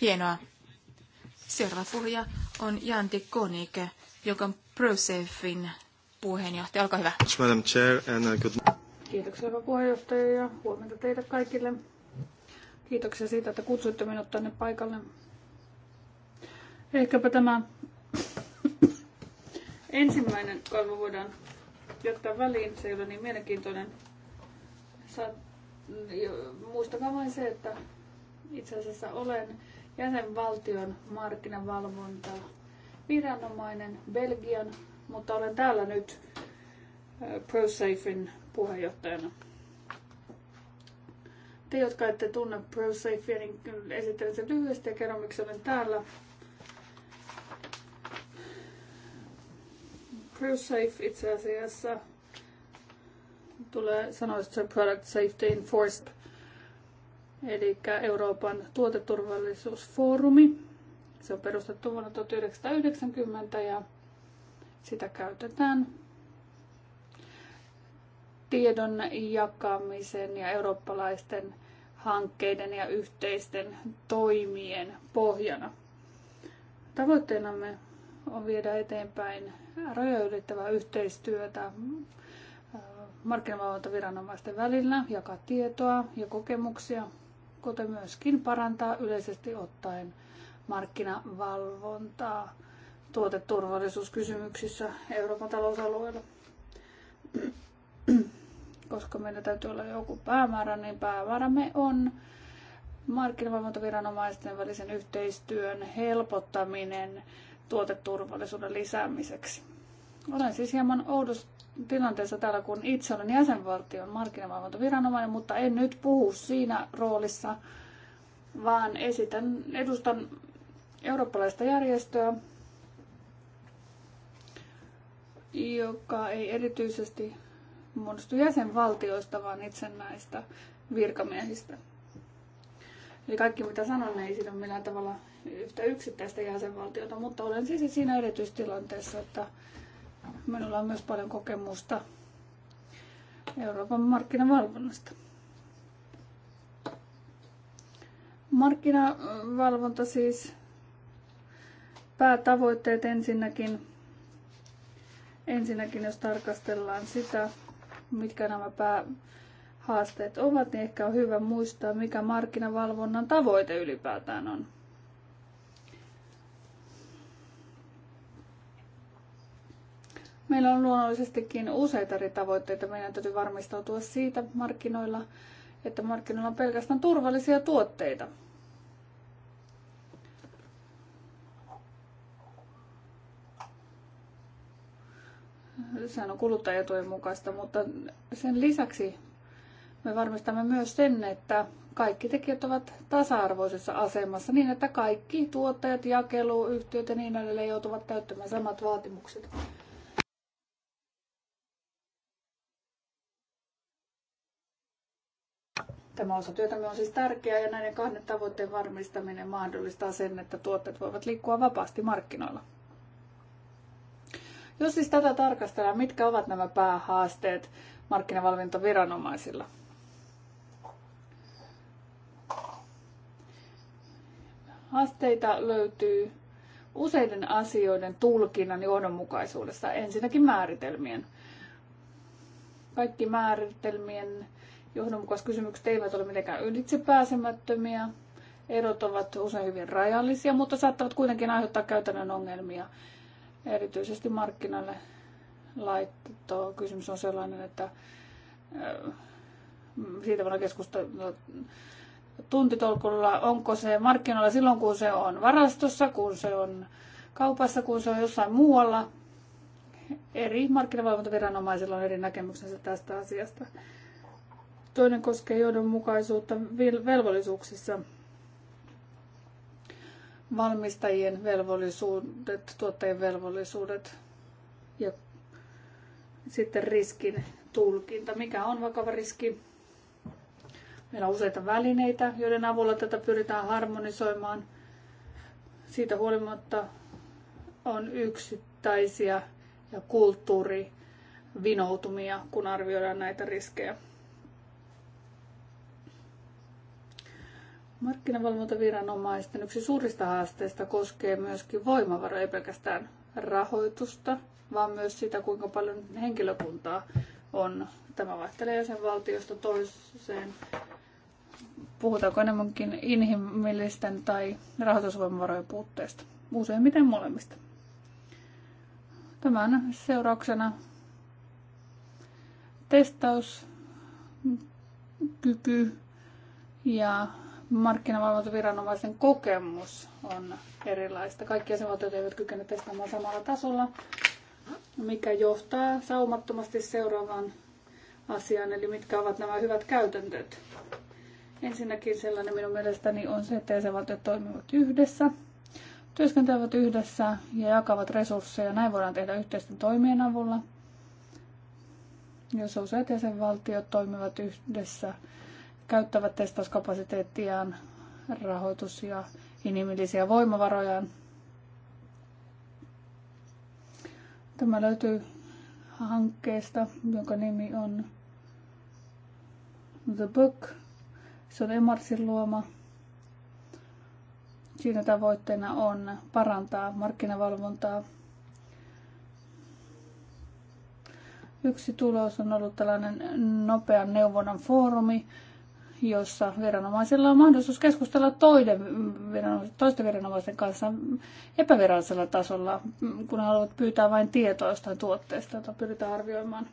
Hienoa. Seuraava puhuja on Janti Konik, joka on ProSafein puheenjohtaja. Olkaa hyvä. Madam Chair and uh, good... Kiitoksia hyvä puheenjohtaja ja huomenta teille kaikille. Kiitoksia siitä, että kutsuitte minut tänne paikalle. Ehkäpä tämä ensimmäinen kalvo voidaan jättää väliin, se ei ole niin mielenkiintoinen. Saat, muistakaa vain se, että itse asiassa olen jäsenvaltion markkinavalvonta viranomainen Belgian, mutta olen täällä nyt ProSafein puheenjohtajana. Te, jotka ette tunne ProSafea, niin esittelen sen lyhyesti ja kerron, miksi olen täällä. ProSafe itse asiassa tulee sanoista Product Safety Enforced, eli Euroopan tuoteturvallisuusfoorumi. Se on perustettu vuonna 1990 ja sitä käytetään tiedon jakamisen ja eurooppalaisten hankkeiden ja yhteisten toimien pohjana. Tavoitteenamme on viedä eteenpäin rajoja ylittävää yhteistyötä äh, markkinavalvontaviranomaisten välillä, jakaa tietoa ja kokemuksia, kuten myöskin parantaa yleisesti ottaen markkinavalvontaa tuoteturvallisuuskysymyksissä Euroopan talousalueella. Koska meillä täytyy olla joku päämäärä, niin päämäärämme on markkinavalvontaviranomaisten välisen yhteistyön helpottaminen tuoteturvallisuuden lisäämiseksi. Olen siis hieman oudossa tilanteessa täällä, kun itse olen jäsenvaltion markkinavalvontaviranomainen, mutta en nyt puhu siinä roolissa, vaan esitän, edustan eurooppalaista järjestöä, joka ei erityisesti muodostu jäsenvaltioista, vaan itse näistä virkamiehistä. Eli kaikki mitä sanon ei siinä millään tavalla yhtä yksittäistä jäsenvaltiota, mutta olen siis siinä erityistilanteessa, että minulla on myös paljon kokemusta Euroopan markkinavalvonnasta. Markkinavalvonta siis päätavoitteet ensinnäkin. Ensinnäkin jos tarkastellaan sitä, mitkä nämä päähaasteet ovat, niin ehkä on hyvä muistaa, mikä markkinavalvonnan tavoite ylipäätään on. Meillä on luonnollisestikin useita eri tavoitteita. Meidän täytyy varmistautua siitä markkinoilla, että markkinoilla on pelkästään turvallisia tuotteita. Sehän on kuluttajatojen mukaista, mutta sen lisäksi me varmistamme myös sen, että kaikki tekijät ovat tasa-arvoisessa asemassa niin, että kaikki tuottajat, jakeluyhtiöt ja niin edelleen joutuvat täyttämään samat vaatimukset. Tämä osa on siis tärkeää ja näiden kahden tavoitteen varmistaminen mahdollistaa sen, että tuotteet voivat liikkua vapaasti markkinoilla. Jos siis tätä tarkastellaan, mitkä ovat nämä päähaasteet markkinavalvontaviranomaisilla? Haasteita löytyy useiden asioiden tulkinnan johdonmukaisuudessa, ensinnäkin määritelmien. Kaikki määritelmien kysymykset eivät ole mitenkään ylitse pääsemättömiä. Erot ovat usein hyvin rajallisia, mutta saattavat kuitenkin aiheuttaa käytännön ongelmia, erityisesti markkinoille laitto. Kysymys on sellainen, että äh, siitä voidaan keskustella tuntitolkulla, onko se markkinoilla silloin, kun se on varastossa, kun se on kaupassa, kun se on jossain muualla. Eri markkinavalvontaviranomaisilla on eri näkemyksensä tästä asiasta. Toinen koskee johdonmukaisuutta velvollisuuksissa. Valmistajien velvollisuudet, tuottajien velvollisuudet ja sitten riskin tulkinta. Mikä on vakava riski? Meillä on useita välineitä, joiden avulla tätä pyritään harmonisoimaan. Siitä huolimatta on yksittäisiä ja kulttuurivinoutumia, kun arvioidaan näitä riskejä. Markkinavalvontaviranomaisten yksi suurista haasteista koskee myöskin voimavaroja, ei pelkästään rahoitusta, vaan myös sitä, kuinka paljon henkilökuntaa on. Tämä vaihtelee jäsenvaltiosta toiseen. Puhutaanko enemmänkin inhimillisten tai rahoitusvoimavarojen puutteesta? Useimmiten molemmista. Tämän seurauksena testauskyky ja markkinavalvontaviranomaisen kokemus on erilaista. Kaikki jäsenvaltiot eivät kykene testaamaan samalla tasolla, mikä johtaa saumattomasti seuraavaan asiaan, eli mitkä ovat nämä hyvät käytäntöt. Ensinnäkin sellainen minun mielestäni on se, että jäsenvaltiot toimivat yhdessä, työskentelevät yhdessä ja jakavat resursseja. Näin voidaan tehdä yhteisten toimien avulla. Jos useat jäsenvaltiot toimivat yhdessä, käyttävät testauskapasiteettiaan, rahoitus- ja inhimillisiä voimavarojaan. Tämä löytyy hankkeesta, jonka nimi on The Book. Se on Emarsin luoma. Siinä tavoitteena on parantaa markkinavalvontaa. Yksi tulos on ollut tällainen nopean neuvonnan foorumi, jossa viranomaisilla on mahdollisuus keskustella toiden, toisten viranomaisten kanssa epävirallisella tasolla, kun haluat pyytää vain tietoa jostain tuotteesta, jota pyritään arvioimaan.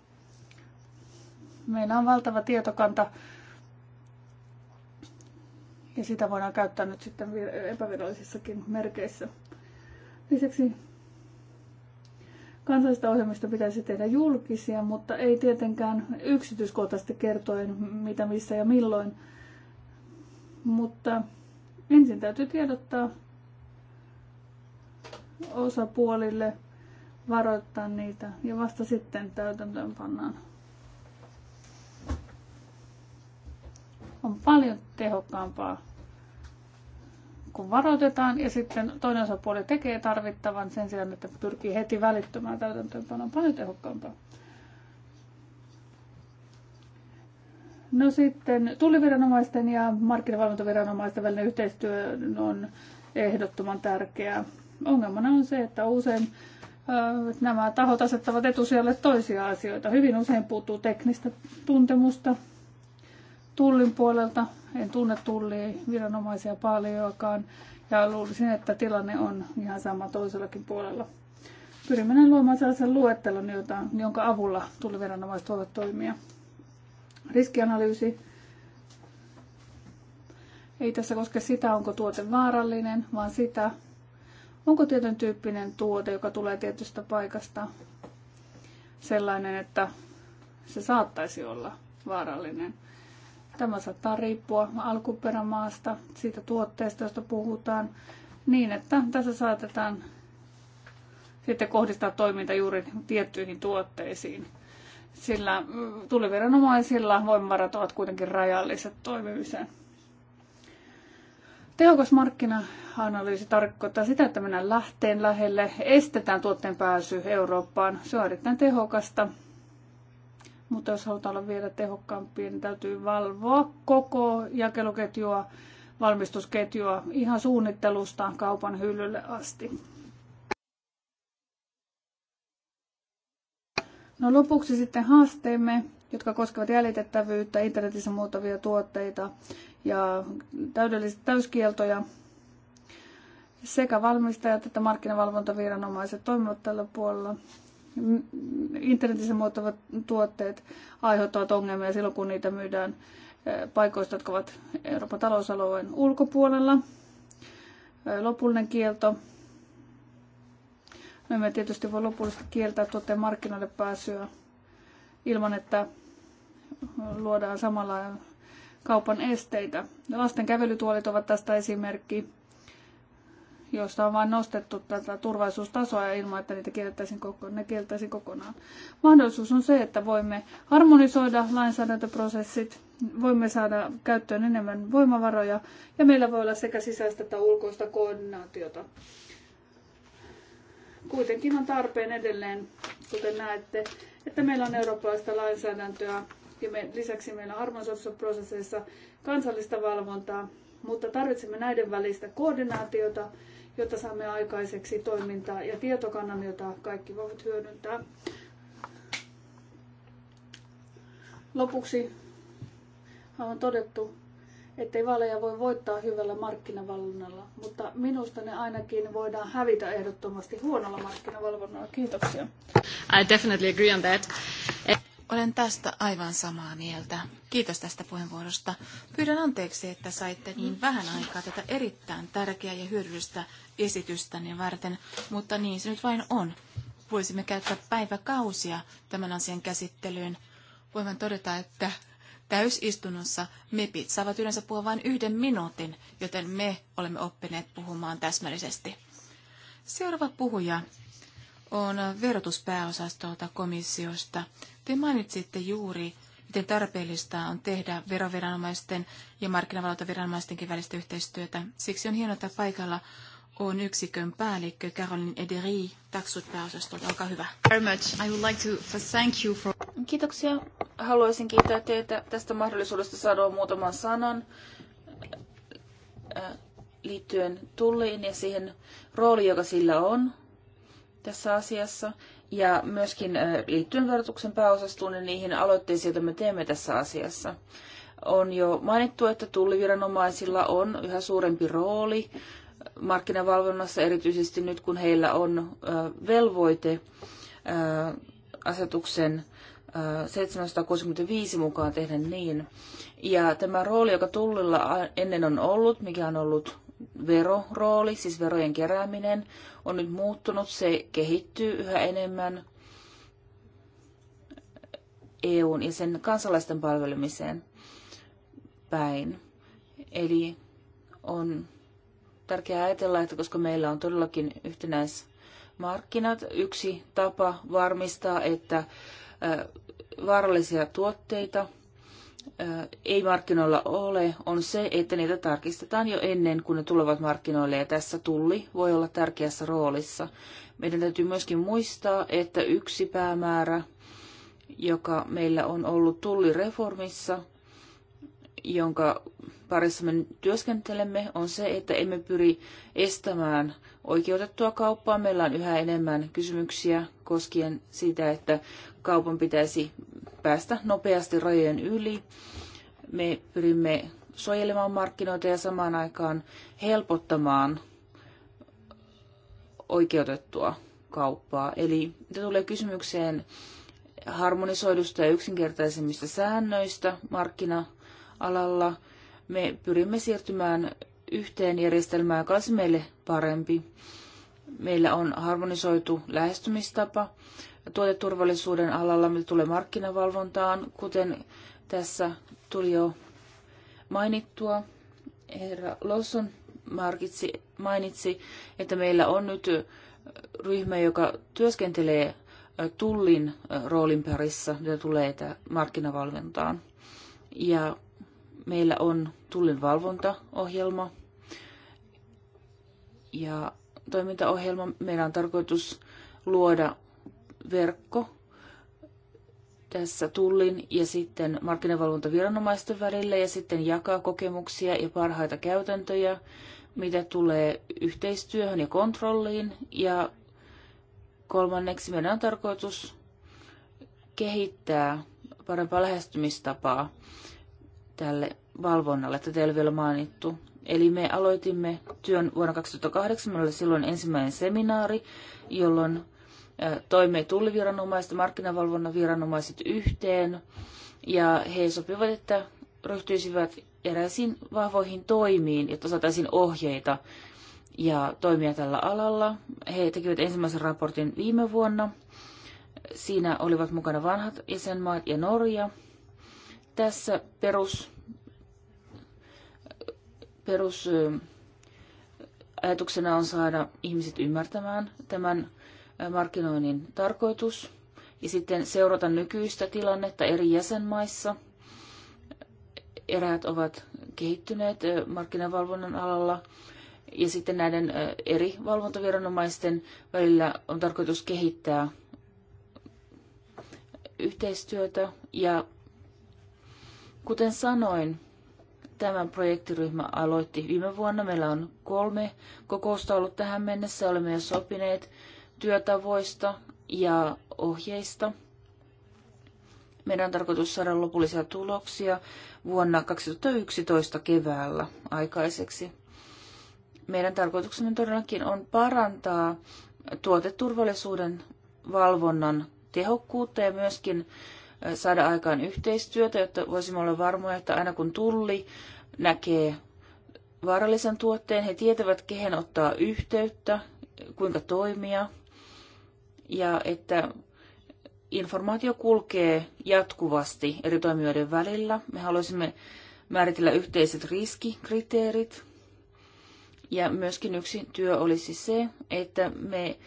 Meillä on valtava tietokanta ja sitä voidaan käyttää nyt sitten epävirallisissakin merkeissä. Lisäksi kansallista ohjelmista pitäisi tehdä julkisia, mutta ei tietenkään yksityiskohtaisesti kertoen mitä, missä ja milloin. Mutta ensin täytyy tiedottaa osapuolille, varoittaa niitä ja vasta sitten täytäntöön pannaan. On paljon tehokkaampaa kun varoitetaan ja sitten toinen osapuoli tekee tarvittavan sen sijaan, että pyrkii heti välittömään täytäntöönpanoon paljon tehokkaampaa. No sitten tulliviranomaisten ja markkinavalvontaviranomaisten välinen yhteistyö on ehdottoman tärkeää. Ongelmana on se, että usein äh, nämä tahot asettavat etusijalle toisia asioita. Hyvin usein puuttuu teknistä tuntemusta, tullin puolelta. En tunne tullia viranomaisia paljoakaan ja luulisin, että tilanne on ihan sama toisellakin puolella. Pyrimme näin luomaan sellaisen luettelon, jota, jonka avulla tulliviranomaiset voivat toimia. Riskianalyysi ei tässä koske sitä, onko tuote vaarallinen, vaan sitä, onko tietyn tyyppinen tuote, joka tulee tietystä paikasta, sellainen, että se saattaisi olla vaarallinen. Tämä saattaa riippua alkuperämaasta, siitä tuotteesta, josta puhutaan, niin että tässä saatetaan sitten kohdistaa toiminta juuri tiettyihin tuotteisiin. Sillä mm, tuliviranomaisilla voimavarat ovat kuitenkin rajalliset toimimiseen. Tehokas markkina-analyysi tarkoittaa sitä, että mennään lähteen lähelle, estetään tuotteen pääsy Eurooppaan. Se on erittäin tehokasta mutta jos halutaan olla vielä tehokkaampia, niin täytyy valvoa koko jakeluketjua, valmistusketjua ihan suunnittelustaan kaupan hyllylle asti. No lopuksi sitten haasteemme, jotka koskevat jäljitettävyyttä, internetissä muuttavia tuotteita ja täydellisiä täyskieltoja. Sekä valmistajat että markkinavalvontaviranomaiset toimivat tällä puolella internetissä muottavat tuotteet aiheuttavat ongelmia silloin, kun niitä myydään eh, paikoista, jotka ovat Euroopan talousalueen ulkopuolella. Eh, lopullinen kielto. No, me tietysti voi lopullisesti kieltää tuotteen markkinoille pääsyä ilman, että luodaan samalla kaupan esteitä. Lasten kävelytuolit ovat tästä esimerkki joista on vain nostettu tätä turvallisuustasoa ilman, että niitä kieltäisiin kokonaan, ne kokonaan. Mahdollisuus on se, että voimme harmonisoida lainsäädäntöprosessit, voimme saada käyttöön enemmän voimavaroja ja meillä voi olla sekä sisäistä että ulkoista koordinaatiota. Kuitenkin on tarpeen edelleen, kuten näette, että meillä on eurooppalaista lainsäädäntöä ja me, lisäksi meillä on harmonisoidussa prosesseissa kansallista valvontaa, mutta tarvitsemme näiden välistä koordinaatiota jotta saamme aikaiseksi toimintaa ja tietokannan, jota kaikki voivat hyödyntää. Lopuksi on todettu, ettei vaaleja voi voittaa hyvällä markkinavalvonnalla, mutta minusta ne ainakin voidaan hävitä ehdottomasti huonolla markkinavalvonnalla. Kiitoksia. I definitely agree on that. Olen tästä aivan samaa mieltä. Kiitos tästä puheenvuorosta. Pyydän anteeksi, että saitte niin vähän aikaa tätä erittäin tärkeää ja hyödyllistä esitystäni varten, mutta niin se nyt vain on. Voisimme käyttää päiväkausia tämän asian käsittelyyn. Voimme todeta, että täysistunnossa MEPit saavat yleensä puhua vain yhden minuutin, joten me olemme oppineet puhumaan täsmällisesti. Seuraava puhuja on verotuspääosastolta komissiosta. Te mainitsitte juuri, miten tarpeellista on tehdä veroviranomaisten ja markkinavalvontaviranomaistenkin välistä yhteistyötä. Siksi on hienoa, että paikalla on yksikön päällikkö Caroline Ederi Taksut pääosastolta. Olkaa hyvä. Very much. I would like to thank you for... Kiitoksia. Haluaisin kiittää teitä tästä mahdollisuudesta sanoa muutaman sanan äh, liittyen tulliin ja siihen rooliin, joka sillä on tässä asiassa. Ja myöskin äh, liittyen verotuksen pääosastuun ja niihin aloitteisiin, joita me teemme tässä asiassa. On jo mainittu, että tulliviranomaisilla on yhä suurempi rooli markkinavalvonnassa, erityisesti nyt kun heillä on velvoite asetuksen 765 mukaan tehdä niin. Ja tämä rooli, joka tullilla ennen on ollut, mikä on ollut verorooli, siis verojen kerääminen, on nyt muuttunut. Se kehittyy yhä enemmän EUn ja sen kansalaisten palvelemiseen päin. Eli on tärkeää ajatella, että koska meillä on todellakin yhtenäismarkkinat, yksi tapa varmistaa, että vaarallisia tuotteita ei markkinoilla ole, on se, että niitä tarkistetaan jo ennen kuin ne tulevat markkinoille, ja tässä tulli voi olla tärkeässä roolissa. Meidän täytyy myöskin muistaa, että yksi päämäärä, joka meillä on ollut tullireformissa – jonka parissa me nyt työskentelemme, on se, että emme pyri estämään oikeutettua kauppaa. Meillä on yhä enemmän kysymyksiä koskien sitä, että kaupan pitäisi päästä nopeasti rajojen yli. Me pyrimme suojelemaan markkinoita ja samaan aikaan helpottamaan oikeutettua kauppaa. Eli tulee kysymykseen harmonisoidusta ja yksinkertaisemmista säännöistä markkina alalla. Me pyrimme siirtymään yhteen järjestelmään, joka olisi meille parempi. Meillä on harmonisoitu lähestymistapa tuoteturvallisuuden alalla, mitä tulee markkinavalvontaan, kuten tässä tuli jo mainittua. Herra Losson markitsi, mainitsi, että meillä on nyt ryhmä, joka työskentelee tullin roolin parissa, mitä tulee markkinavalvontaan. Ja meillä on tullin valvontaohjelma ja toimintaohjelma. Meillä on tarkoitus luoda verkko tässä tullin ja sitten markkinavalvontaviranomaisten välillä ja sitten jakaa kokemuksia ja parhaita käytäntöjä, mitä tulee yhteistyöhön ja kontrolliin. Ja kolmanneksi meidän on tarkoitus kehittää parempaa lähestymistapaa tälle valvonnalle. Tätä teillä vielä mainittu. Eli me aloitimme työn vuonna 2008. Meillä oli silloin ensimmäinen seminaari, jolloin toimme tulliviranomaiset ja markkinavalvonnan viranomaiset yhteen. Ja he sopivat, että ryhtyisivät eräisiin vahvoihin toimiin, jotta saataisiin ohjeita ja toimia tällä alalla. He tekivät ensimmäisen raportin viime vuonna. Siinä olivat mukana vanhat jäsenmaat ja Norja. Tässä perus, perus ajatuksena on saada ihmiset ymmärtämään tämän markkinoinnin tarkoitus ja sitten seurata nykyistä tilannetta eri jäsenmaissa. Eräät ovat kehittyneet markkinavalvonnan alalla ja sitten näiden eri valvontaviranomaisten välillä on tarkoitus kehittää yhteistyötä ja Kuten sanoin, tämä projektiryhmä aloitti viime vuonna. Meillä on kolme kokousta ollut tähän mennessä. Olemme jo sopineet työtavoista ja ohjeista. Meidän on tarkoitus saada lopullisia tuloksia vuonna 2011 keväällä aikaiseksi. Meidän tarkoituksemme todellakin on parantaa tuoteturvallisuuden valvonnan tehokkuutta ja myöskin saada aikaan yhteistyötä, jotta voisimme olla varmoja, että aina kun tulli näkee vaarallisen tuotteen, he tietävät, kehen ottaa yhteyttä, kuinka toimia, ja että informaatio kulkee jatkuvasti eri toimijoiden välillä. Me haluaisimme määritellä yhteiset riskikriteerit. Ja myöskin yksi työ olisi se, että me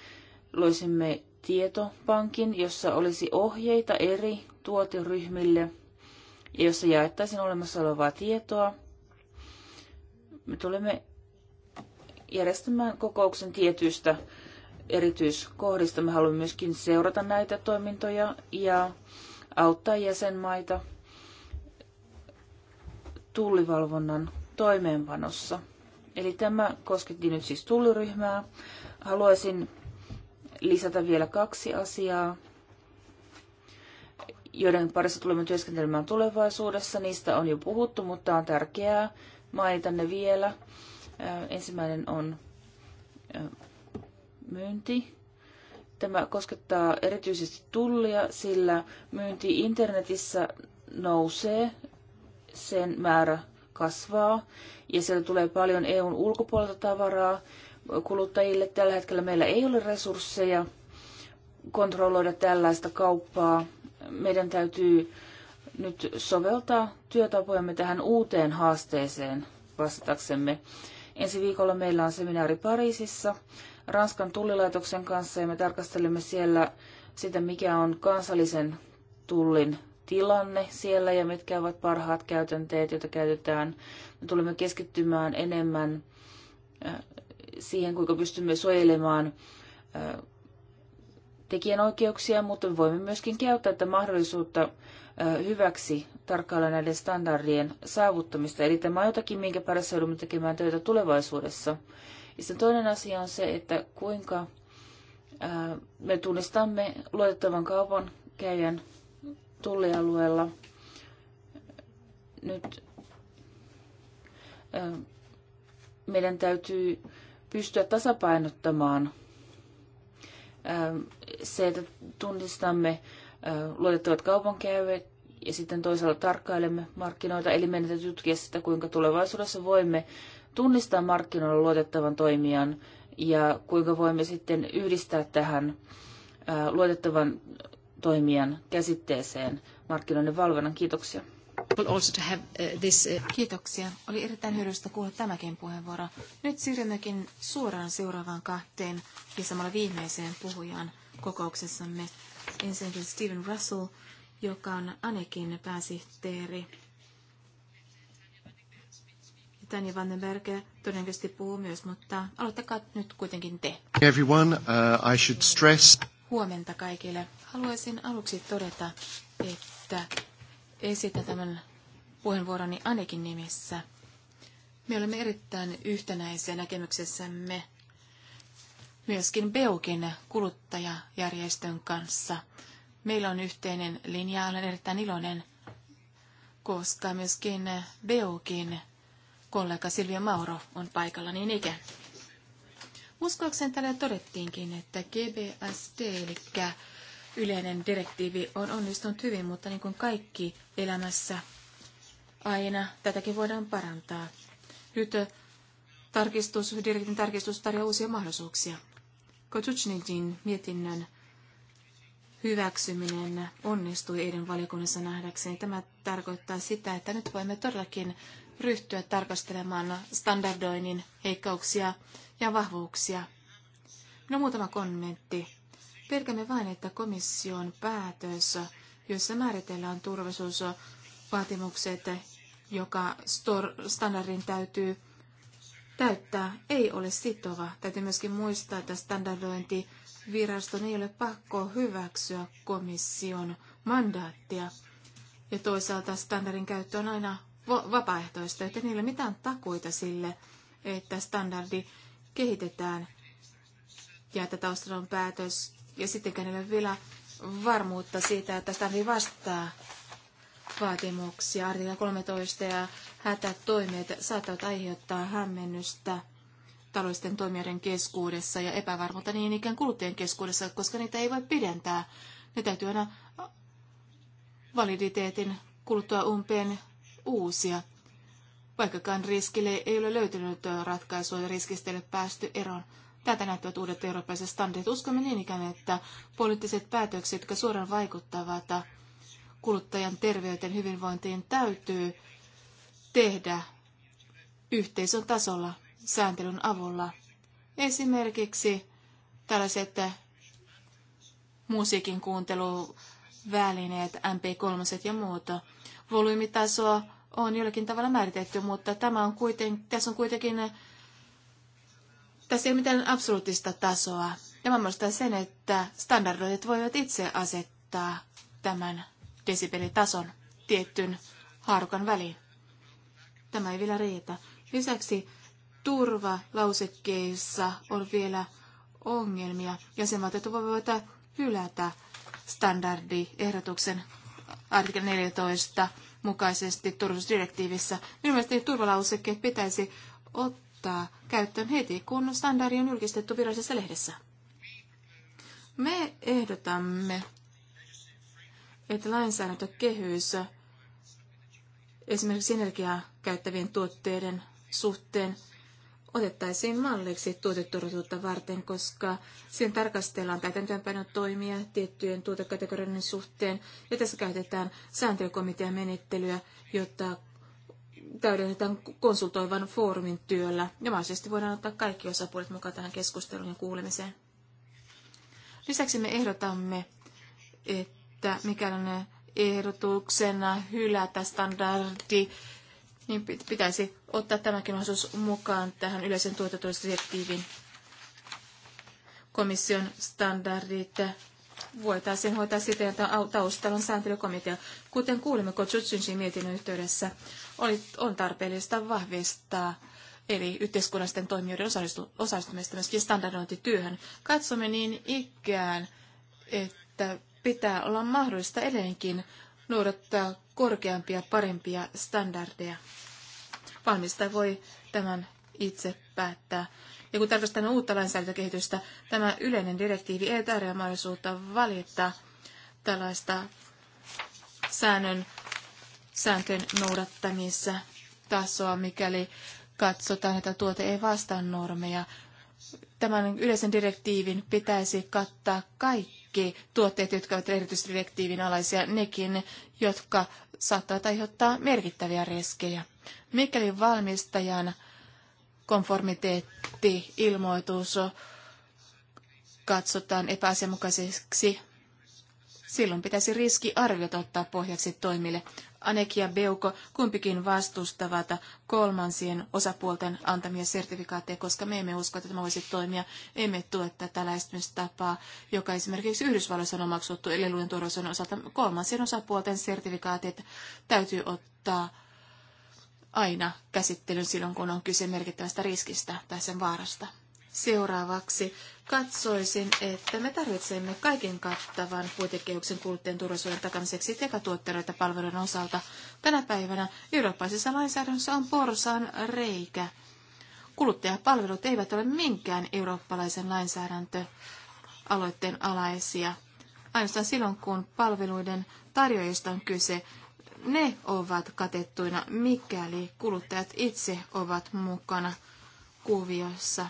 loisimme tietopankin, jossa olisi ohjeita eri tuoteryhmille, ja jossa jaettaisiin olemassa olevaa tietoa. Me tulemme järjestämään kokouksen tietyistä erityiskohdista. Me haluamme myöskin seurata näitä toimintoja ja auttaa jäsenmaita tullivalvonnan toimeenpanossa. Eli tämä kosketti nyt siis tulliryhmää. Haluaisin lisätä vielä kaksi asiaa joiden parissa tulemme työskentelemään tulevaisuudessa. Niistä on jo puhuttu, mutta on tärkeää mainita ne vielä. Ensimmäinen on myynti. Tämä koskettaa erityisesti tullia, sillä myynti internetissä nousee, sen määrä kasvaa ja sieltä tulee paljon EUn ulkopuolelta tavaraa kuluttajille. Tällä hetkellä meillä ei ole resursseja kontrolloida tällaista kauppaa meidän täytyy nyt soveltaa työtapojamme tähän uuteen haasteeseen vastataksemme. Ensi viikolla meillä on seminaari Pariisissa Ranskan tullilaitoksen kanssa ja me tarkastelemme siellä sitä, mikä on kansallisen tullin tilanne siellä ja mitkä ovat parhaat käytänteet, joita käytetään. Me tulemme keskittymään enemmän äh, siihen, kuinka pystymme suojelemaan äh, tekijänoikeuksia, mutta voimme myöskin käyttää tätä mahdollisuutta hyväksi tarkkailla näiden standardien saavuttamista. Eli tämä on jotakin, minkä parissa joudumme tekemään töitä tulevaisuudessa. Ja sitten toinen asia on se, että kuinka me tunnistamme luotettavan kaupan käyjän tullialueella. Nyt meidän täytyy pystyä tasapainottamaan – Ähm, se, että tunnistamme äh, luotettavat kaupankäyvät ja sitten toisaalta tarkkailemme markkinoita, eli meidän täytyy tutkia sitä, kuinka tulevaisuudessa voimme tunnistaa markkinoilla luotettavan toimijan ja kuinka voimme sitten yhdistää tähän äh, luotettavan toimijan käsitteeseen markkinoiden valvonnan. Kiitoksia helpful also to have uh, this... Uh, Kiitoksia. Oli erittäin hyödyllistä kuulla tämäkin puheenvuoro. Nyt siirrymmekin suoraan seuraavaan kahteen ja samalla viimeiseen puhujaan kokouksessamme. Ensinnäkin Stephen Russell, joka on Anekin pääsihteeri. Tanja Vandenberg todennäköisesti puhuu myös, mutta aloittakaa nyt kuitenkin te. Everyone, uh, I should stress... Huomenta kaikille. Haluaisin aluksi todeta, että esitän tämän puheenvuoroni Anikin nimissä. Me olemme erittäin yhtenäisiä näkemyksessämme myöskin Beukin kuluttajajärjestön kanssa. Meillä on yhteinen linja, olen erittäin iloinen, koska myöskin Beukin kollega Silvia Mauro on paikalla niin ikään. Uskoakseni täällä todettiinkin, että GBSD, eli yleinen direktiivi, on onnistunut hyvin, mutta niin kuin kaikki elämässä aina. Tätäkin voidaan parantaa. Nyt äh, tarkistus, direktin tarkistus tarjoaa uusia mahdollisuuksia. Kotuchnitin mietinnön hyväksyminen onnistui eilen valiokunnassa nähdäkseni. Tämä tarkoittaa sitä, että nyt voimme todellakin ryhtyä tarkastelemaan standardoinnin heikkouksia ja vahvuuksia. No muutama kommentti. Pelkämme vain, että komission päätös, jossa määritellään turvallisuusvaatimukset joka standardin täytyy täyttää, ei ole sitova. Täytyy myöskin muistaa, että standardointiviraston ei ole pakko hyväksyä komission mandaattia. Ja toisaalta standardin käyttö on aina vapaaehtoista, että niillä ei ole mitään takuita sille, että standardi kehitetään ja että taustalla on päätös. Ja sittenkään ei ole vielä varmuutta siitä, että standardi vastaa vaatimuksia. Artikla 13 ja hätätoimet saattavat aiheuttaa hämmennystä taloisten toimijoiden keskuudessa ja epävarmuutta niin ikään kuluttajien keskuudessa, koska niitä ei voi pidentää. Ne täytyy aina validiteetin kuluttua umpeen uusia. Vaikkakaan riskille ei ole löytynyt ratkaisua ja riskistä ei ole päästy eroon. Tätä näyttävät uudet eurooppalaiset standardit. Uskomme niin ikään, että poliittiset päätökset, jotka suoraan vaikuttavat kuluttajan terveyteen hyvinvointiin täytyy tehdä yhteisön tasolla sääntelyn avulla. Esimerkiksi tällaiset musiikin kuunteluvälineet, MP3 ja muuta. Volyymitasoa on jollakin tavalla määritetty, mutta tämä on kuiten, tässä on kuitenkin tässä ei ole mitään absoluuttista tasoa. Tämä muistaa sen, että standardoidit voivat itse asettaa tämän desibelitason tietyn haarukan väliin. Tämä ei vielä riitä. Lisäksi turvalausekkeissa on vielä ongelmia. Jäsenvaltiot voivat hylätä standardiehdotuksen artikla 14 mukaisesti turvallisuusdirektiivissä. Minun mielestä turvalausekkeet pitäisi ottaa käyttöön heti, kun standardi on julkistettu virallisessa lehdessä. Me ehdotamme että lainsäädäntökehys esimerkiksi energiaa käyttävien tuotteiden suhteen otettaisiin malliksi tuoteturvallisuutta varten, koska siinä tarkastellaan täytäntöönpäin toimia tiettyjen tuotekategorioiden suhteen, ja tässä käytetään sääntökomitean menettelyä, jotta täydennetään konsultoivan foorumin työllä, ja mahdollisesti voidaan ottaa kaikki osapuolet mukaan tähän keskusteluun ja kuulemiseen. Lisäksi me ehdotamme, että että mikäli ne ehdotuksena hylätä standardi, niin pitäisi ottaa tämäkin osuus mukaan tähän yleisen tuotantodirektiivin komission standardit voitaisiin hoitaa siten, että on sääntelykomitea, kuten kuulimme Kotsutsynshin mietinnön yhteydessä, oli, on tarpeellista vahvistaa eli yhteiskunnallisten toimijoiden osallistumista myöskin standardointityöhön. Katsomme niin ikään, että pitää olla mahdollista edelleenkin noudattaa korkeampia, parempia standardeja. Valmistaja voi tämän itse päättää. Ja kun tarkastellaan uutta lainsäädäntökehitystä, tämä yleinen direktiivi ei tarjoa mahdollisuutta valittaa tällaista säännön, sääntöjen noudattamissa tasoa, mikäli katsotaan, että tuote ei vastaa normeja. Tämän yleisen direktiivin pitäisi kattaa kaikki kaikki tuotteet, jotka ovat erityisdirektiivin alaisia, nekin, jotka saattavat aiheuttaa merkittäviä riskejä. Mikäli valmistajan konformiteetti, ilmoitus katsotaan epäasianmukaiseksi, silloin pitäisi riskiarviot ottaa pohjaksi toimille. Anek ja Beuko kumpikin vastustavat kolmansien osapuolten antamia sertifikaatteja, koska me emme usko, että tämä voisi toimia. Emme tue tätä lähestymistapaa, joka esimerkiksi Yhdysvalloissa on omaksuttu lelujen turvallisuuden osalta. Kolmansien osapuolten sertifikaatit täytyy ottaa aina käsittelyn silloin, kun on kyse merkittävästä riskistä tai sen vaarasta. Seuraavaksi katsoisin, että me tarvitsemme kaiken kattavan puitekehyksen kuluttajien turvallisuuden takamiseksi sekä tuotteiden palveluiden osalta. Tänä päivänä eurooppaisessa lainsäädännössä on porsaan reikä. Kuluttajapalvelut eivät ole minkään eurooppalaisen lainsäädäntöaloitteen alaisia. Ainoastaan silloin, kun palveluiden tarjoajista on kyse, ne ovat katettuina, mikäli kuluttajat itse ovat mukana kuviossa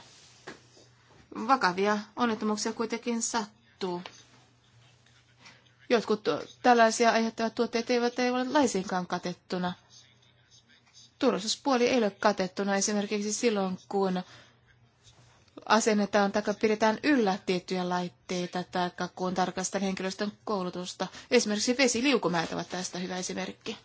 vakavia onnettomuuksia kuitenkin sattuu. Jotkut tällaisia aiheuttavat tuotteet eivät, ei ole laisinkaan katettuna. Turvallisuuspuoli ei ole katettuna esimerkiksi silloin, kun asennetaan tai pidetään yllä tiettyjä laitteita tai kun tarkastetaan henkilöstön koulutusta. Esimerkiksi vesiliukumäät ovat tästä hyvä esimerkki.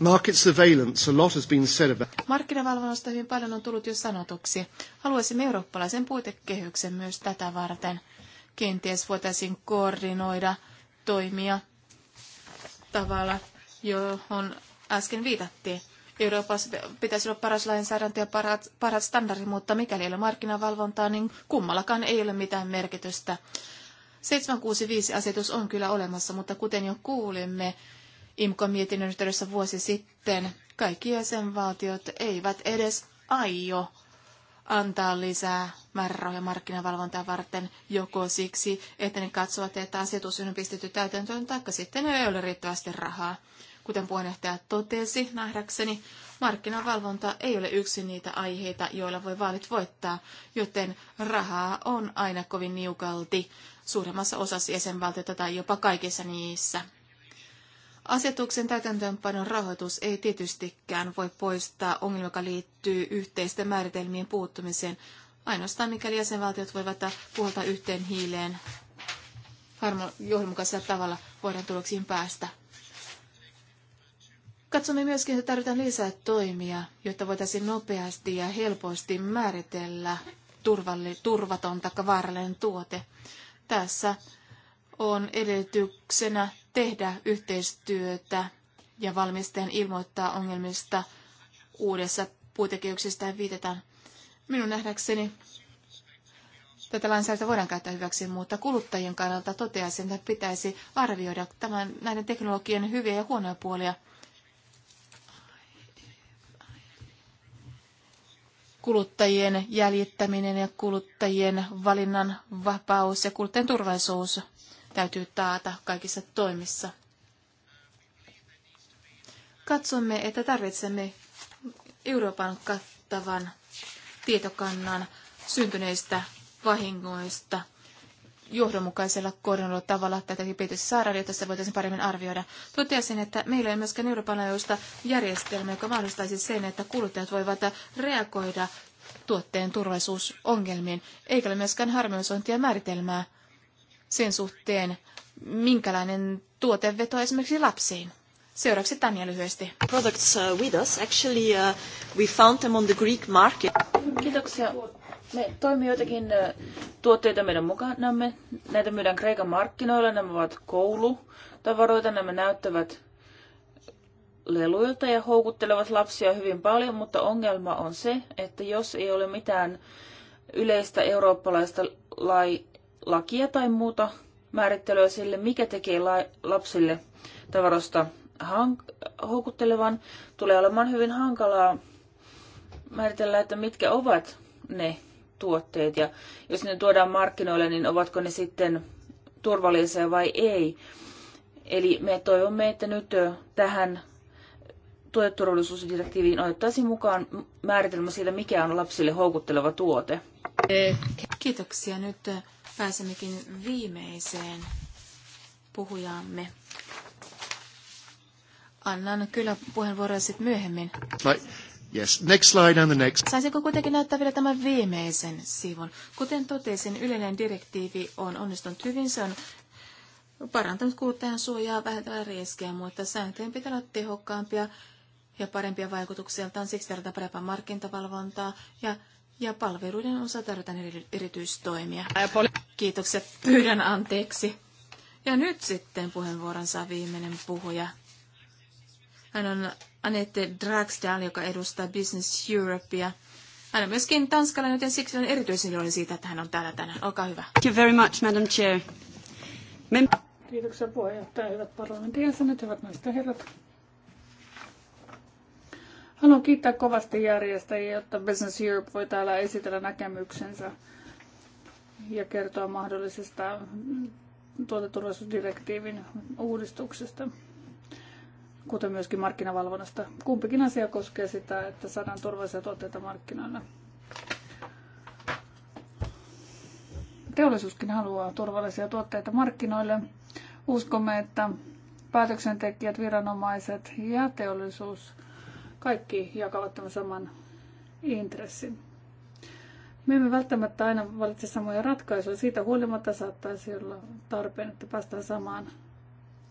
Market surveillance, a lot has been said about. Markkinavalvonnasta hyvin paljon on tullut jo sanotuksi. Haluaisimme eurooppalaisen puitekehyksen myös tätä varten. Kenties voitaisiin koordinoida toimia tavalla, johon äsken viitattiin. Euroopassa pitäisi olla paras lainsäädäntö ja parat, parat standardit, mutta mikäli ei ole markkinavalvontaa, niin kummallakaan ei ole mitään merkitystä. 765-asetus on kyllä olemassa, mutta kuten jo kuulimme, IMCO-mietinnön yhteydessä vuosi sitten kaikki jäsenvaltiot eivät edes aio antaa lisää määrärahoja markkinavalvontaa varten joko siksi, että ne katsovat, että asetus on pistetty täytäntöön, taikka sitten ei ole riittävästi rahaa. Kuten puheenjohtaja totesi nähdäkseni, markkinavalvonta ei ole yksi niitä aiheita, joilla voi vaalit voittaa, joten rahaa on aina kovin niukalti suurimmassa osassa jäsenvaltioita tai jopa kaikissa niissä. Asetuksen täytäntöönpanon rahoitus ei tietystikään voi poistaa ongelmia, joka liittyy yhteisten määritelmien puuttumiseen, ainoastaan mikäli jäsenvaltiot voivat puhaltaa yhteen hiileen johdonmukaisella tavalla voidaan tuloksiin päästä. Katsomme myöskin, että tarvitaan lisää toimia, jotta voitaisiin nopeasti ja helposti määritellä turvalli, turvaton tai vaarallinen tuote. Tässä on edellytyksenä tehdä yhteistyötä ja valmistajan ilmoittaa ongelmista uudessa puitekehyksessä viitataan. Minun nähdäkseni tätä lainsäädäntöä voidaan käyttää hyväksi, mutta kuluttajien kannalta toteaisin, että pitäisi arvioida tämän, näiden teknologian hyviä ja huonoja puolia. Kuluttajien jäljittäminen ja kuluttajien valinnan vapaus ja kuluttajien turvallisuus täytyy taata kaikissa toimissa. Katsomme, että tarvitsemme Euroopan kattavan tietokannan syntyneistä vahingoista johdonmukaisella koordinoidulla tavalla tätä pitäisi saada, jotta se voitaisiin paremmin arvioida. Toteasin, että meillä ei ole myöskään Euroopan laajuista järjestelmä, joka mahdollistaisi sen, että kuluttajat voivat reagoida tuotteen turvallisuusongelmiin, eikä ole myöskään harmonisointia määritelmää sen suhteen, minkälainen tuote vetoaa esimerkiksi lapsiin. Seuraavaksi Tanja lyhyesti. Products uh, with us. Actually, uh, we found them on the Greek market. Kiitoksia. Me toimii joitakin uh, tuotteita meidän mukanamme. Näitä myydään Kreikan markkinoilla. Nämä ovat koulutavaroita. Nämä näyttävät leluilta ja houkuttelevat lapsia hyvin paljon, mutta ongelma on se, että jos ei ole mitään yleistä eurooppalaista lai, lakia tai muuta määrittelyä sille, mikä tekee lapsille tavarosta houkuttelevan, tulee olemaan hyvin hankalaa määritellä, että mitkä ovat ne tuotteet. Ja jos ne tuodaan markkinoille, niin ovatko ne sitten turvallisia vai ei. Eli me toivomme, että nyt tähän tuoteturvallisuusdirektiiviin otettaisiin mukaan määritelmä siitä, mikä on lapsille houkutteleva tuote. Kiitoksia nyt pääsemmekin viimeiseen puhujaamme. Annan kyllä puheenvuoroja sitten myöhemmin. Right. Yes, next slide and the next. Saisinko kuitenkin näyttää vielä tämän viimeisen sivun? Kuten totesin, yleinen direktiivi on onnistunut hyvin. Se on parantanut kuluttajan suojaa, vähentävä riskejä, mutta sääntöjen pitää olla tehokkaampia ja parempia vaikutuksiltaan. Siksi tarvitaan parempaa markkintavalvontaa ja ja palveluiden osa tarvitaan erityistoimia. Kiitokset, pyydän anteeksi. Ja nyt sitten puheenvuoron saa viimeinen puhuja. Hän on Anette Dragsdal, joka edustaa Business Europea. Hän on myöskin tanskalainen, joten siksi on erityisen iloinen siitä, että hän on täällä tänään. Olkaa hyvä. Thank you very much, Madam Chair. Mem- Kiitoksia puheenjohtaja, hyvät parlamentin jäsenet, hyvät naiset ja herrat. Haluan kiittää kovasti järjestäjiä, jotta Business Europe voi täällä esitellä näkemyksensä ja kertoa mahdollisesta tuoteturvallisuusdirektiivin uudistuksesta, kuten myöskin markkinavalvonnasta. Kumpikin asia koskee sitä, että saadaan turvallisia tuotteita markkinoille. Teollisuuskin haluaa turvallisia tuotteita markkinoille. Uskomme, että päätöksentekijät, viranomaiset ja teollisuus – kaikki jakavat tämän saman intressin. Me emme välttämättä aina valitse samoja ratkaisuja. Siitä huolimatta saattaisi olla tarpeen, että päästään samaan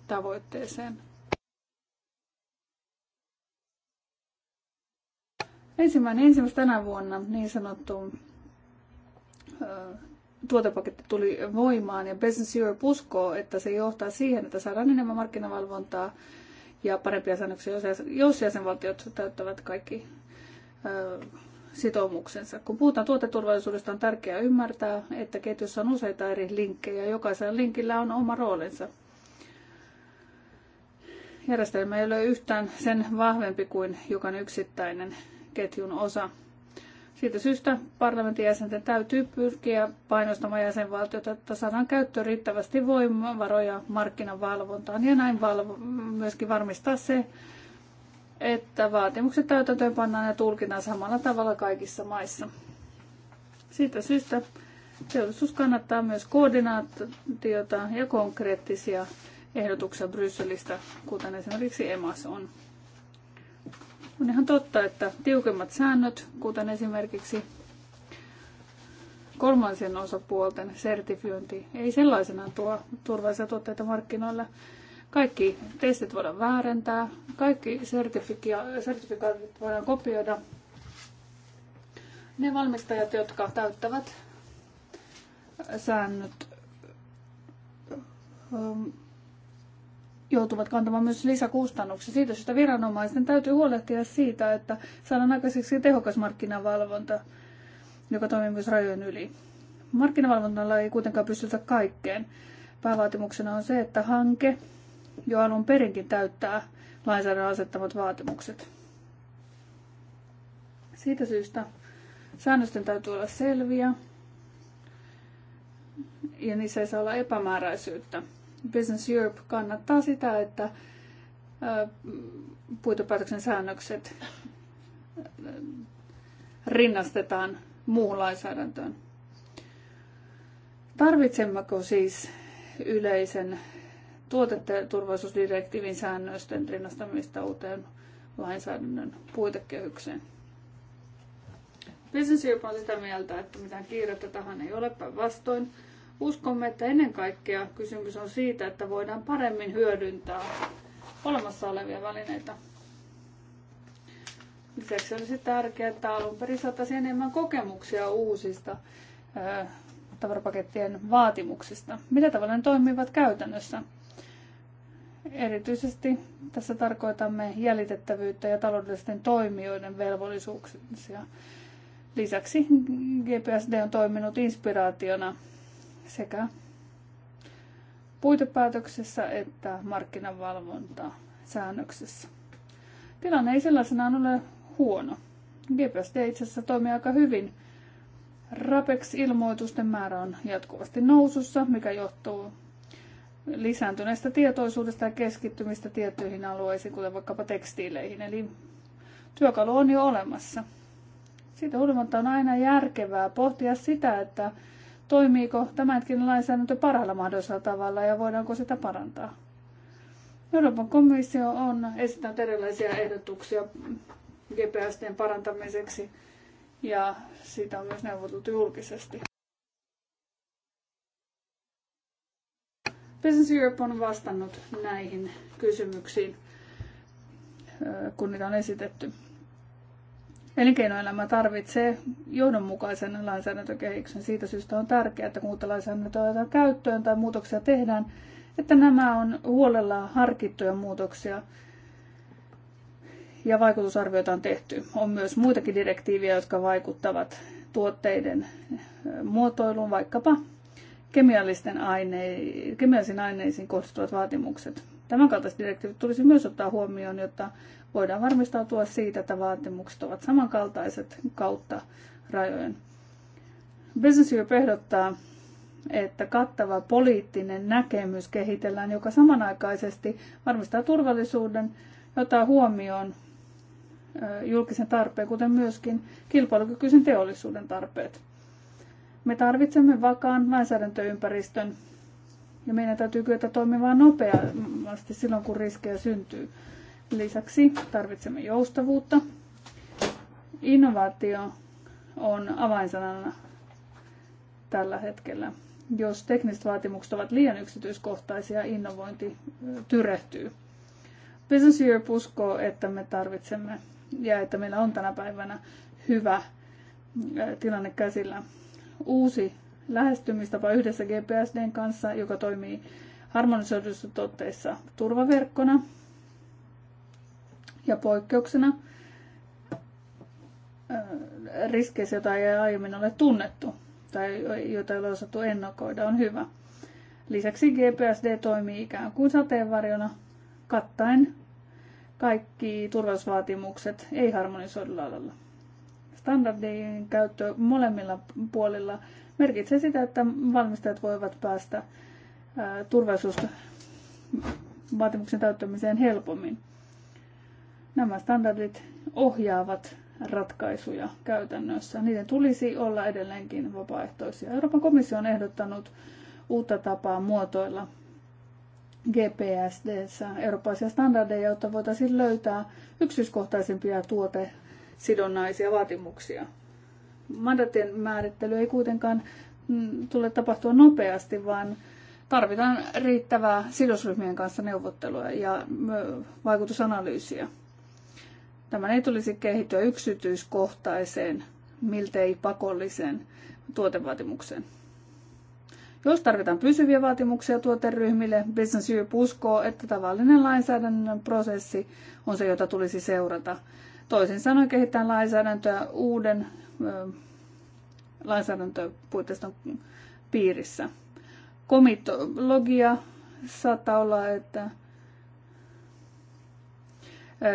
tavoitteeseen. Ensimmäinen ensimmäistä tänä vuonna niin sanottu tuotepaketti tuli voimaan ja Business Europe uskoo, että se johtaa siihen, että saadaan enemmän markkinavalvontaa ja parempia säännöksiä, jos jäsenvaltiot täyttävät kaikki sitoumuksensa. Kun puhutaan tuoteturvallisuudesta, on tärkeää ymmärtää, että ketjussa on useita eri linkkejä ja jokaisella linkillä on oma roolinsa. Järjestelmä ei ole yhtään sen vahvempi kuin jokainen yksittäinen ketjun osa. Siitä syystä parlamentin jäsenten täytyy pyrkiä painostamaan jäsenvaltiota, että saadaan käyttöön riittävästi voimavaroja markkinavalvontaan ja näin valvo, myöskin varmistaa se, että vaatimukset täytäntöön pannaan ja tulkitaan samalla tavalla kaikissa maissa. Siitä syystä teollisuus kannattaa myös koordinaatiota ja konkreettisia ehdotuksia Brysselistä, kuten esimerkiksi EMAS on. On ihan totta, että tiukemmat säännöt, kuten esimerkiksi kolmansien osapuolten sertifiointi, ei sellaisenaan tuo turvallisia tuotteita markkinoille. Kaikki testit voidaan väärentää, kaikki sertifikaatit voidaan kopioida. Ne valmistajat, jotka täyttävät säännöt, um, joutuvat kantamaan myös lisäkustannuksia. Siitä syystä viranomaisten täytyy huolehtia siitä, että saadaan aikaiseksi tehokas markkinavalvonta, joka toimii myös rajojen yli. Markkinavalvonnalla ei kuitenkaan pystytä kaikkeen. Päävaatimuksena on se, että hanke jo alun perinkin täyttää lainsäädännön asettamat vaatimukset. Siitä syystä säännösten täytyy olla selviä ja niissä ei saa olla epämääräisyyttä. Business Europe kannattaa sitä, että puitopäätöksen säännökset rinnastetaan muuhun lainsäädäntöön. Tarvitsemmeko siis yleisen tuoteturvallisuusdirektiivin säännösten rinnastamista uuteen lainsäädännön puitekehykseen? Business Europe on sitä mieltä, että mitään kiirettä tähän ei ole päinvastoin. vastoin Uskomme, että ennen kaikkea kysymys on siitä, että voidaan paremmin hyödyntää olemassa olevia välineitä. Lisäksi olisi tärkeää, että alun perin saataisiin enemmän kokemuksia uusista tavarapakettien vaatimuksista. Mitä tavalla ne toimivat käytännössä? Erityisesti tässä tarkoitamme jäljitettävyyttä ja taloudellisten toimijoiden velvollisuuksia. Lisäksi GPSD on toiminut inspiraationa sekä puitepäätöksessä että markkinavalvontaa säännöksessä. Tilanne ei sellaisenaan ole huono. GPSD itse asiassa toimii aika hyvin. RAPEX-ilmoitusten määrä on jatkuvasti nousussa, mikä johtuu lisääntyneestä tietoisuudesta ja keskittymistä tiettyihin alueisiin, kuten vaikkapa tekstiileihin. Eli työkalu on jo olemassa. Siitä huolimatta on aina järkevää pohtia sitä, että toimiiko tämänkin lainsäädäntö parhaalla mahdollisella tavalla ja voidaanko sitä parantaa. Euroopan komissio on esittänyt erilaisia ehdotuksia GPSn parantamiseksi ja siitä on myös neuvoteltu julkisesti. Business Europe on vastannut näihin kysymyksiin, kun niitä on esitetty. Elinkeinoelämä tarvitsee johdonmukaisen lainsäädäntökehityksen. Siitä syystä on tärkeää, että kun uutta lainsäädäntöä otetaan käyttöön tai muutoksia tehdään, että nämä on huolella harkittuja muutoksia ja vaikutusarvioita on tehty. On myös muitakin direktiiviä, jotka vaikuttavat tuotteiden muotoiluun, vaikkapa kemiallisten aine- kemiallisiin aineisiin kohdistuvat vaatimukset. Tämän kaltaiset direktiivit tulisi myös ottaa huomioon, jotta voidaan varmistautua siitä, että vaatimukset ovat samankaltaiset kautta rajojen. Business Europe ehdottaa, että kattava poliittinen näkemys kehitellään, joka samanaikaisesti varmistaa turvallisuuden ja ottaa huomioon julkisen tarpeen, kuten myöskin kilpailukykyisen teollisuuden tarpeet. Me tarvitsemme vakaan lainsäädäntöympäristön ja meidän täytyy kyetä toimimaan nopeasti silloin, kun riskejä syntyy. Lisäksi tarvitsemme joustavuutta. Innovaatio on avainsanana tällä hetkellä. Jos tekniset vaatimukset ovat liian yksityiskohtaisia, innovointi tyrehtyy. Business Europe uskoo, että me tarvitsemme ja että meillä on tänä päivänä hyvä tilanne käsillä. Uusi lähestymistapa yhdessä GPSDn kanssa, joka toimii harmonisoidussa tuotteissa turvaverkkona, ja poikkeuksena äh, riskeissä, joita ei aiemmin ole tunnettu tai joita ei ole osattu ennakoida, on hyvä. Lisäksi GPSD toimii ikään kuin sateenvarjona kattaen kaikki turvallisuusvaatimukset ei-harmonisoidulla alalla. Standardien käyttö molemmilla puolilla merkitsee sitä, että valmistajat voivat päästä äh, turvallisuusvaatimuksen täyttämiseen helpommin. Nämä standardit ohjaavat ratkaisuja käytännössä. Niiden tulisi olla edelleenkin vapaaehtoisia. Euroopan komissio on ehdottanut uutta tapaa muotoilla GPSDssä eurooppalaisia standardeja, jotta voitaisiin löytää yksityiskohtaisempia tuotesidonnaisia vaatimuksia. Mandattien määrittely ei kuitenkaan mm, tule tapahtua nopeasti, vaan tarvitaan riittävää sidosryhmien kanssa neuvottelua ja mm, vaikutusanalyysiä. Tämän ei tulisi kehittyä yksityiskohtaiseen, miltei pakolliseen tuotevaatimukseen. Jos tarvitaan pysyviä vaatimuksia tuoteryhmille, Business Europe uskoo, että tavallinen lainsäädännön prosessi on se, jota tulisi seurata. Toisin sanoen kehittää lainsäädäntöä uuden ö, lainsäädäntöpuitteiston piirissä. Komitologia saattaa olla, että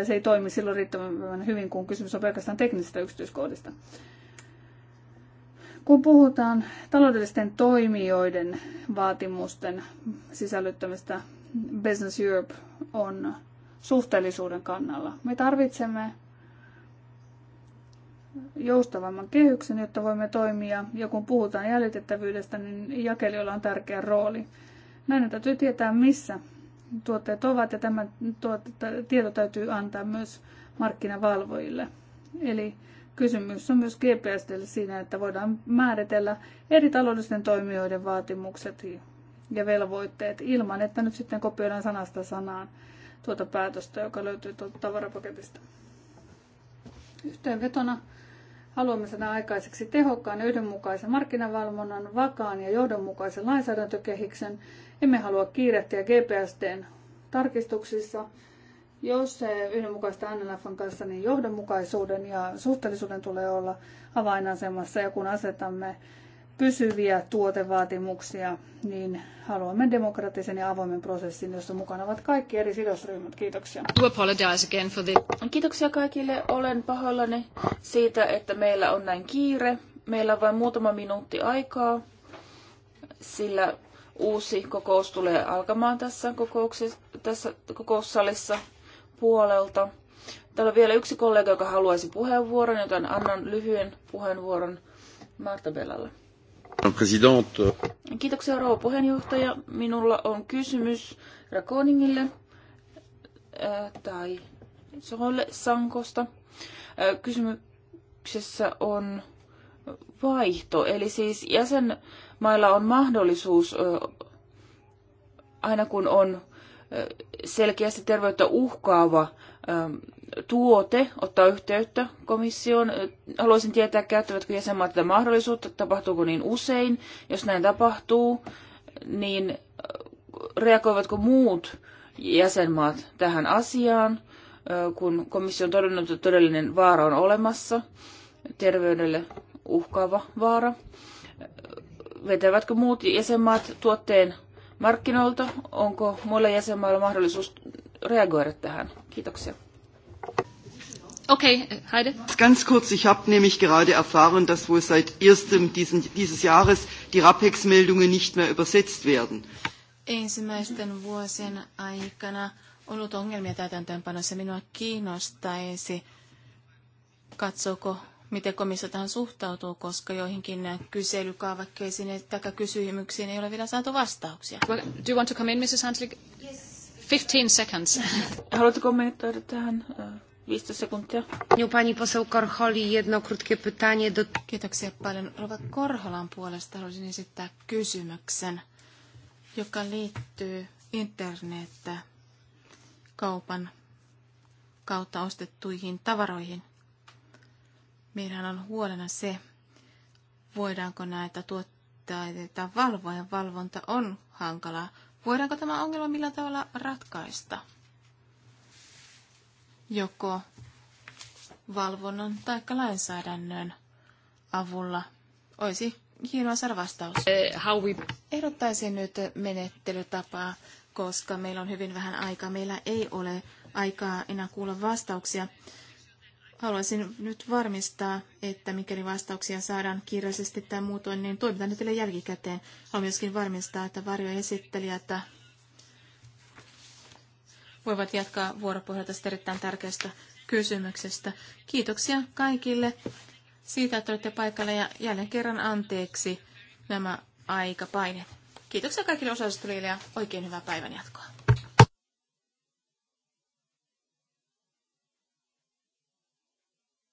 se ei toimi silloin riittävän hyvin, kun kysymys on pelkästään teknisistä yksityiskohdista. Kun puhutaan taloudellisten toimijoiden vaatimusten sisällyttämistä, Business Europe on suhteellisuuden kannalla. Me tarvitsemme joustavamman kehyksen, jotta voimme toimia. Ja kun puhutaan jäljitettävyydestä, niin jakelijoilla on tärkeä rooli. Näin täytyy tietää, missä tuotteet ovat ja tämä tieto täytyy antaa myös markkinavalvojille. Eli kysymys on myös gps siinä, että voidaan määritellä eri taloudellisten toimijoiden vaatimukset ja velvoitteet ilman, että nyt sitten kopioidaan sanasta sanaan tuota päätöstä, joka löytyy tuolta tavarapaketista. Yhteenvetona Haluamme saada aikaiseksi tehokkaan ja yhdenmukaisen markkinavalvonnan, vakaan ja johdonmukaisen lainsäädäntökehiksen. Emme halua kiirehtiä GPSTn tarkistuksissa. Jos se yhdenmukaista NLFn kanssa, niin johdonmukaisuuden ja suhteellisuuden tulee olla avainasemassa. Ja kun asetamme pysyviä tuotevaatimuksia, niin haluamme demokraattisen ja avoimen prosessin, jossa mukana ovat kaikki eri sidosryhmät. Kiitoksia. Kiitoksia kaikille. Olen pahoillani siitä, että meillä on näin kiire. Meillä on vain muutama minuutti aikaa, sillä uusi kokous tulee alkamaan tässä, kokouksessa, tässä kokoussalissa puolelta. Täällä on vielä yksi kollega, joka haluaisi puheenvuoron, joten annan lyhyen puheenvuoron Marta Belalle. Kiitoksia rouva puheenjohtaja. Minulla on kysymys Rakoningille äh, tai Soholle Sankosta. Äh, kysymyksessä on vaihto, eli siis jäsenmailla on mahdollisuus äh, aina kun on selkeästi terveyttä uhkaava tuote ottaa yhteyttä komissioon. Haluaisin tietää, käyttävätkö jäsenmaat tätä mahdollisuutta, tapahtuuko niin usein. Jos näin tapahtuu, niin reagoivatko muut jäsenmaat tähän asiaan, kun komissio on todennut, että todellinen vaara on olemassa, terveydelle uhkaava vaara. Vetävätkö muut jäsenmaat tuotteen markkinoilta? Onko muilla jäsenmailla mahdollisuus reagoida tähän? Kiitoksia. Okay, Heide. Ganz kurz, ich habe nämlich gerade erfahren, dass wohl seit 1. Diesen, dieses Jahres die RAPEX-Meldungen nicht mehr übersetzt werden. Ensimmäisten vuosien aikana on ollut ongelmia täytäntöönpanossa. Minua kiinnostaisi, katsoko miten komissio tähän suhtautuu, koska joihinkin kyselykaavakkeisiin tai kysymyksiin ei ole vielä saatu vastauksia. Do you want to come in, Mrs. Hanslik? Yes. 15 seconds. Haluatko kommentoida tähän? Äh, 15 sekuntia. Pani poseł Korholi, jedno krótkie pytanie. Do... Kiitoksia paljon. Rova Korholan puolesta haluaisin esittää kysymyksen, joka liittyy internettä kaupan kautta ostettuihin tavaroihin. Meillähän on huolena se, voidaanko näitä tuotteita valvoa ja valvonta on hankalaa. Voidaanko tämä ongelma millä tavalla ratkaista? joko valvonnan tai lainsäädännön avulla. Olisi hienoa saada vastaus. Uh, we... Ehdottaisin nyt menettelytapaa, koska meillä on hyvin vähän aikaa. Meillä ei ole aikaa enää kuulla vastauksia. Haluaisin nyt varmistaa, että mikäli vastauksia saadaan kirjallisesti tai muutoin, niin toimitaan ne teille jälkikäteen. Haluan myöskin varmistaa, että varjoesittelijät voivat jatkaa vuoropuhelua tästä erittäin tärkeästä kysymyksestä. Kiitoksia kaikille siitä, että olette paikalla ja jälleen kerran anteeksi nämä aikapainet. Kiitoksia kaikille osallistujille ja oikein hyvää päivänjatkoa.